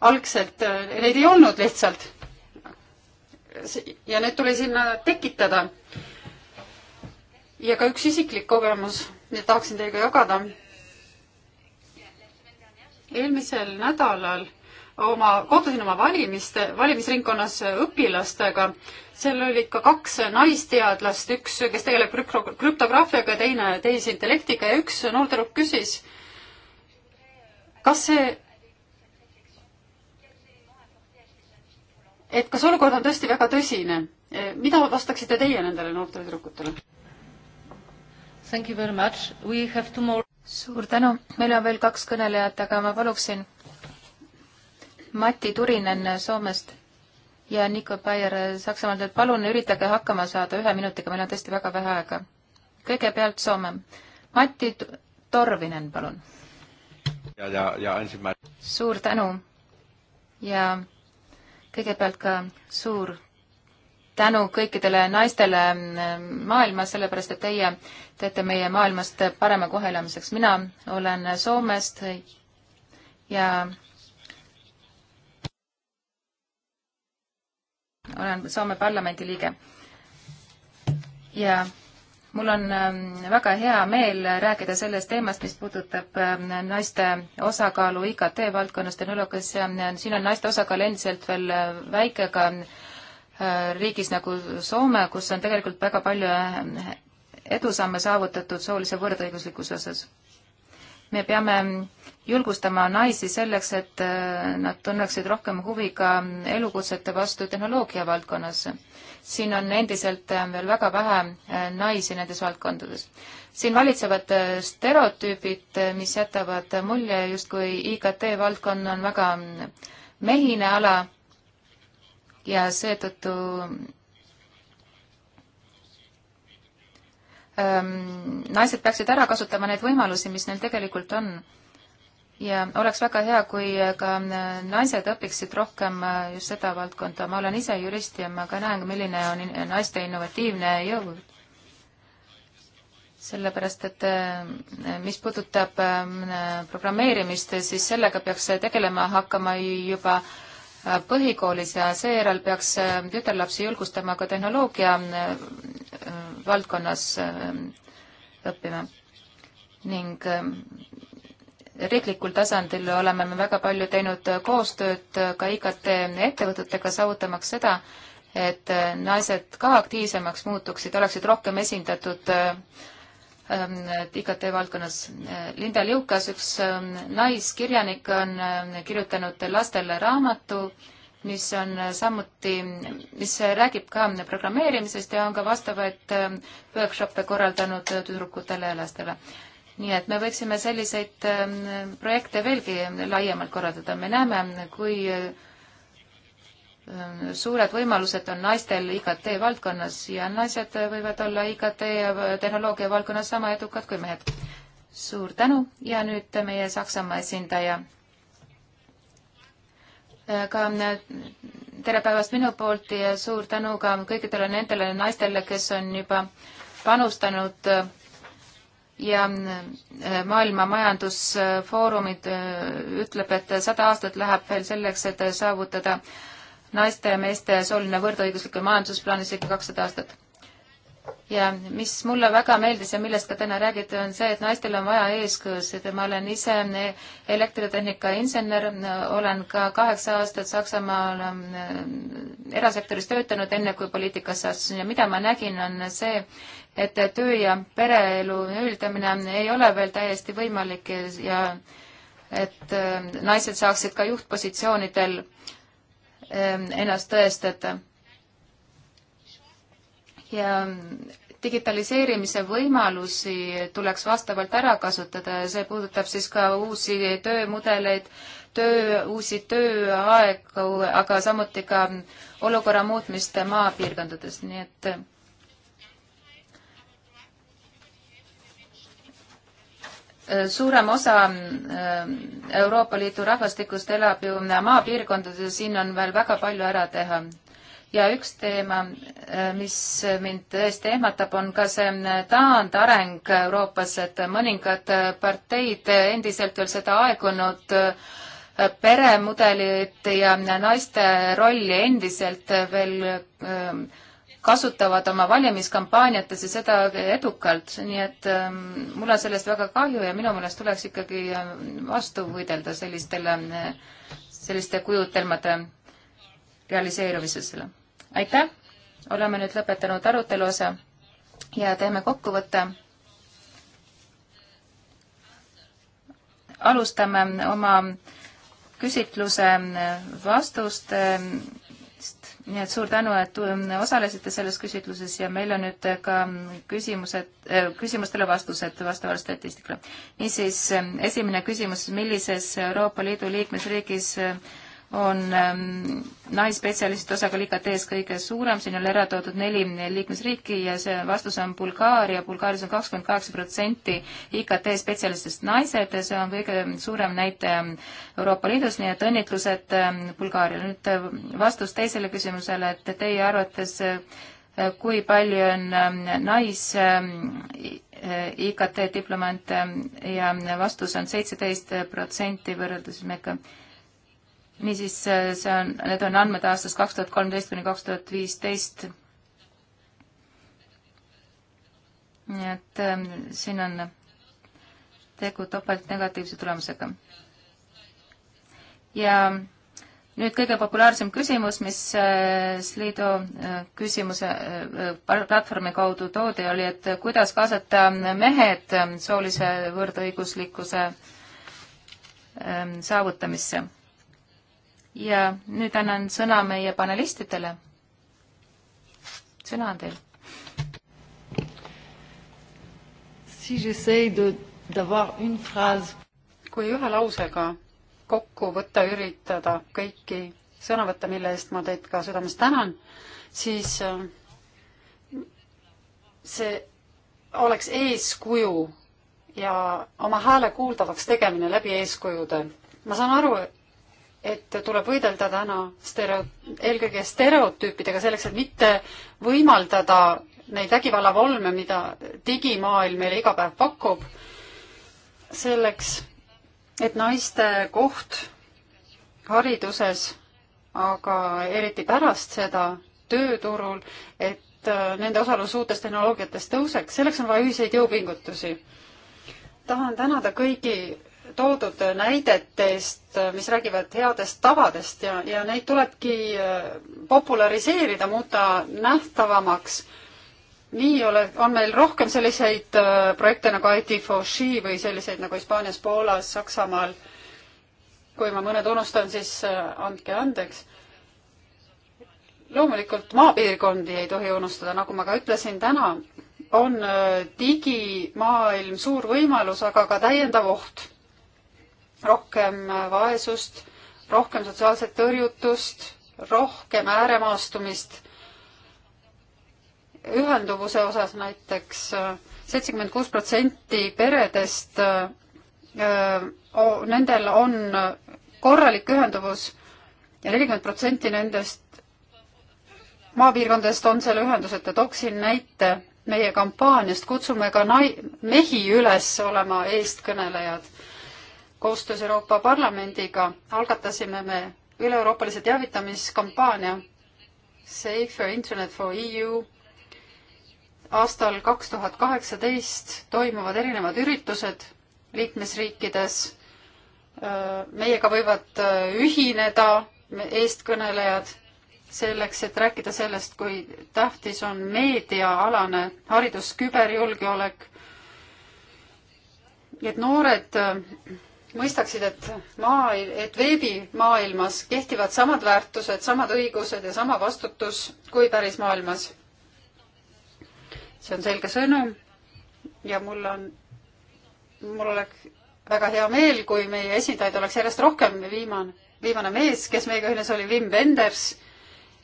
algselt äh, neid ei olnud lihtsalt. ja need tuli sinna tekitada. ja ka üks isiklik kogemus, mida tahaksin teiega jagada. eelmisel nädalal oma, kohtusin oma valimiste, valimisringkonnas õpilastega. seal olid ka kaks naisteadlast, üks, kes tegeleb krüptograafiaga, teine tehisintellektiga ja üks noortüdruk küsis äh, kas see, et kas olukord on tõesti väga tõsine? Eh, mida vastaksite teie nendele noortele tüdrukutele? suur tänu, meil on veel kaks kõnelejat, aga ma paluksin Mati Turinen Soomest ja Niko Baier Saksamaalt, et palun üritage hakkama saada ühe minutiga, meil on tõesti väga vähe aega. kõigepealt Soome. Mati Torvinen, palun ja, ja, ja andsime. suur tänu ja kõigepealt ka suur tänu kõikidele naistele maailmas, sellepärast et teie teete meie maailmast parema kohelemiseks. mina olen Soomest ja olen Soome parlamendi liige ja mul on ähm, väga hea meel rääkida sellest teemast, mis puudutab ähm, naiste osakaalu IKT valdkonnas tehnoloogias. Ähm, siin on naiste osakaal endiselt veel äh, väike ka äh, riigis nagu Soome, kus on tegelikult väga palju äh, edusamme saavutatud soolise võrdõiguslikkuse osas. me peame julgustama naisi selleks, et äh, nad tunneksid rohkem huvi ka elukutsete vastu tehnoloogia valdkonnas. siin on endiselt äh, veel väga vähe äh, naisi nendes valdkondades. siin valitsevad stereotüübid, mis jätavad mulje, justkui IKT valdkond on väga mm, mehine ala ja seetõttu ähm, naised peaksid ära kasutama neid võimalusi, mis neil tegelikult on ja oleks väga hea, kui äh, ka äh, naised õpiksid rohkem äh, just seda valdkonda. ma olen ise jurist ja ma ka näen, milline on naiste innovatiivne jõud. sellepärast, et mis puudutab programmeerimist, siis sellega peaks tegelema hakkama juba põhikoolis ja seejärel peaks tütarlapsi julgustama ka tehnoloogia valdkonnas õppima ning riiklikul tasandil oleme me väga palju teinud koostööd ka IKT ettevõtetega, saavutamaks seda, et naised ka aktiivsemaks muutuksid, oleksid rohkem esindatud ähm, IKT valdkonnas. Linda Liukas, üks ähm, naiskirjanik, on äh, kirjutanud lastele raamatu, mis on äh, samuti, mis räägib ka programmeerimisest ja on ka vastavaid ähm, workshop'e korraldanud tüdrukutele ja lastele nii et me võiksime selliseid ähm, projekte veelgi laiemalt korraldada. me näeme, kui ähm, suured võimalused on naistel IKT valdkonnas ja naised võivad olla IKT ja tehnoloogia valdkonnas sama edukad kui mehed. suur tänu ja nüüd meie Saksamaa esindaja. Äh, ka äh, tere päevast minu poolt ja suur tänu ka kõikidele nendele naistele, kes on juba panustanud äh, ja äh, Maailma Majandusfoorumid äh, ütleb, et sada aastat läheb veel selleks, et saavutada naiste ja meeste sooline võrdõiguslik majandusplaanis ikka kakssada aastat ja mis mulle väga meeldis ja millest ka täna räägiti, on see, et naistel on vaja eeskujusid ja ma olen ise elektritehnika insener, olen ka kaheksa aastat Saksamaal ähm, erasektoris töötanud, enne kui poliitikasse astusin ja mida ma nägin, on see, et töö ja pereelu ühildamine ei ole veel täiesti võimalik ja et äh, naised saaksid ka juhtpositsioonidel ähm, ennast tõestada ja digitaliseerimise võimalusi tuleks vastavalt ära kasutada ja see puudutab siis ka uusi töömudeleid, töö, uusi tööaegu, aga samuti ka olukorra muutmist maapiirkondades, nii et suurem osa ähm, Euroopa Liidu rahvastikust elab ju maapiirkondades ja siin on veel väga palju ära teha ja üks teema, äh, mis mind tõesti ehmatab, on ka see äh, taandareng Euroopas, et mõningad äh, parteid endiselt veel seda aegunud peremudelit ja naiste rolli endiselt veel kasutavad oma valimiskampaaniates ja seda edukalt, nii et ähm, mul on sellest väga kahju ja minu meelest tuleks ikkagi vastu võidelda sellistele, selliste kujutelmade realiseerumisele aitäh, oleme nüüd lõpetanud arutelu osa ja teeme kokkuvõtte. alustame oma küsitluse vastust nii et suur tänu, et osalesite selles küsitluses ja meil on nüüd ka küsimused, äh, küsimustele vastused vastavalt statistikale. niisiis, esimene küsimus, millises Euroopa Liidu liikmesriigis on ähm, naisspetsialistide osakaal IKT-s kõige suurem, siin on ära toodud neli liikmesriiki ja see vastus on Bulgaaria, Bulgaarias on kakskümmend kaheksa protsenti IKT-spetsialistidest naised ja see on kõige suurem näitaja Euroopa Liidus, nii et õnnitlused ähm, Bulgaariale. nüüd äh, vastus teisele küsimusele, et teie arvates äh, kui palju on ähm, nais äh, IKT diplomante ja vastus on seitseteist protsenti võrreldes meiega me niisiis, see on, need on andmed aastast kaks tuhat kolmteist kuni kaks tuhat viisteist. nii et äh, siin on tegu topeltnegatiivse tulemusega. ja nüüd kõige populaarsem küsimus, mis äh, Slido äh, küsimuse äh, äh, platvormi kaudu toodi, oli, et kuidas kaasata mehed ähm, soolise võrdõiguslikkuse ähm, saavutamisse ja nüüd annan sõna meie panelistidele. sõna on teil. kui ühe lausega kokku võtta, üritada kõiki sõnavõtte, mille eest ma teid ka südamest tänan, siis äh, see oleks eeskuju ja oma hääle kuuldavaks tegemine läbi eeskujude. ma saan aru, et tuleb võidelda täna stereo, eelkõige stereotüüpidega selleks, et mitte võimaldada neid vägivallavolme, mida digimaailm meile iga päev pakub, selleks, et naiste koht hariduses, aga eriti pärast seda tööturul, et äh, nende osalus uutes tehnoloogiates tõuseks, selleks on vaja ühiseid jõupingutusi. tahan tänada kõigi toodud näidetest, mis räägivad headest tavadest ja, ja neid tulebki äh, populariseerida, muuta nähtavamaks. nii ole, on meil rohkem selliseid äh, projekte nagu IT4She või selliseid nagu Hispaanias, Poolas, Saksamaal. kui ma mõned unustan, siis äh, andke andeks. loomulikult maapiirkondi ei tohi unustada, nagu ma ka ütlesin täna, on digimaailm suur võimalus, aga ka täiendav oht rohkem vaesust, rohkem sotsiaalset tõrjutust, rohkem ääremaastumist. ühenduvuse osas näiteks äh, seitsekümmend kuus protsenti peredest, äh, äh, nendel on korralik ühenduvus ja nelikümmend protsenti nendest maapiirkondadest on selle ühenduseta. tooksin näite meie kampaaniast, kutsume ka nai-, mehi üles olema eestkõnelejad koostöös Euroopa Parlamendiga algatasime me üle-euroopalise teavitamiskampaania Safer Internet for EU. aastal kaks tuhat kaheksateist toimuvad erinevad üritused liikmesriikides. meiega võivad ühineda eestkõnelejad selleks, et rääkida sellest, kui tähtis on meediaalane haridus, küberjulgeolek. et noored mõistaksid, et maa, et veebimaailmas kehtivad samad väärtused, samad õigused ja sama vastutus kui päris maailmas. see on selge sõnum ja mul on, mul oleks väga hea meel, kui meie esindajaid oleks järjest rohkem. viimane, viimane mees, kes meiega ühines, oli Wim Wenders.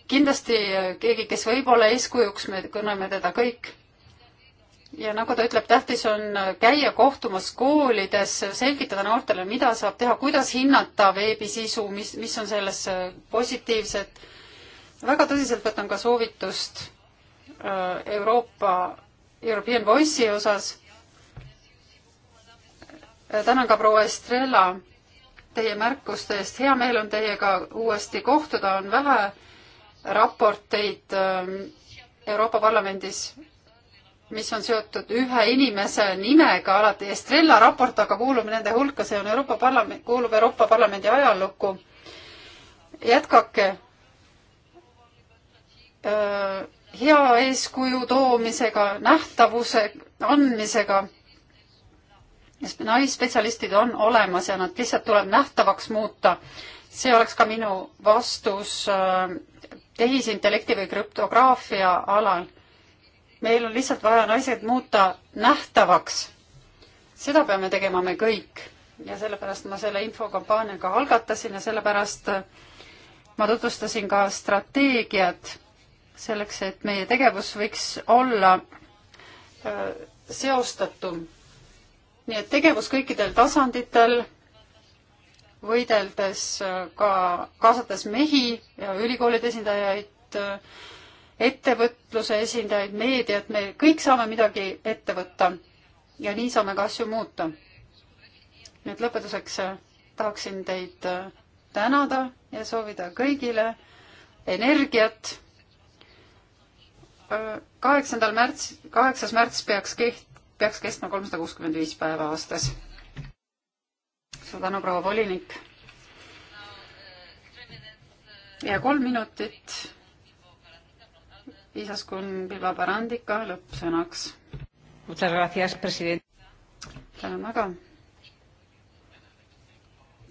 kindlasti keegi, kes võib olla eeskujuks, me tunneme teda kõik ja nagu ta ütleb, tähtis on käia kohtumas koolides, selgitada noortele, mida saab teha, kuidas hinnata veebisisu, mis, mis on selles positiivset. väga tõsiselt võtan ka soovitust äh, Euroopa, European Voice'i osas. Äh, tänan ka proua Estrella teie märkuste eest, hea meel on teiega uuesti kohtuda, on vähe raporteid ähm, Euroopa Parlamendis mis on seotud ühe inimese nimega alati. Estrella raport aga kuulub nende hulka, see on Euroopa Parlament, kuulub Euroopa Parlamendi ajalukku. jätkake äh, hea eeskuju toomisega, nähtavuse andmisega. naisspetsialistid on olemas ja nad lihtsalt tuleb nähtavaks muuta. see oleks ka minu vastus äh, tehisintellekti või krüptograafia alal meil on lihtsalt vaja naised muuta nähtavaks. seda peame tegema me kõik ja sellepärast ma selle infokampaania ka algatasin ja sellepärast äh, ma tutvustasin ka strateegiat selleks, et meie tegevus võiks olla äh, seostatum. nii et tegevus kõikidel tasanditel, võideldes äh, ka, kaasates mehi ja ülikoolide esindajaid, ettevõtluse esindajaid, meediat, me kõik saame midagi ette võtta ja nii saame ka asju muuta. nii et lõpetuseks äh, tahaksin teid äh, tänada ja soovida kõigile energiat. Äh, kaheksandal märts, kaheksas märts peaks keht-, peaks kestma kolmsada kuuskümmend viis päeva aastas. suur tänu, proua volinik. ja kolm minutit Isaskun Pilva Parandika lõppsõnaks. tänan väga.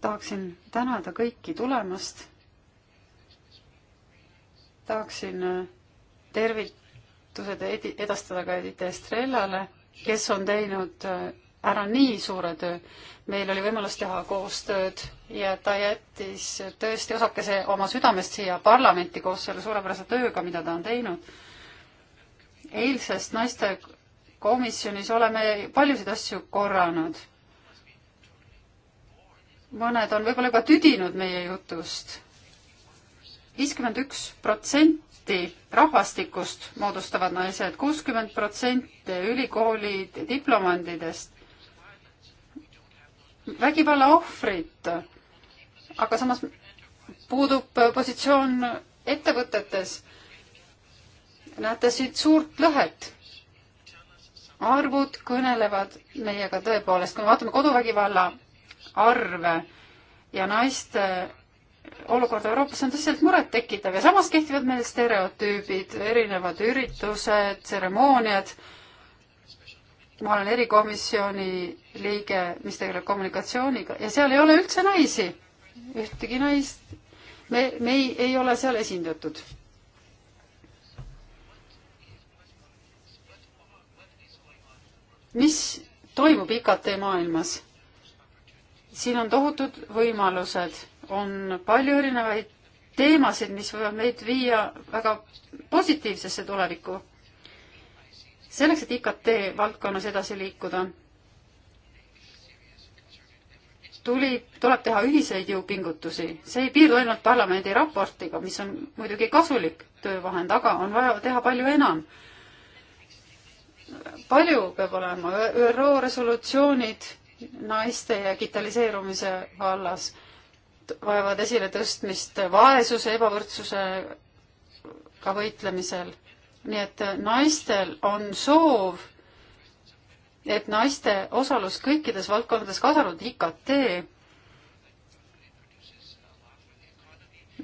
tahaksin tänada kõiki tulemast. tahaksin äh, tervitused edastada ka Edith Estrellale, kes on teinud äh, ära nii suure töö. meil oli võimalus teha koostööd ja ta jättis tõesti osakese oma südamest siia parlamenti koos selle suurepärase tööga, mida ta on teinud. eilsest naistekomisjonis oleme paljusid asju korranud. mõned on võib-olla juba tüdinud meie jutust. viiskümmend üks protsenti protsenti rahvastikust moodustavad naised, kuuskümmend protsenti ülikooli diplomandidest vägivalla ohvrit, aga samas puudub positsioon ettevõtetes. näete siit suurt lõhet. arvud kõnelevad meiega tõepoolest, kui me vaatame koduvägivalla arve ja naiste olukord Euroopas on tõsiselt murettekitav ja samas kehtivad meil stereotüübid, erinevad üritused, tseremooniad ma olen erikomisjoni liige, mis tegeleb kommunikatsiooniga ja seal ei ole üldse naisi, ühtegi naist. me, me ei, ei ole seal esindatud. mis toimub IKT maailmas? siin on tohutud võimalused, on palju erinevaid teemasid, mis võivad meid viia väga positiivsesse tulevikku selleks, et IKT valdkonnas edasi liikuda, tuli, tuleb teha ühiseid jõupingutusi, see ei piirdu ainult parlamendi raportiga, mis on muidugi kasulik töövahend, aga on vaja teha palju enam. palju peab olema ÜRO resolutsioonid naiste ja digitaliseerumise vallas vajavad esiletõstmist vaesuse, ebavõrdsusega võitlemisel nii et äh, naistel on soov, et naiste osalus kõikides valdkondades, kaasa arvatud IKT,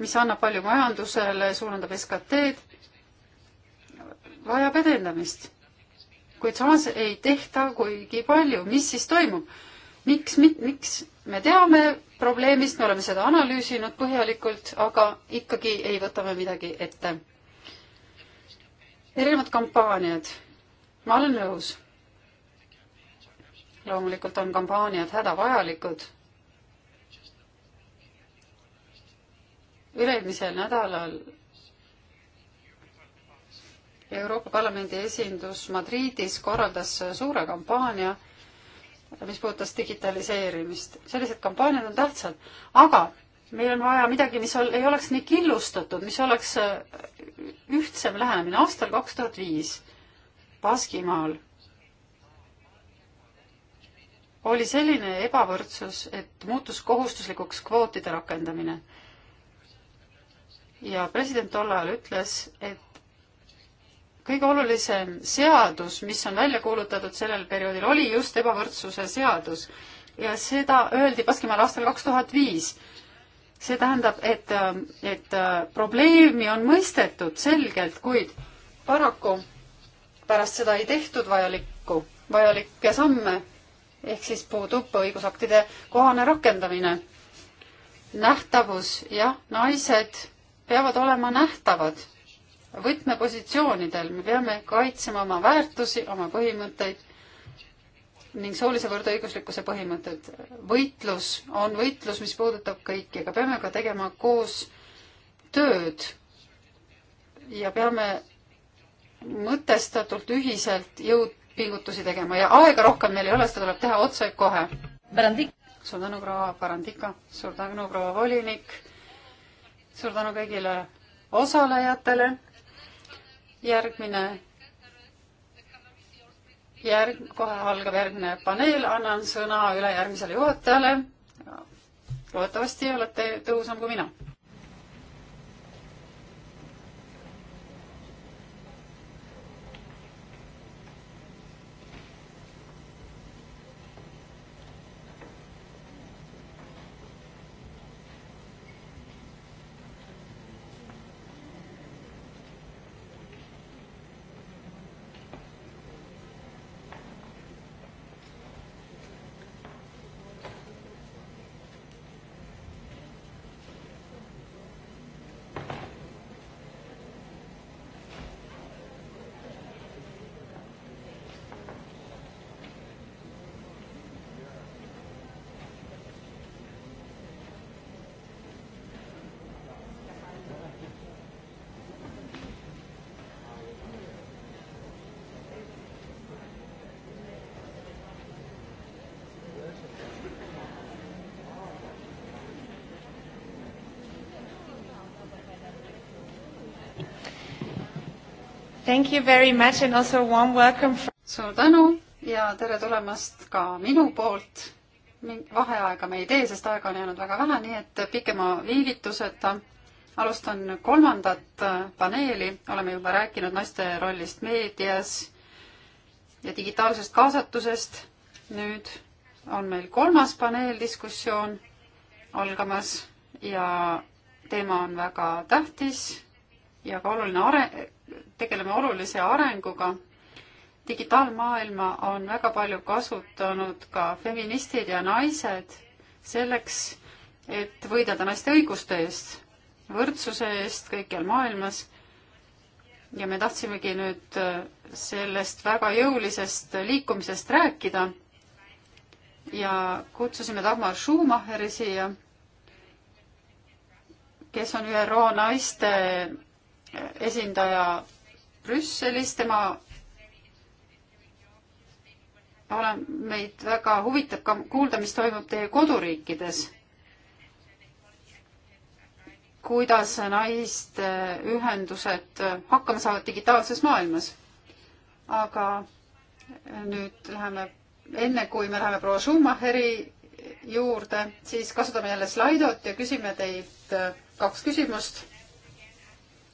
mis annab palju majandusele, suurendab SKT-d, vajab edendamist. kuid samas ei tehta kuigi palju, mis siis toimub? miks, miks me teame probleemist, me oleme seda analüüsinud põhjalikult, aga ikkagi ei võta me midagi ette erinevad kampaaniad, ma olen nõus. loomulikult on kampaaniad hädavajalikud. üle-eelmisel nädalal Euroopa Parlamendi esindus Madridis korraldas suure kampaania, mis puudutas digitaliseerimist. sellised kampaaniad on tähtsad, aga meil on vaja midagi, mis ol, ei oleks nii killustatud, mis oleks äh, ühtsem lähenemine. aastal kaks tuhat viis Baskimaal oli selline ebavõrdsus, et muutus kohustuslikuks kvootide rakendamine. ja president tol ajal ütles, et kõige olulisem seadus, mis on välja kuulutatud sellel perioodil, oli just ebavõrdsuse seadus ja seda öeldi Baskimaal aastal kaks tuhat viis see tähendab, et, et äh, probleemi on mõistetud selgelt, kuid paraku pärast seda ei tehtud vajalikku, vajalikke samme. ehk siis puudub õigusaktide kohane rakendamine. nähtavus, jah, naised peavad olema nähtavad võtmepositsioonidel, me peame kaitsema oma väärtusi, oma põhimõtteid ning soolise võrdõiguslikkuse põhimõtted. võitlus on võitlus, mis puudutab kõiki, aga peame ka tegema koos tööd ja peame mõtestatult ühiselt jõud, pingutusi tegema ja aega rohkem meil ei ole, seda tuleb teha otse kohe. suur tänu, proua Parandika, suur tänu, proua volinik, suur tänu kõigile osalejatele. järgmine järg-, kohe algab järgmine paneel, annan sõna ülejärgmisele juhatajale. loodetavasti olete tõhusam kui mina Thank you very much and also warm welcome from... suur tänu ja tere tulemast ka minu poolt. vaheaega me ei tee, sest aega on jäänud väga vähe, nii et pikema viivituseta alustan kolmandat äh, paneeli, oleme juba rääkinud naiste rollist meedias ja digitaalsest kaasatusest. nüüd on meil kolmas paneeldiskussioon algamas ja teema on väga tähtis ja ka oluline are-, tegeleme olulise arenguga. digitaalmaailma on väga palju kasutanud ka feministid ja naised selleks, et võidelda naiste õiguste eest, võrdsuse eest kõikjal maailmas. ja me tahtsimegi nüüd äh, sellest väga jõulisest liikumisest rääkida. ja kutsusime Dagmar Schumacheri siia, kes on ÜRO naiste esindaja Brüsselis, tema olen, meid väga huvitab ka kuulda, mis toimub teie koduriikides. kuidas naiste ühendused hakkama saavad digitaalses maailmas. aga nüüd läheme, enne kui me läheme proua Schumacheri juurde, siis kasutame jälle Slaidot ja küsime teilt kaks küsimust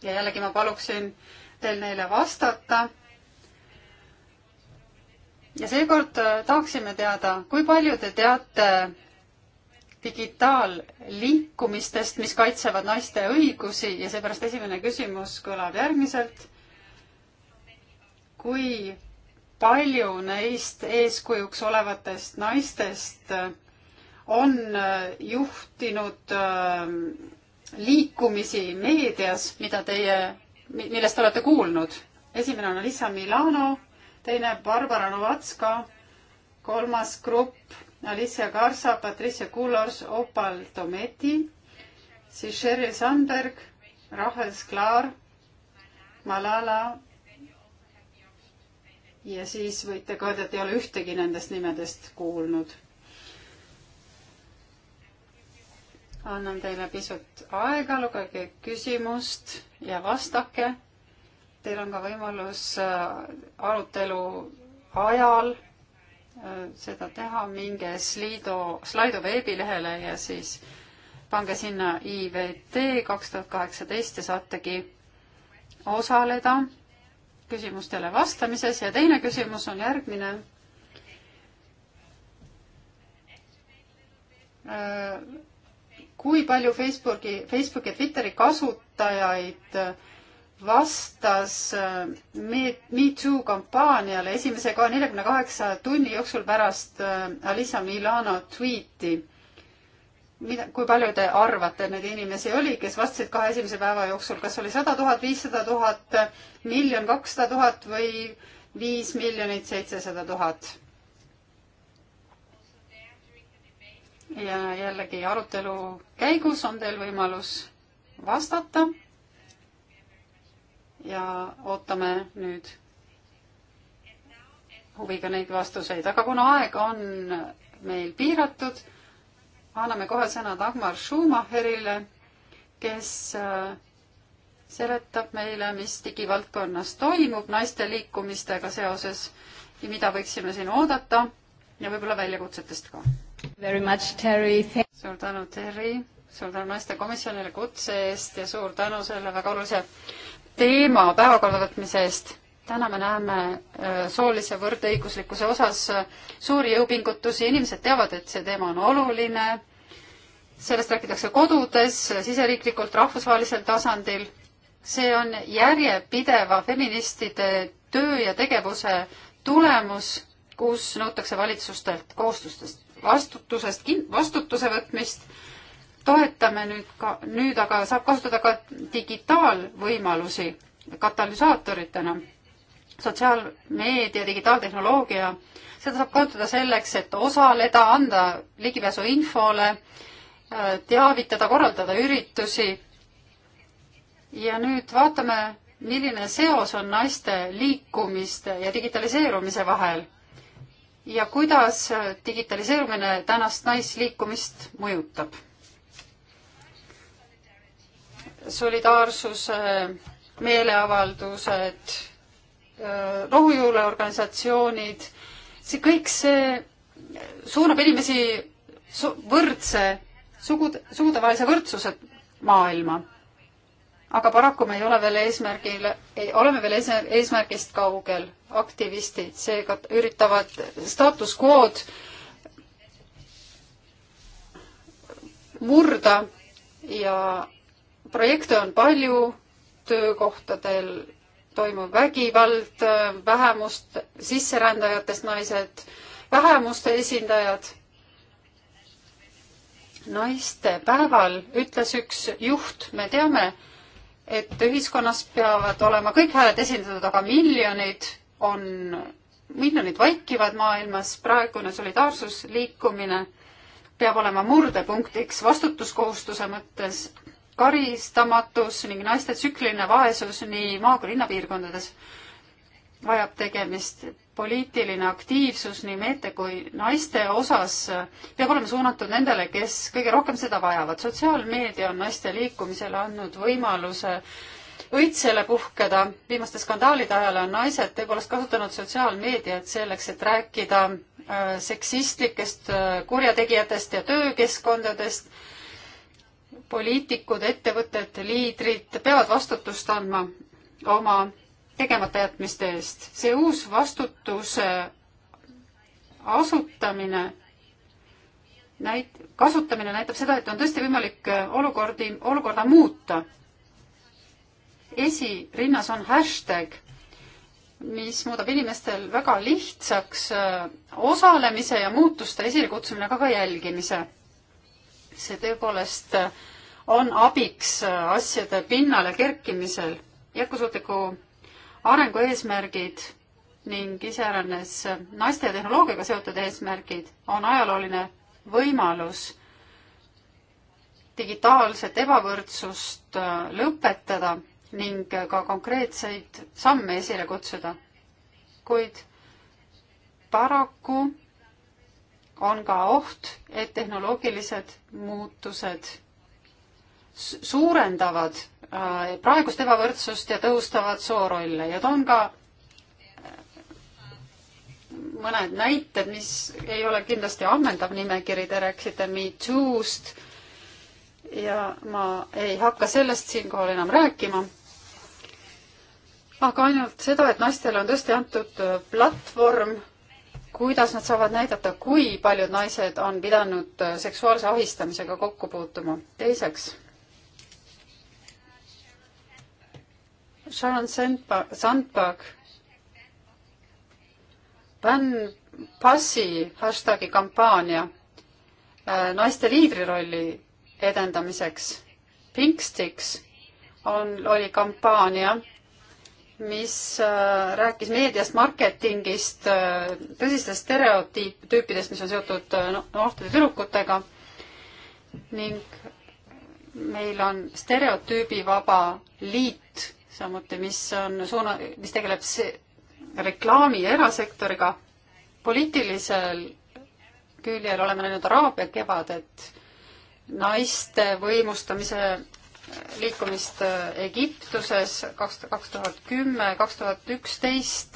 ja jällegi ma paluksin teil neile vastata. ja seekord äh, tahaksime teada, kui palju te teate digitaalliikumistest, mis kaitsevad naiste õigusi ja seepärast esimene küsimus kõlab järgmiselt. kui palju neist eeskujuks olevatest naistest on äh, juhtinud äh, liikumisi meedias, mida teie, millest olete kuulnud. esimene on Alissa Milano, teine Barbara Novatska, kolmas grupp Alicia Garza, Patricia Kullors, Opal Tometi, siis Sheryl Sandberg, Rahel Sklar, Malala ja siis võite ka öelda, et ei ole ühtegi nendest nimedest kuulnud annan teile pisut aega, lugege küsimust ja vastake. Teil on ka võimalus äh, arutelu ajal äh, seda teha, minge Slido, Slido veebilehele ja siis pange sinna IVT kaks tuhat kaheksateist ja saategi osaleda küsimustele vastamises ja teine küsimus on järgmine äh, kui palju Facebooki, Facebooki ja Twitteri kasutajaid vastas äh, MeToo kampaaniale esimese ka neljakümne kaheksa tunni jooksul pärast äh, Alisa Milano tweeti. mida, kui palju te arvate, et neid inimesi oli, kes vastasid kahe esimese päeva jooksul, kas oli sada tuhat, viissada tuhat, miljon, kakssada tuhat või viis miljonit seitsesada tuhat? ja jällegi arutelu käigus on teil võimalus vastata. ja ootame nüüd huviga neid vastuseid, aga kuna aeg on meil piiratud, anname kohe sõna Dagmar Schumacherile, kes äh, seletab meile, mis digivaldkonnas toimub naiste liikumistega seoses ja mida võiksime siin oodata ja võib-olla väljakutsetest ka suur tänu, Terri, suur tänu naistekomisjonile kutse eest ja suur tänu selle väga olulise teema päevakorda võtmise eest. täna me näeme äh, soolise võrdõiguslikkuse osas äh, suuri jõupingutusi, inimesed teavad, et see teema on oluline, sellest räägitakse kodudes, äh, siseriiklikult, rahvusvahelisel tasandil, see on järjepideva feministide töö ja tegevuse tulemus, kus nõutakse valitsustelt kohustustest vastutusest, vastutuse võtmist, toetame nüüd ka, nüüd aga saab kasutada ka digitaalvõimalusi katalüsaatoritena. sotsiaalmeedia, digitaaltehnoloogia, seda saab kasutada selleks, et osaleda, anda ligipääsu infole, äh, teavitada, korraldada üritusi. ja nüüd vaatame, milline seos on naiste liikumiste ja digitaliseerumise vahel ja kuidas digitaliseerumine tänast naisliikumist mõjutab? solidaarsuse meeleavaldused, äh, rohujuuleorganisatsioonid, see kõik, see suunab inimesi võrdse, sugude, sugudevahelise võrdsuse maailma aga paraku me ei ole veel eesmärgil, oleme veel eesmärgist kaugel, aktivistid, seega üritavad staatus quo'd murda ja projekte on palju, töökohtadel toimub vägivald, vähemust, sisserändajatest naised, vähemuste esindajad. naistepäeval ütles üks juht, me teame, et ühiskonnas peavad olema kõik hääled esindatud, aga miljonid on, miljonid vaikivad maailmas, praegune solidaarsusliikumine peab olema murdepunktiks vastutuskohustuse mõttes, karistamatus ning naiste tsükliline vaesus nii maa- kui linnapiirkondades vajab tegemist, poliitiline aktiivsus nii meeste kui naiste osas peab olema suunatud nendele, kes kõige rohkem seda vajavad. sotsiaalmeedia on naiste liikumisele andnud võimaluse õitsele puhkeda. viimaste skandaalide ajal on naised tõepoolest kasutanud sotsiaalmeediat selleks, et rääkida äh, seksistlikest äh, kurjategijatest ja töökeskkondadest. poliitikud, ettevõtted, liidrid peavad vastutust andma oma tegemata jätmiste eest. see uus vastutuse asutamine näit-, kasutamine näitab seda, et on tõesti võimalik olukordi, olukorda muuta. esirinnas on hashtag, mis muudab inimestel väga lihtsaks äh, osalemise ja muutuste esilekutsumine, aga ka jälgimise. see tõepoolest äh, on abiks äh, asjade pinnale kerkimisel jätkusuutliku arengueesmärgid ning iseäranis naiste ja tehnoloogiaga seotud eesmärgid on ajalooline võimalus digitaalset ebavõrdsust äh, lõpetada ning ka konkreetseid samme esile kutsuda. kuid paraku on ka oht, et tehnoloogilised muutused suurendavad Äh, praegust ebavõrdsust ja tõhustavad soorolle ja toon ka äh, mõned näited, mis ei ole kindlasti ammendav nimekiri, te rääkisite Me Too'st ja ma ei hakka sellest siinkohal enam rääkima. aga ainult seda, et naistele on tõesti antud äh, platvorm, kuidas nad saavad näidata, kui paljud naised on pidanud seksuaalse ahistamisega kokku puutuma. teiseks Sharon Sandberg, Van Passi hashtagi kampaania äh, naiste liidrirolli edendamiseks. Pink Sticks on, oli kampaania, mis äh, rääkis meediast, marketingist, äh, tõsistest stereotüüpidest, mis on seotud noorte tüdrukutega ning meil on stereotüübivaba liit samuti, mis on suuna, mis tegeleb see, reklaami ja erasektoriga. poliitilisel küljel oleme näinud Araabia kevadet, naiste võimustamise liikumist Egiptuses kaks, kaks tuhat kümme, kaks tuhat üksteist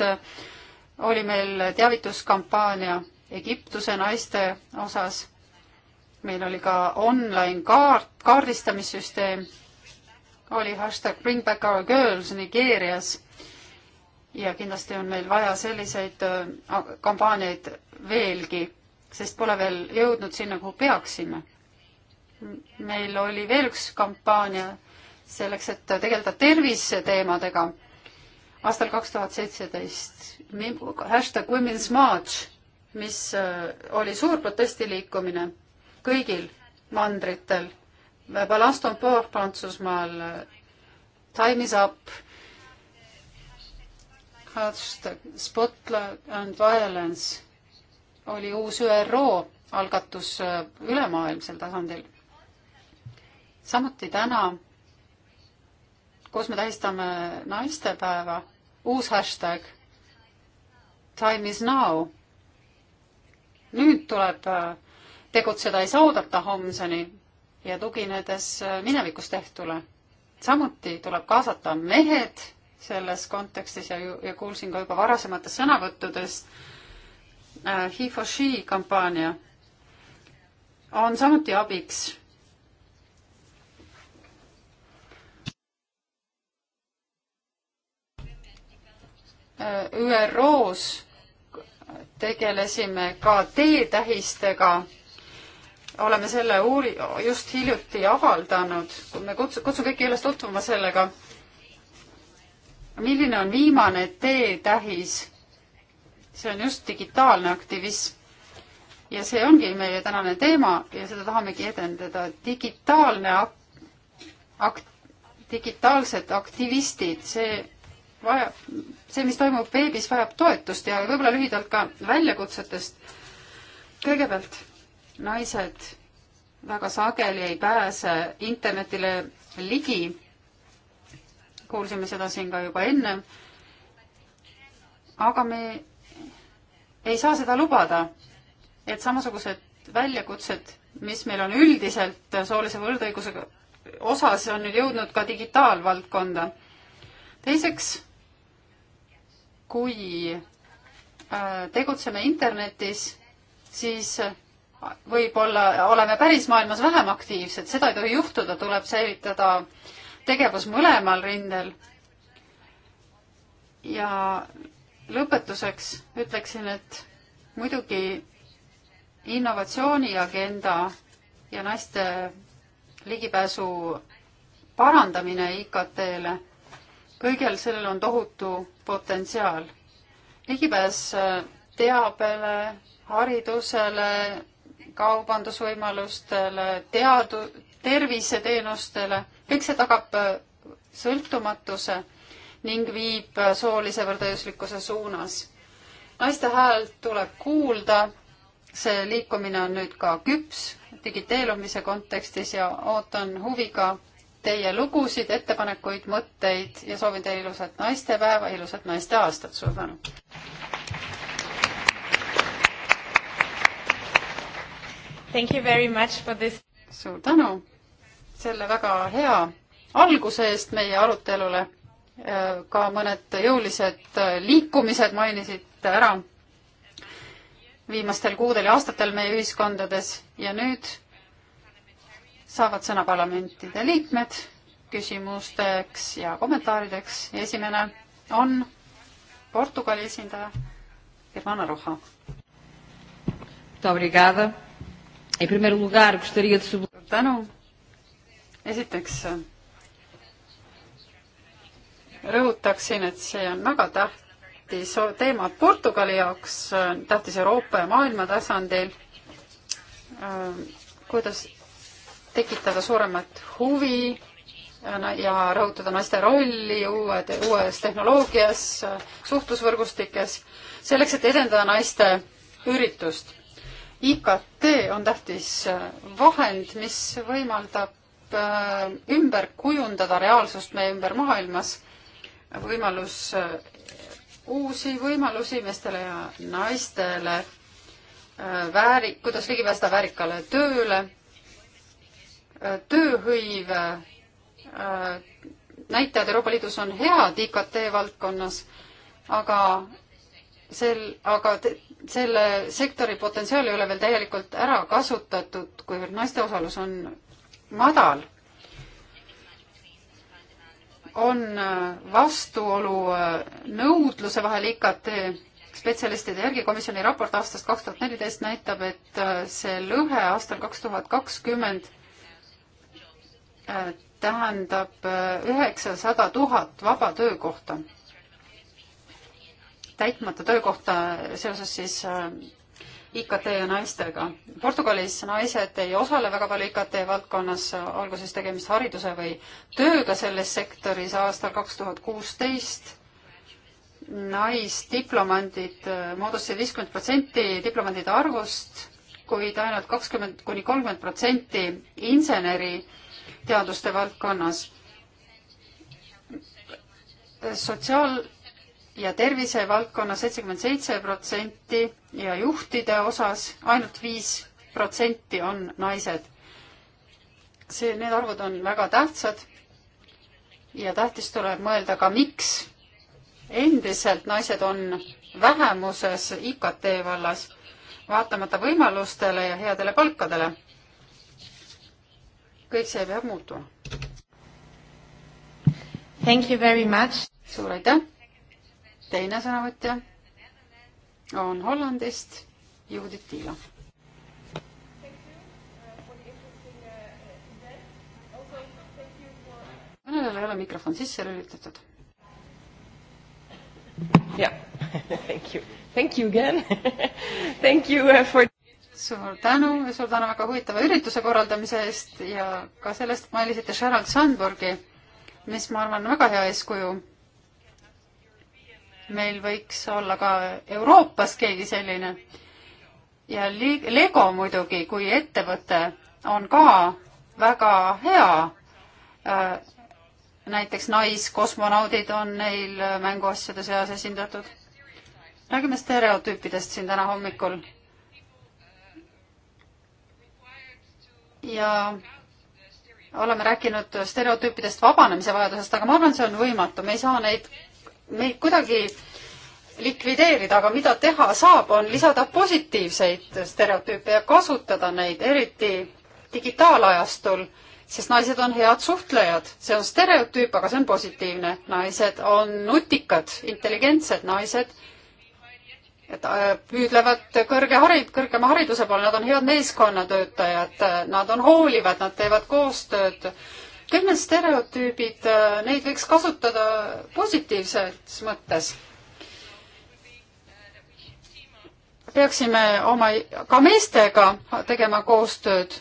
oli meil teavituskampaania Egiptuse naiste osas. meil oli ka online kaart, kaardistamissüsteem oli hashtag Bring Back Our Girls Nigeerias ja kindlasti on meil vaja selliseid äh, kampaaniaid veelgi, sest pole veel jõudnud sinna, kuhu peaksime. meil oli veel üks kampaania selleks, et tegeleda terviseteemadega aastal kaks tuhat seitseteist, hashtag Women's March, mis äh, oli suur protestiliikumine kõigil mandritel Ballast on port Prantsusmaal. Äh, Time is up. Hashtag Spotlight and Violence oli uus ÜRO algatus äh, ülemaailmsel tasandil. samuti täna, kus me tähistame naistepäeva, uus hashtag Time is now. nüüd tuleb äh, tegutseda, ei saa oodata homseni ja tuginedes äh, minevikus tehtule. samuti tuleb kaasata mehed selles kontekstis ja, ja kuulsin ka juba varasematest sõnavõttudest äh,, He for She kampaania on samuti abiks. Äh, ÜRO-s tegelesime ka teetähistega oleme selle uuri-, just hiljuti avaldanud, kui me kutsu-, kutsun kõiki üles tutvuma sellega. milline on viimane teetähis? see on just digitaalne aktivism. ja see ongi meie tänane teema ja seda tahamegi edendada. digitaalne ak-, ak-, digitaalsed aktivistid, see vajab, see, mis toimub veebis, vajab toetust ja võib-olla lühidalt ka väljakutsetest. kõigepealt naised väga sageli ei pääse internetile ligi. kuulsime seda siin ka juba ennem. aga me ei saa seda lubada, et samasugused väljakutsed, mis meil on üldiselt soolise võrdõigusega osas, on nüüd jõudnud ka digitaalvaldkonda. teiseks, kui äh, tegutseme internetis, siis võib-olla oleme päris maailmas vähem aktiivsed, seda ei tohi juhtuda, tuleb säilitada tegevus mõlemal rindel. ja lõpetuseks ütleksin, et muidugi innovatsiooniagenda ja naiste ligipääsu parandamine IKT-le, kõigel sellel on tohutu potentsiaal. ligipääs äh, teabele, haridusele, kaubandusvõimalustele, teadu-, terviseteenustele, kõik see tagab äh, sõltumatuse ning viib äh, soolise võrdõiguslikkuse suunas. naiste häält tuleb kuulda, see liikumine on nüüd ka küps digiteerumise kontekstis ja ootan huviga teie lugusid, ettepanekuid, mõtteid ja soovin teile ilusat naistepäeva, ilusat naisteaastat, suur tänu! Thank you very much for this. suur tänu selle väga hea alguse eest meie arutelule. ka mõned jõulised liikumised mainisite ära viimastel kuudel ja aastatel meie ühiskondades ja nüüd saavad sõna parlamentide liikmed küsimusteks ja kommentaarideks. esimene on Portugali esindaja Germana Roja tänu. esiteks rõhutaksin, et see on väga tähtis teema Portugali jaoks, tähtis Euroopa ja maailma tasandil. kuidas tekitada suuremat huvi ja rõhutada naiste rolli uued, uues tehnoloogias, suhtlusvõrgustikes, selleks, et edendada naiste üritust IKT on tähtis äh, vahend, mis võimaldab äh, ümber kujundada reaalsust meie ümber maailmas, võimalus, äh, uusi võimalusi meestele ja naistele, vääri-, kuidas ligi pääseda väärikale tööle, tööhõive, näitajad Euroopa Liidus on head IKT valdkonnas, aga sel, aga te, selle sektori potentsiaal ei ole veel täielikult ära kasutatud, kuivõrd naiste osalus on madal. on äh, vastuolu äh, nõudluse vahel IKT spetsialistide järgi komisjoni raport aastast kaks tuhat neliteist näitab, et äh, see lõhe aastal kaks tuhat kakskümmend tähendab üheksasada tuhat vaba töökohta täitmata töökohta seoses siis äh, IKT ja naistega. Portugalis naised ei osale väga palju IKT valdkonnas, olgu siis tegemist hariduse või tööga selles sektoris aastal kaks tuhat kuusteist. naisdiplomandid äh, moodustasid viiskümmend protsenti diplomandide arvust, kuid ainult kakskümmend kuni kolmkümmend protsenti inseneriteaduste valdkonnas sotsiaal- ja tervisevaldkonnas seitsekümmend seitse protsenti ja juhtide osas ainult viis protsenti on naised. see, need arvud on väga tähtsad ja tähtis tuleb mõelda ka, miks endiselt naised on vähemuses IKT vallas, vaatamata võimalustele ja headele palkadele. kõik see peab muutuma. Thank you very much. suur aitäh teine sõnavõtja on Hollandist Judith Tiila. kõnelejal ei ole mikrofon sisse lülitatud. jah, thank you, thank you again thank you uh, for suur tänu ja suur tänu väga huvitava ürituse korraldamise eest ja ka sellest, et mainisite Sheryl Sandbergi, mis ma arvan, on väga hea eeskuju meil võiks olla ka Euroopas keegi selline. ja Lego muidugi kui ettevõte on ka väga hea. Äh, näiteks naiskosmonaudid on neil mänguasjade seas esindatud. räägime stereotüüpidest siin täna hommikul. ja oleme rääkinud stereotüüpidest vabanemise vajadusest, aga ma arvan, see on võimatu, me ei saa neid meid kuidagi likvideerida, aga mida teha saab, on lisada positiivseid stereotüüpe ja kasutada neid, eriti digitaalajastul, sest naised on head suhtlejad. see on stereotüüp, aga see on positiivne. naised on nutikad, intelligentsed naised, et äh, püüdlevad kõrge harid-, kõrgema hariduse poole, nad on head meeskonnatöötajad, nad on hoolivad, nad teevad koostööd kõik need stereotüübid, äh, neid võiks kasutada positiivses mõttes. peaksime oma, ka meestega tegema koostööd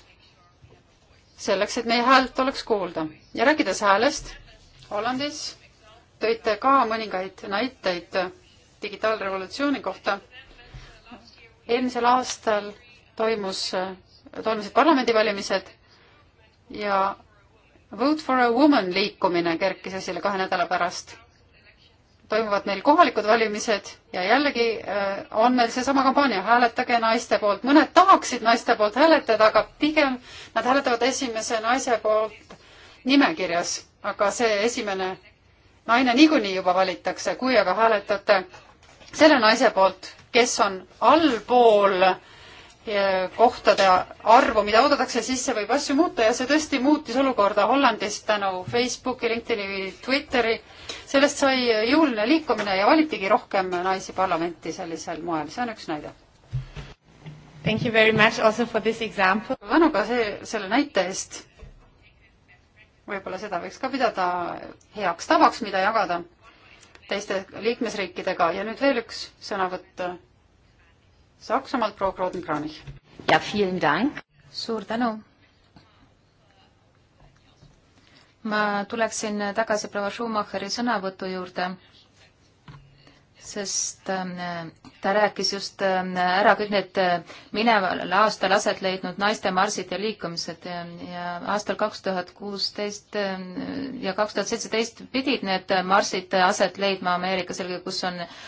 selleks, et meie häält oleks kuulda. ja rääkides häälest, Hollandis tõite ka mõningaid näiteid digitaalrevolutsiooni kohta. eelmisel aastal toimus, toimusid parlamendivalimised ja Vote for a Woman liikumine kerkis esile kahe nädala pärast. toimuvad meil kohalikud valimised ja jällegi äh, on meil seesama kampaania, hääletage naiste poolt. mõned tahaksid naiste poolt hääletada, aga pigem nad hääletavad esimese naise poolt nimekirjas, aga see esimene naine niikuinii juba valitakse, kui aga hääletate selle naise poolt, kes on allpool äh, kohtade arvu, mida oodatakse sisse, võib asju muuta ja see tõesti muutis olukorda Hollandis tänu Facebooki, LinkedIni, Twitteri. sellest sai jõuline liikumine ja valitigi rohkem naisi parlamenti sellisel moel, see on üks näide. Thank you very much also for this example. tänu ka see, selle näite eest. võib-olla seda võiks ka pidada heaks tavaks, mida jagada teiste liikmesriikidega ja nüüd veel üks sõnavõtt Saksamaalt proua Kroden-Kranich. ja, suur tänu. ma tuleksin tagasi proua Schumacheri sõnavõtu juurde, sest äh, ta rääkis just äh, ära kõik need äh, mineval aastal aset leidnud naiste marsid ja liikumised ja, ja aastal kaks tuhat kuusteist ja kaks tuhat seitseteist pidid need marsid aset leidma Ameerikas, kus on äh,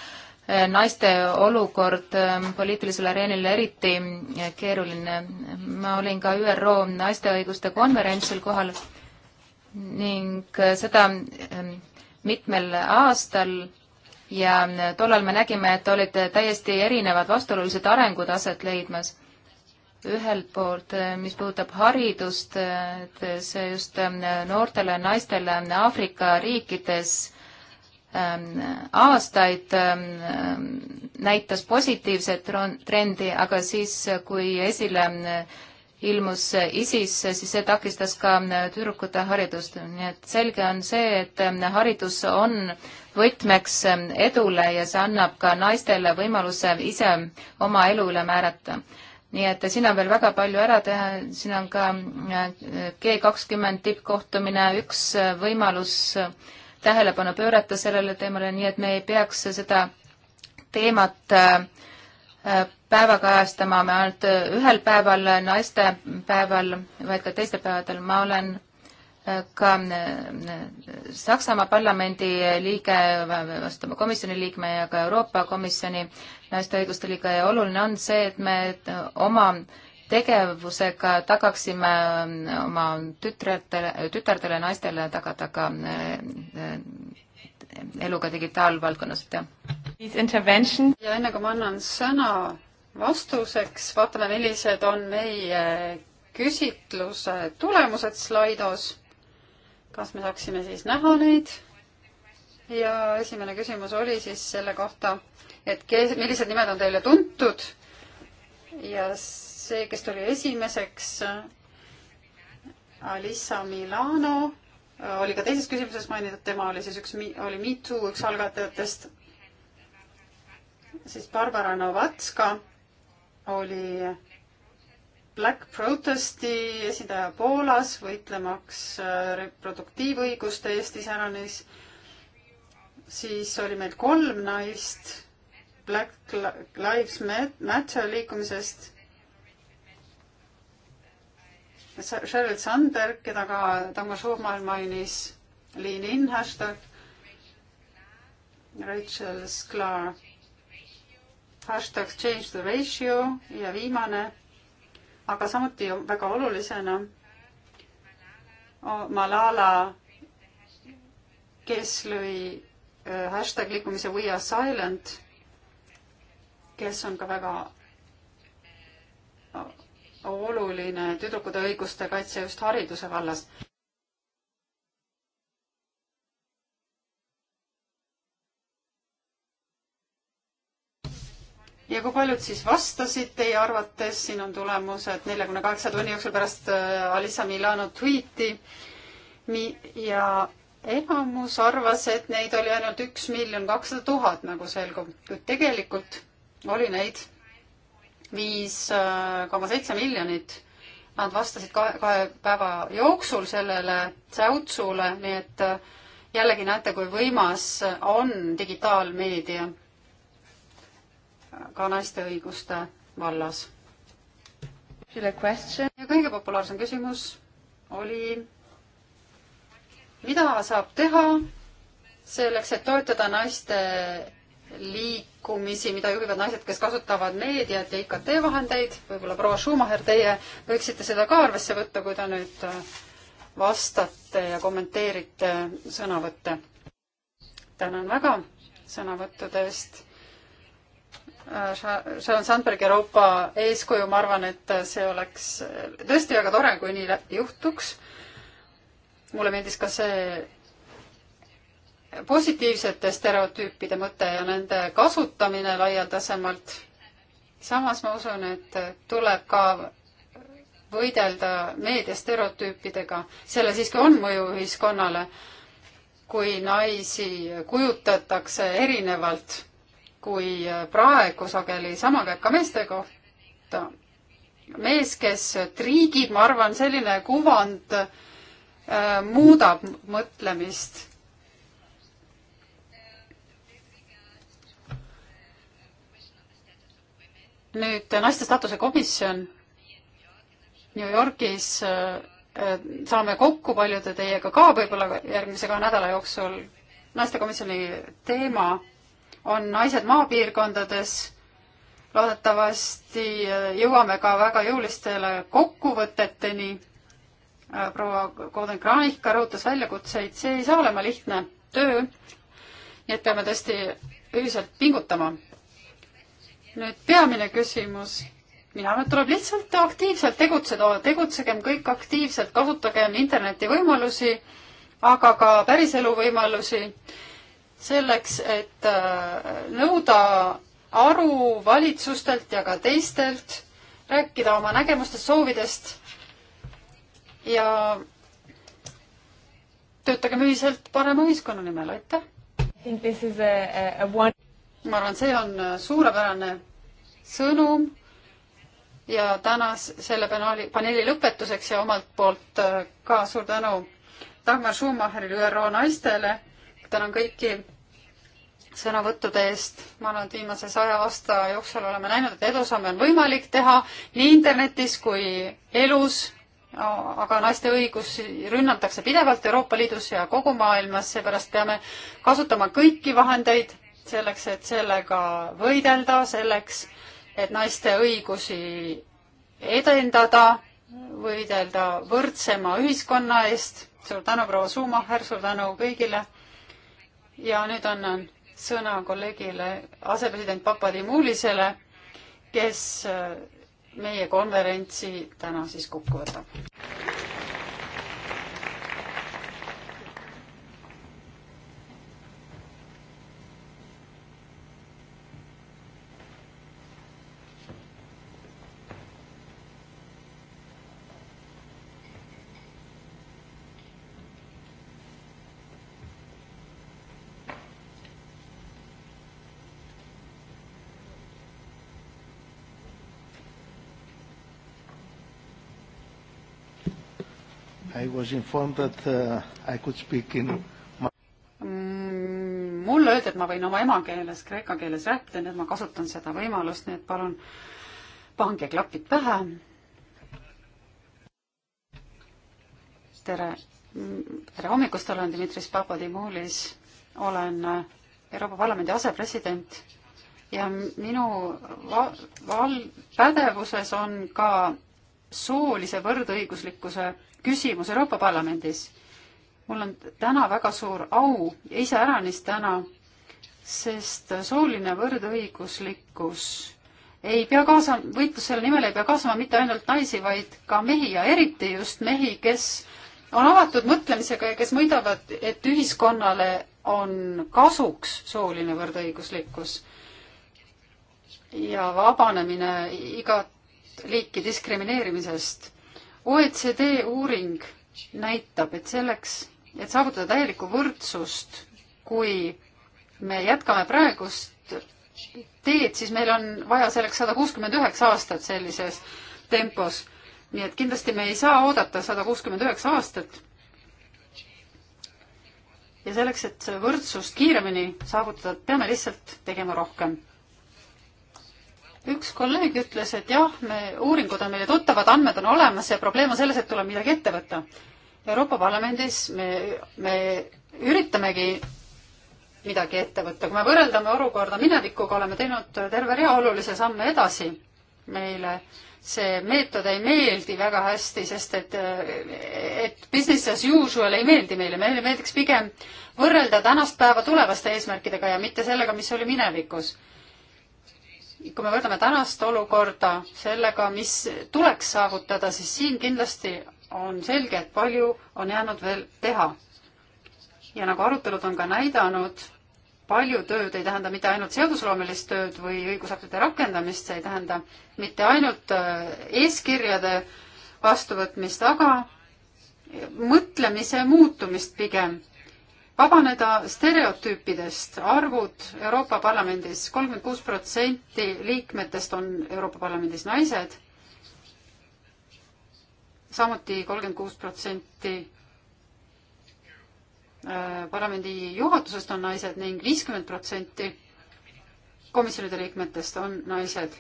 Äh, naiste olukord ähm, poliitilisel areenil eriti äh, keeruline. ma olin ka ÜRO naiste õiguste konverentsil kohal ning äh, seda ähm, mitmel aastal ja tollal me nägime, et olid täiesti erinevad vastuolulised arengud aset leidmas. ühelt poolt, mis puudutab haridust, et see just noortele naistele Aafrika riikides Ähm, aastaid ähm, ähm, näitas positiivset trendi, aga siis, kui esile äh, ilmus ISIS, siis see takistas ka äh, tüdrukute haridust. nii et selge on see, et haridus on võtmeks edule ja see annab ka naistele võimaluse ise oma elu üle määrata nii et siin on veel väga palju ära teha, siin on ka äh, G kakskümmend tippkohtumine, üks võimalus äh, tähelepanu pöörata sellele teemale, nii et me ei peaks seda teemat äh, päevakajastama me ainult ühel päeval, naistepäeval, vaid ka teistel päevadel. ma olen äh, ka äh, Saksamaa parlamendi liige, vastava komisjoni liikme ja ka Euroopa Komisjoni naiste õiguste liige ja oluline on see, et me oma tegevusega tagaksime äh, oma tütretele, tütardele, naistele tagada ka äh, eluga digitaalvaldkonnas, aitäh! ja enne kui ma annan sõna vastuseks, vaatame, millised on meie äh, küsitluse tulemused Slidos. kas me saaksime siis näha neid? ja esimene küsimus oli siis selle kohta, et kes, millised nimed on teile tuntud ja see, kes tuli esimeseks, Alissa Milano, oli ka teises küsimuses mainitud, tema oli siis üks, oli Me Too üks algatajatest. siis Barbara Novatska oli Black Protesti esindaja Poolas, võitlemaks äh, reproduktiivõiguste eest iseäranis. siis oli meil kolm naist Black Lives Matter liikumisest Sheryl Sander, keda ka Dagmar Schumann mainis, Lean In hashtag, Rachel Sklar, hashtag Change the ratio ja viimane, aga samuti väga olulisena Malala, kes lõi hashtag liikumise We are silent, kes on ka väga oluline tüdrukute õiguste kaitse just hariduse vallas. ja kui paljud siis vastasid teie arvates, siin on tulemused neljakümne kaheksa tunni jooksul pärast äh, Alisa Milano tweeti ja enamus arvas, et neid oli ainult üks miljon kakssada tuhat, nagu selgub, kuid tegelikult oli neid viis äh, koma seitse miljonit. Nad vastasid kahe, kahe päeva jooksul sellele säutsule, nii et äh, jällegi näete, kui võimas on digitaalmeedia ka naiste õiguste vallas. ja kõige populaarsem küsimus oli, mida saab teha selleks, et toetada naiste liik-, liikumisi, mida juhivad naised, kes kasutavad meediat ja IKT vahendeid. võib-olla proua Schumacher, teie võiksite seda ka arvesse võtta, kui te nüüd äh, vastate ja kommenteerite sõnavõtte. tänan väga sõnavõttude eest. Äh, Sharon Sandberg Euroopa eeskuju, ma arvan, et see oleks tõesti väga tore, kui nii juhtuks. mulle meeldis ka see positiivsete stereotüüpide mõte ja nende kasutamine laialdasemalt. samas ma usun, et tuleb ka võidelda meediastereotüüpidega, sellel siiski on mõju ühiskonnale, kui naisi kujutatakse erinevalt kui praegu sageli, sama käib ka meeste kohta. mees, kes triigib, ma arvan, selline kuvand äh, muudab mõtlemist nüüd naiste staatuse komisjon New Yorgis äh, äh, saame kokku paljude teiega ka võib-olla järgmise kahe nädala jooksul. naistekomisjoni teema on naised maapiirkondades. loodetavasti äh, jõuame ka väga jõulistele kokkuvõteteni. proua Koden-Kranich ka rõhutas väljakutseid, see ei saa olema lihtne töö. nii et peame tõesti ühiselt pingutama nüüd peamine küsimus. mina arvan, et tuleb lihtsalt aktiivselt tegutseda, tegutsegem kõik aktiivselt, kasutagem interneti võimalusi, aga ka päriselu võimalusi selleks, et äh, nõuda aru valitsustelt ja ka teistelt, rääkida oma nägemustest, soovidest ja töötagem ühiselt parema ühiskonna nimel, aitäh! I think this is a, a, a one ma arvan, see on äh, suurepärane sõnum ja tänas selle paneeli, paneeli lõpetuseks ja omalt poolt äh, ka suur tänu Dagmar Schumacherile, ÜRO naistele. tänan kõiki sõnavõttude eest. ma arvan, et viimase saja aasta jooksul oleme näinud, et edusamme on võimalik teha nii internetis kui elus no,. aga naiste õigusi rünnatakse pidevalt Euroopa Liidus ja kogu maailmas, seepärast peame kasutama kõiki vahendeid selleks, et sellega võidelda, selleks, et naiste õigusi edendada, võidelda võrdsema ühiskonna eest. suur tänu, proua Suumacher, suur tänu kõigile. ja nüüd annan sõna kolleegile, asepresident Papadimulisele, kes äh, meie konverentsi täna siis kokku võtab. I was informed that uh, I could speak in mm, mulle öeldi, et ma võin oma emakeeles, kreeka keeles rääkida, nii et ma kasutan seda võimalust, nii et palun pange klapid pähe. tere, tere hommikust, olen Dmitris Papadimulis, olen äh, Euroopa Parlamendi asepresident ja minu val-, pädevuses on ka soolise võrdõiguslikkuse küsimus Euroopa Parlamendis. mul on täna väga suur au ja iseäranis täna, sest sooline võrdõiguslikkus ei pea kaasa, võitlus selle nimel ei pea kaasama mitte ainult naisi, vaid ka mehi ja eriti just mehi, kes on avatud mõtlemisega ja kes mõidavad, et ühiskonnale on kasuks sooline võrdõiguslikkus ja vabanemine igat liiki diskrimineerimisest. OECD uuring näitab, et selleks, et saavutada täielikku võrdsust, kui me jätkame praegust teed, siis meil on vaja selleks sada kuuskümmend üheksa aastat sellises tempos. nii et kindlasti me ei saa oodata sada kuuskümmend üheksa aastat. ja selleks, et võrdsust kiiremini saavutada, peame lihtsalt tegema rohkem üks kolleeg ütles, et jah, me, uuringud on meile tuttavad, andmed on olemas ja probleem on selles, et tuleb midagi ette võtta. Euroopa Parlamendis me, me üritamegi midagi ette võtta, kui me võrreldame olukorda minevikuga, oleme teinud terve rea olulisi samme edasi. meile see meetod ei meeldi väga hästi, sest et, et business as usual ei meeldi meile, meile meeldiks pigem võrrelda tänast päeva tulevaste eesmärkidega ja mitte sellega, mis oli minevikus kui me võrdleme tänast olukorda sellega, mis tuleks saavutada, siis siin kindlasti on selge, et palju on jäänud veel teha. ja nagu arutelud on ka näidanud, palju tööd ei tähenda mitte ainult seadusloomelist tööd või õigusaktide rakendamist, see ei tähenda mitte ainult äh, eeskirjade vastuvõtmist, aga mõtlemise muutumist pigem vabaneda stereotüüpidest, arvud Euroopa Parlamendis, kolmkümmend kuus protsenti liikmetest on Euroopa Parlamendis naised samuti, samuti kolmkümmend kuus protsenti äh, parlamendi juhatusest on naised ning viiskümmend protsenti komisjonide liikmetest on naised.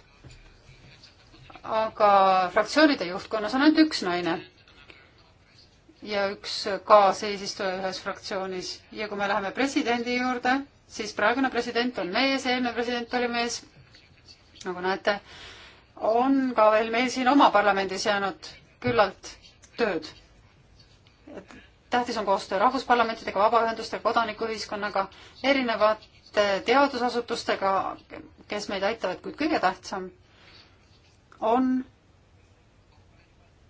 aga fraktsioonide juhtkonnas on ainult üks naine ja üks kaaseesistuja ühes fraktsioonis ja kui me läheme presidendi juurde, siis praegune president on mees, eelmine president oli mees. nagu näete, on ka veel meil siin oma parlamendis jäänud küllalt tööd. tähtis on koostöö rahvusparlamentidega, vabaühendustega, kodanikuühiskonnaga, erinevate teadusasutustega, kes meid aitavad, kuid kõige tähtsam on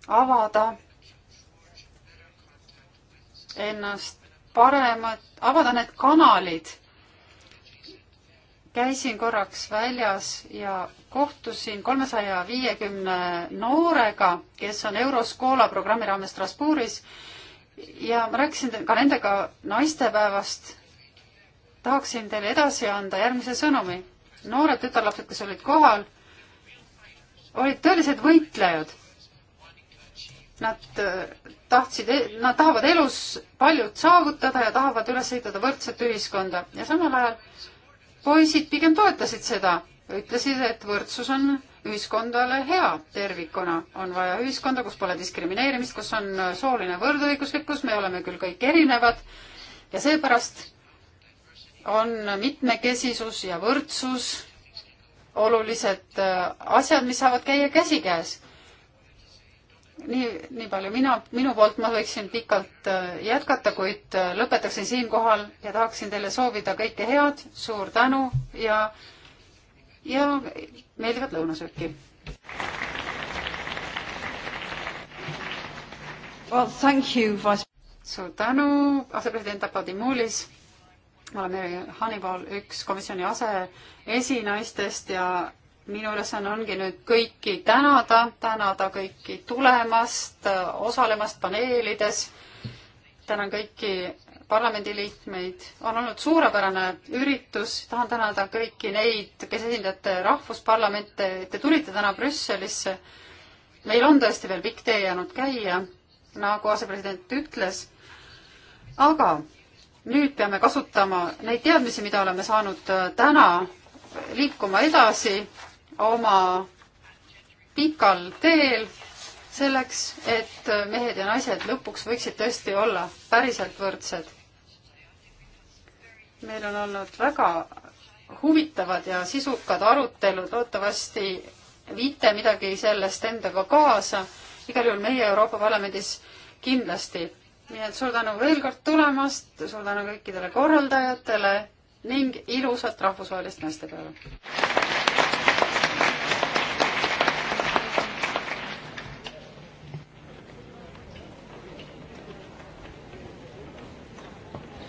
avada ennast paremad, avada need kanalid. käisin korraks väljas ja kohtusin kolmesaja viiekümne noorega, kes on Euroskoola programmi raames Strasbourgis ja ma rääkisin ka nendega naistepäevast. tahaksin teile edasi anda järgmise sõnumi. noored tütarlapsed, kes olid kohal, olid tõelised võitlejad Nad äh, tahtsid, e-, nad tahavad elus paljud saavutada ja tahavad üles ehitada võrdset ühiskonda ja samal ajal poisid pigem toetasid seda, ütlesid, et võrdsus on ühiskondale hea tervikuna. on vaja ühiskonda, kus pole diskrimineerimist, kus on äh, sooline võrdõiguslikkus, me oleme küll kõik erinevad ja seepärast on mitmekesisus ja võrdsus olulised äh, asjad, mis saavad käia käsikäes nii, nii palju mina, minu poolt ma võiksin pikalt äh, jätkata, kuid äh, lõpetaksin siinkohal ja tahaksin teile soovida kõike head, suur tänu ja, ja meeldivat lõunasööki. Well, thank you, Vice suur tänu, asepresident Apadimulis. me oleme Hannibal üks komisjoni aseesinaistest ja minu ülesanne ongi nüüd kõiki tänada, tänada kõiki tulemast, osalemast paneelides. tänan kõiki parlamendiliikmeid, on olnud suurepärane üritus, tahan tänada kõiki neid, kes esindate rahvusparlamente, te tulite täna Brüsselisse. meil on tõesti veel pikk tee jäänud käia, nagu asepresident ütles. aga nüüd peame kasutama neid teadmisi, mida oleme saanud äh, täna, liikuma edasi oma pikal teel selleks, et mehed ja naised lõpuks võiksid tõesti olla päriselt võrdsed. meil on olnud väga huvitavad ja sisukad arutelud, loodetavasti viite midagi sellest endaga kaasa. igal juhul meie Euroopa Parlamendis kindlasti. nii et suur tänu veel kord tulemast, suur tänu kõikidele korraldajatele ning ilusat rahvusvahelist naistepäeva!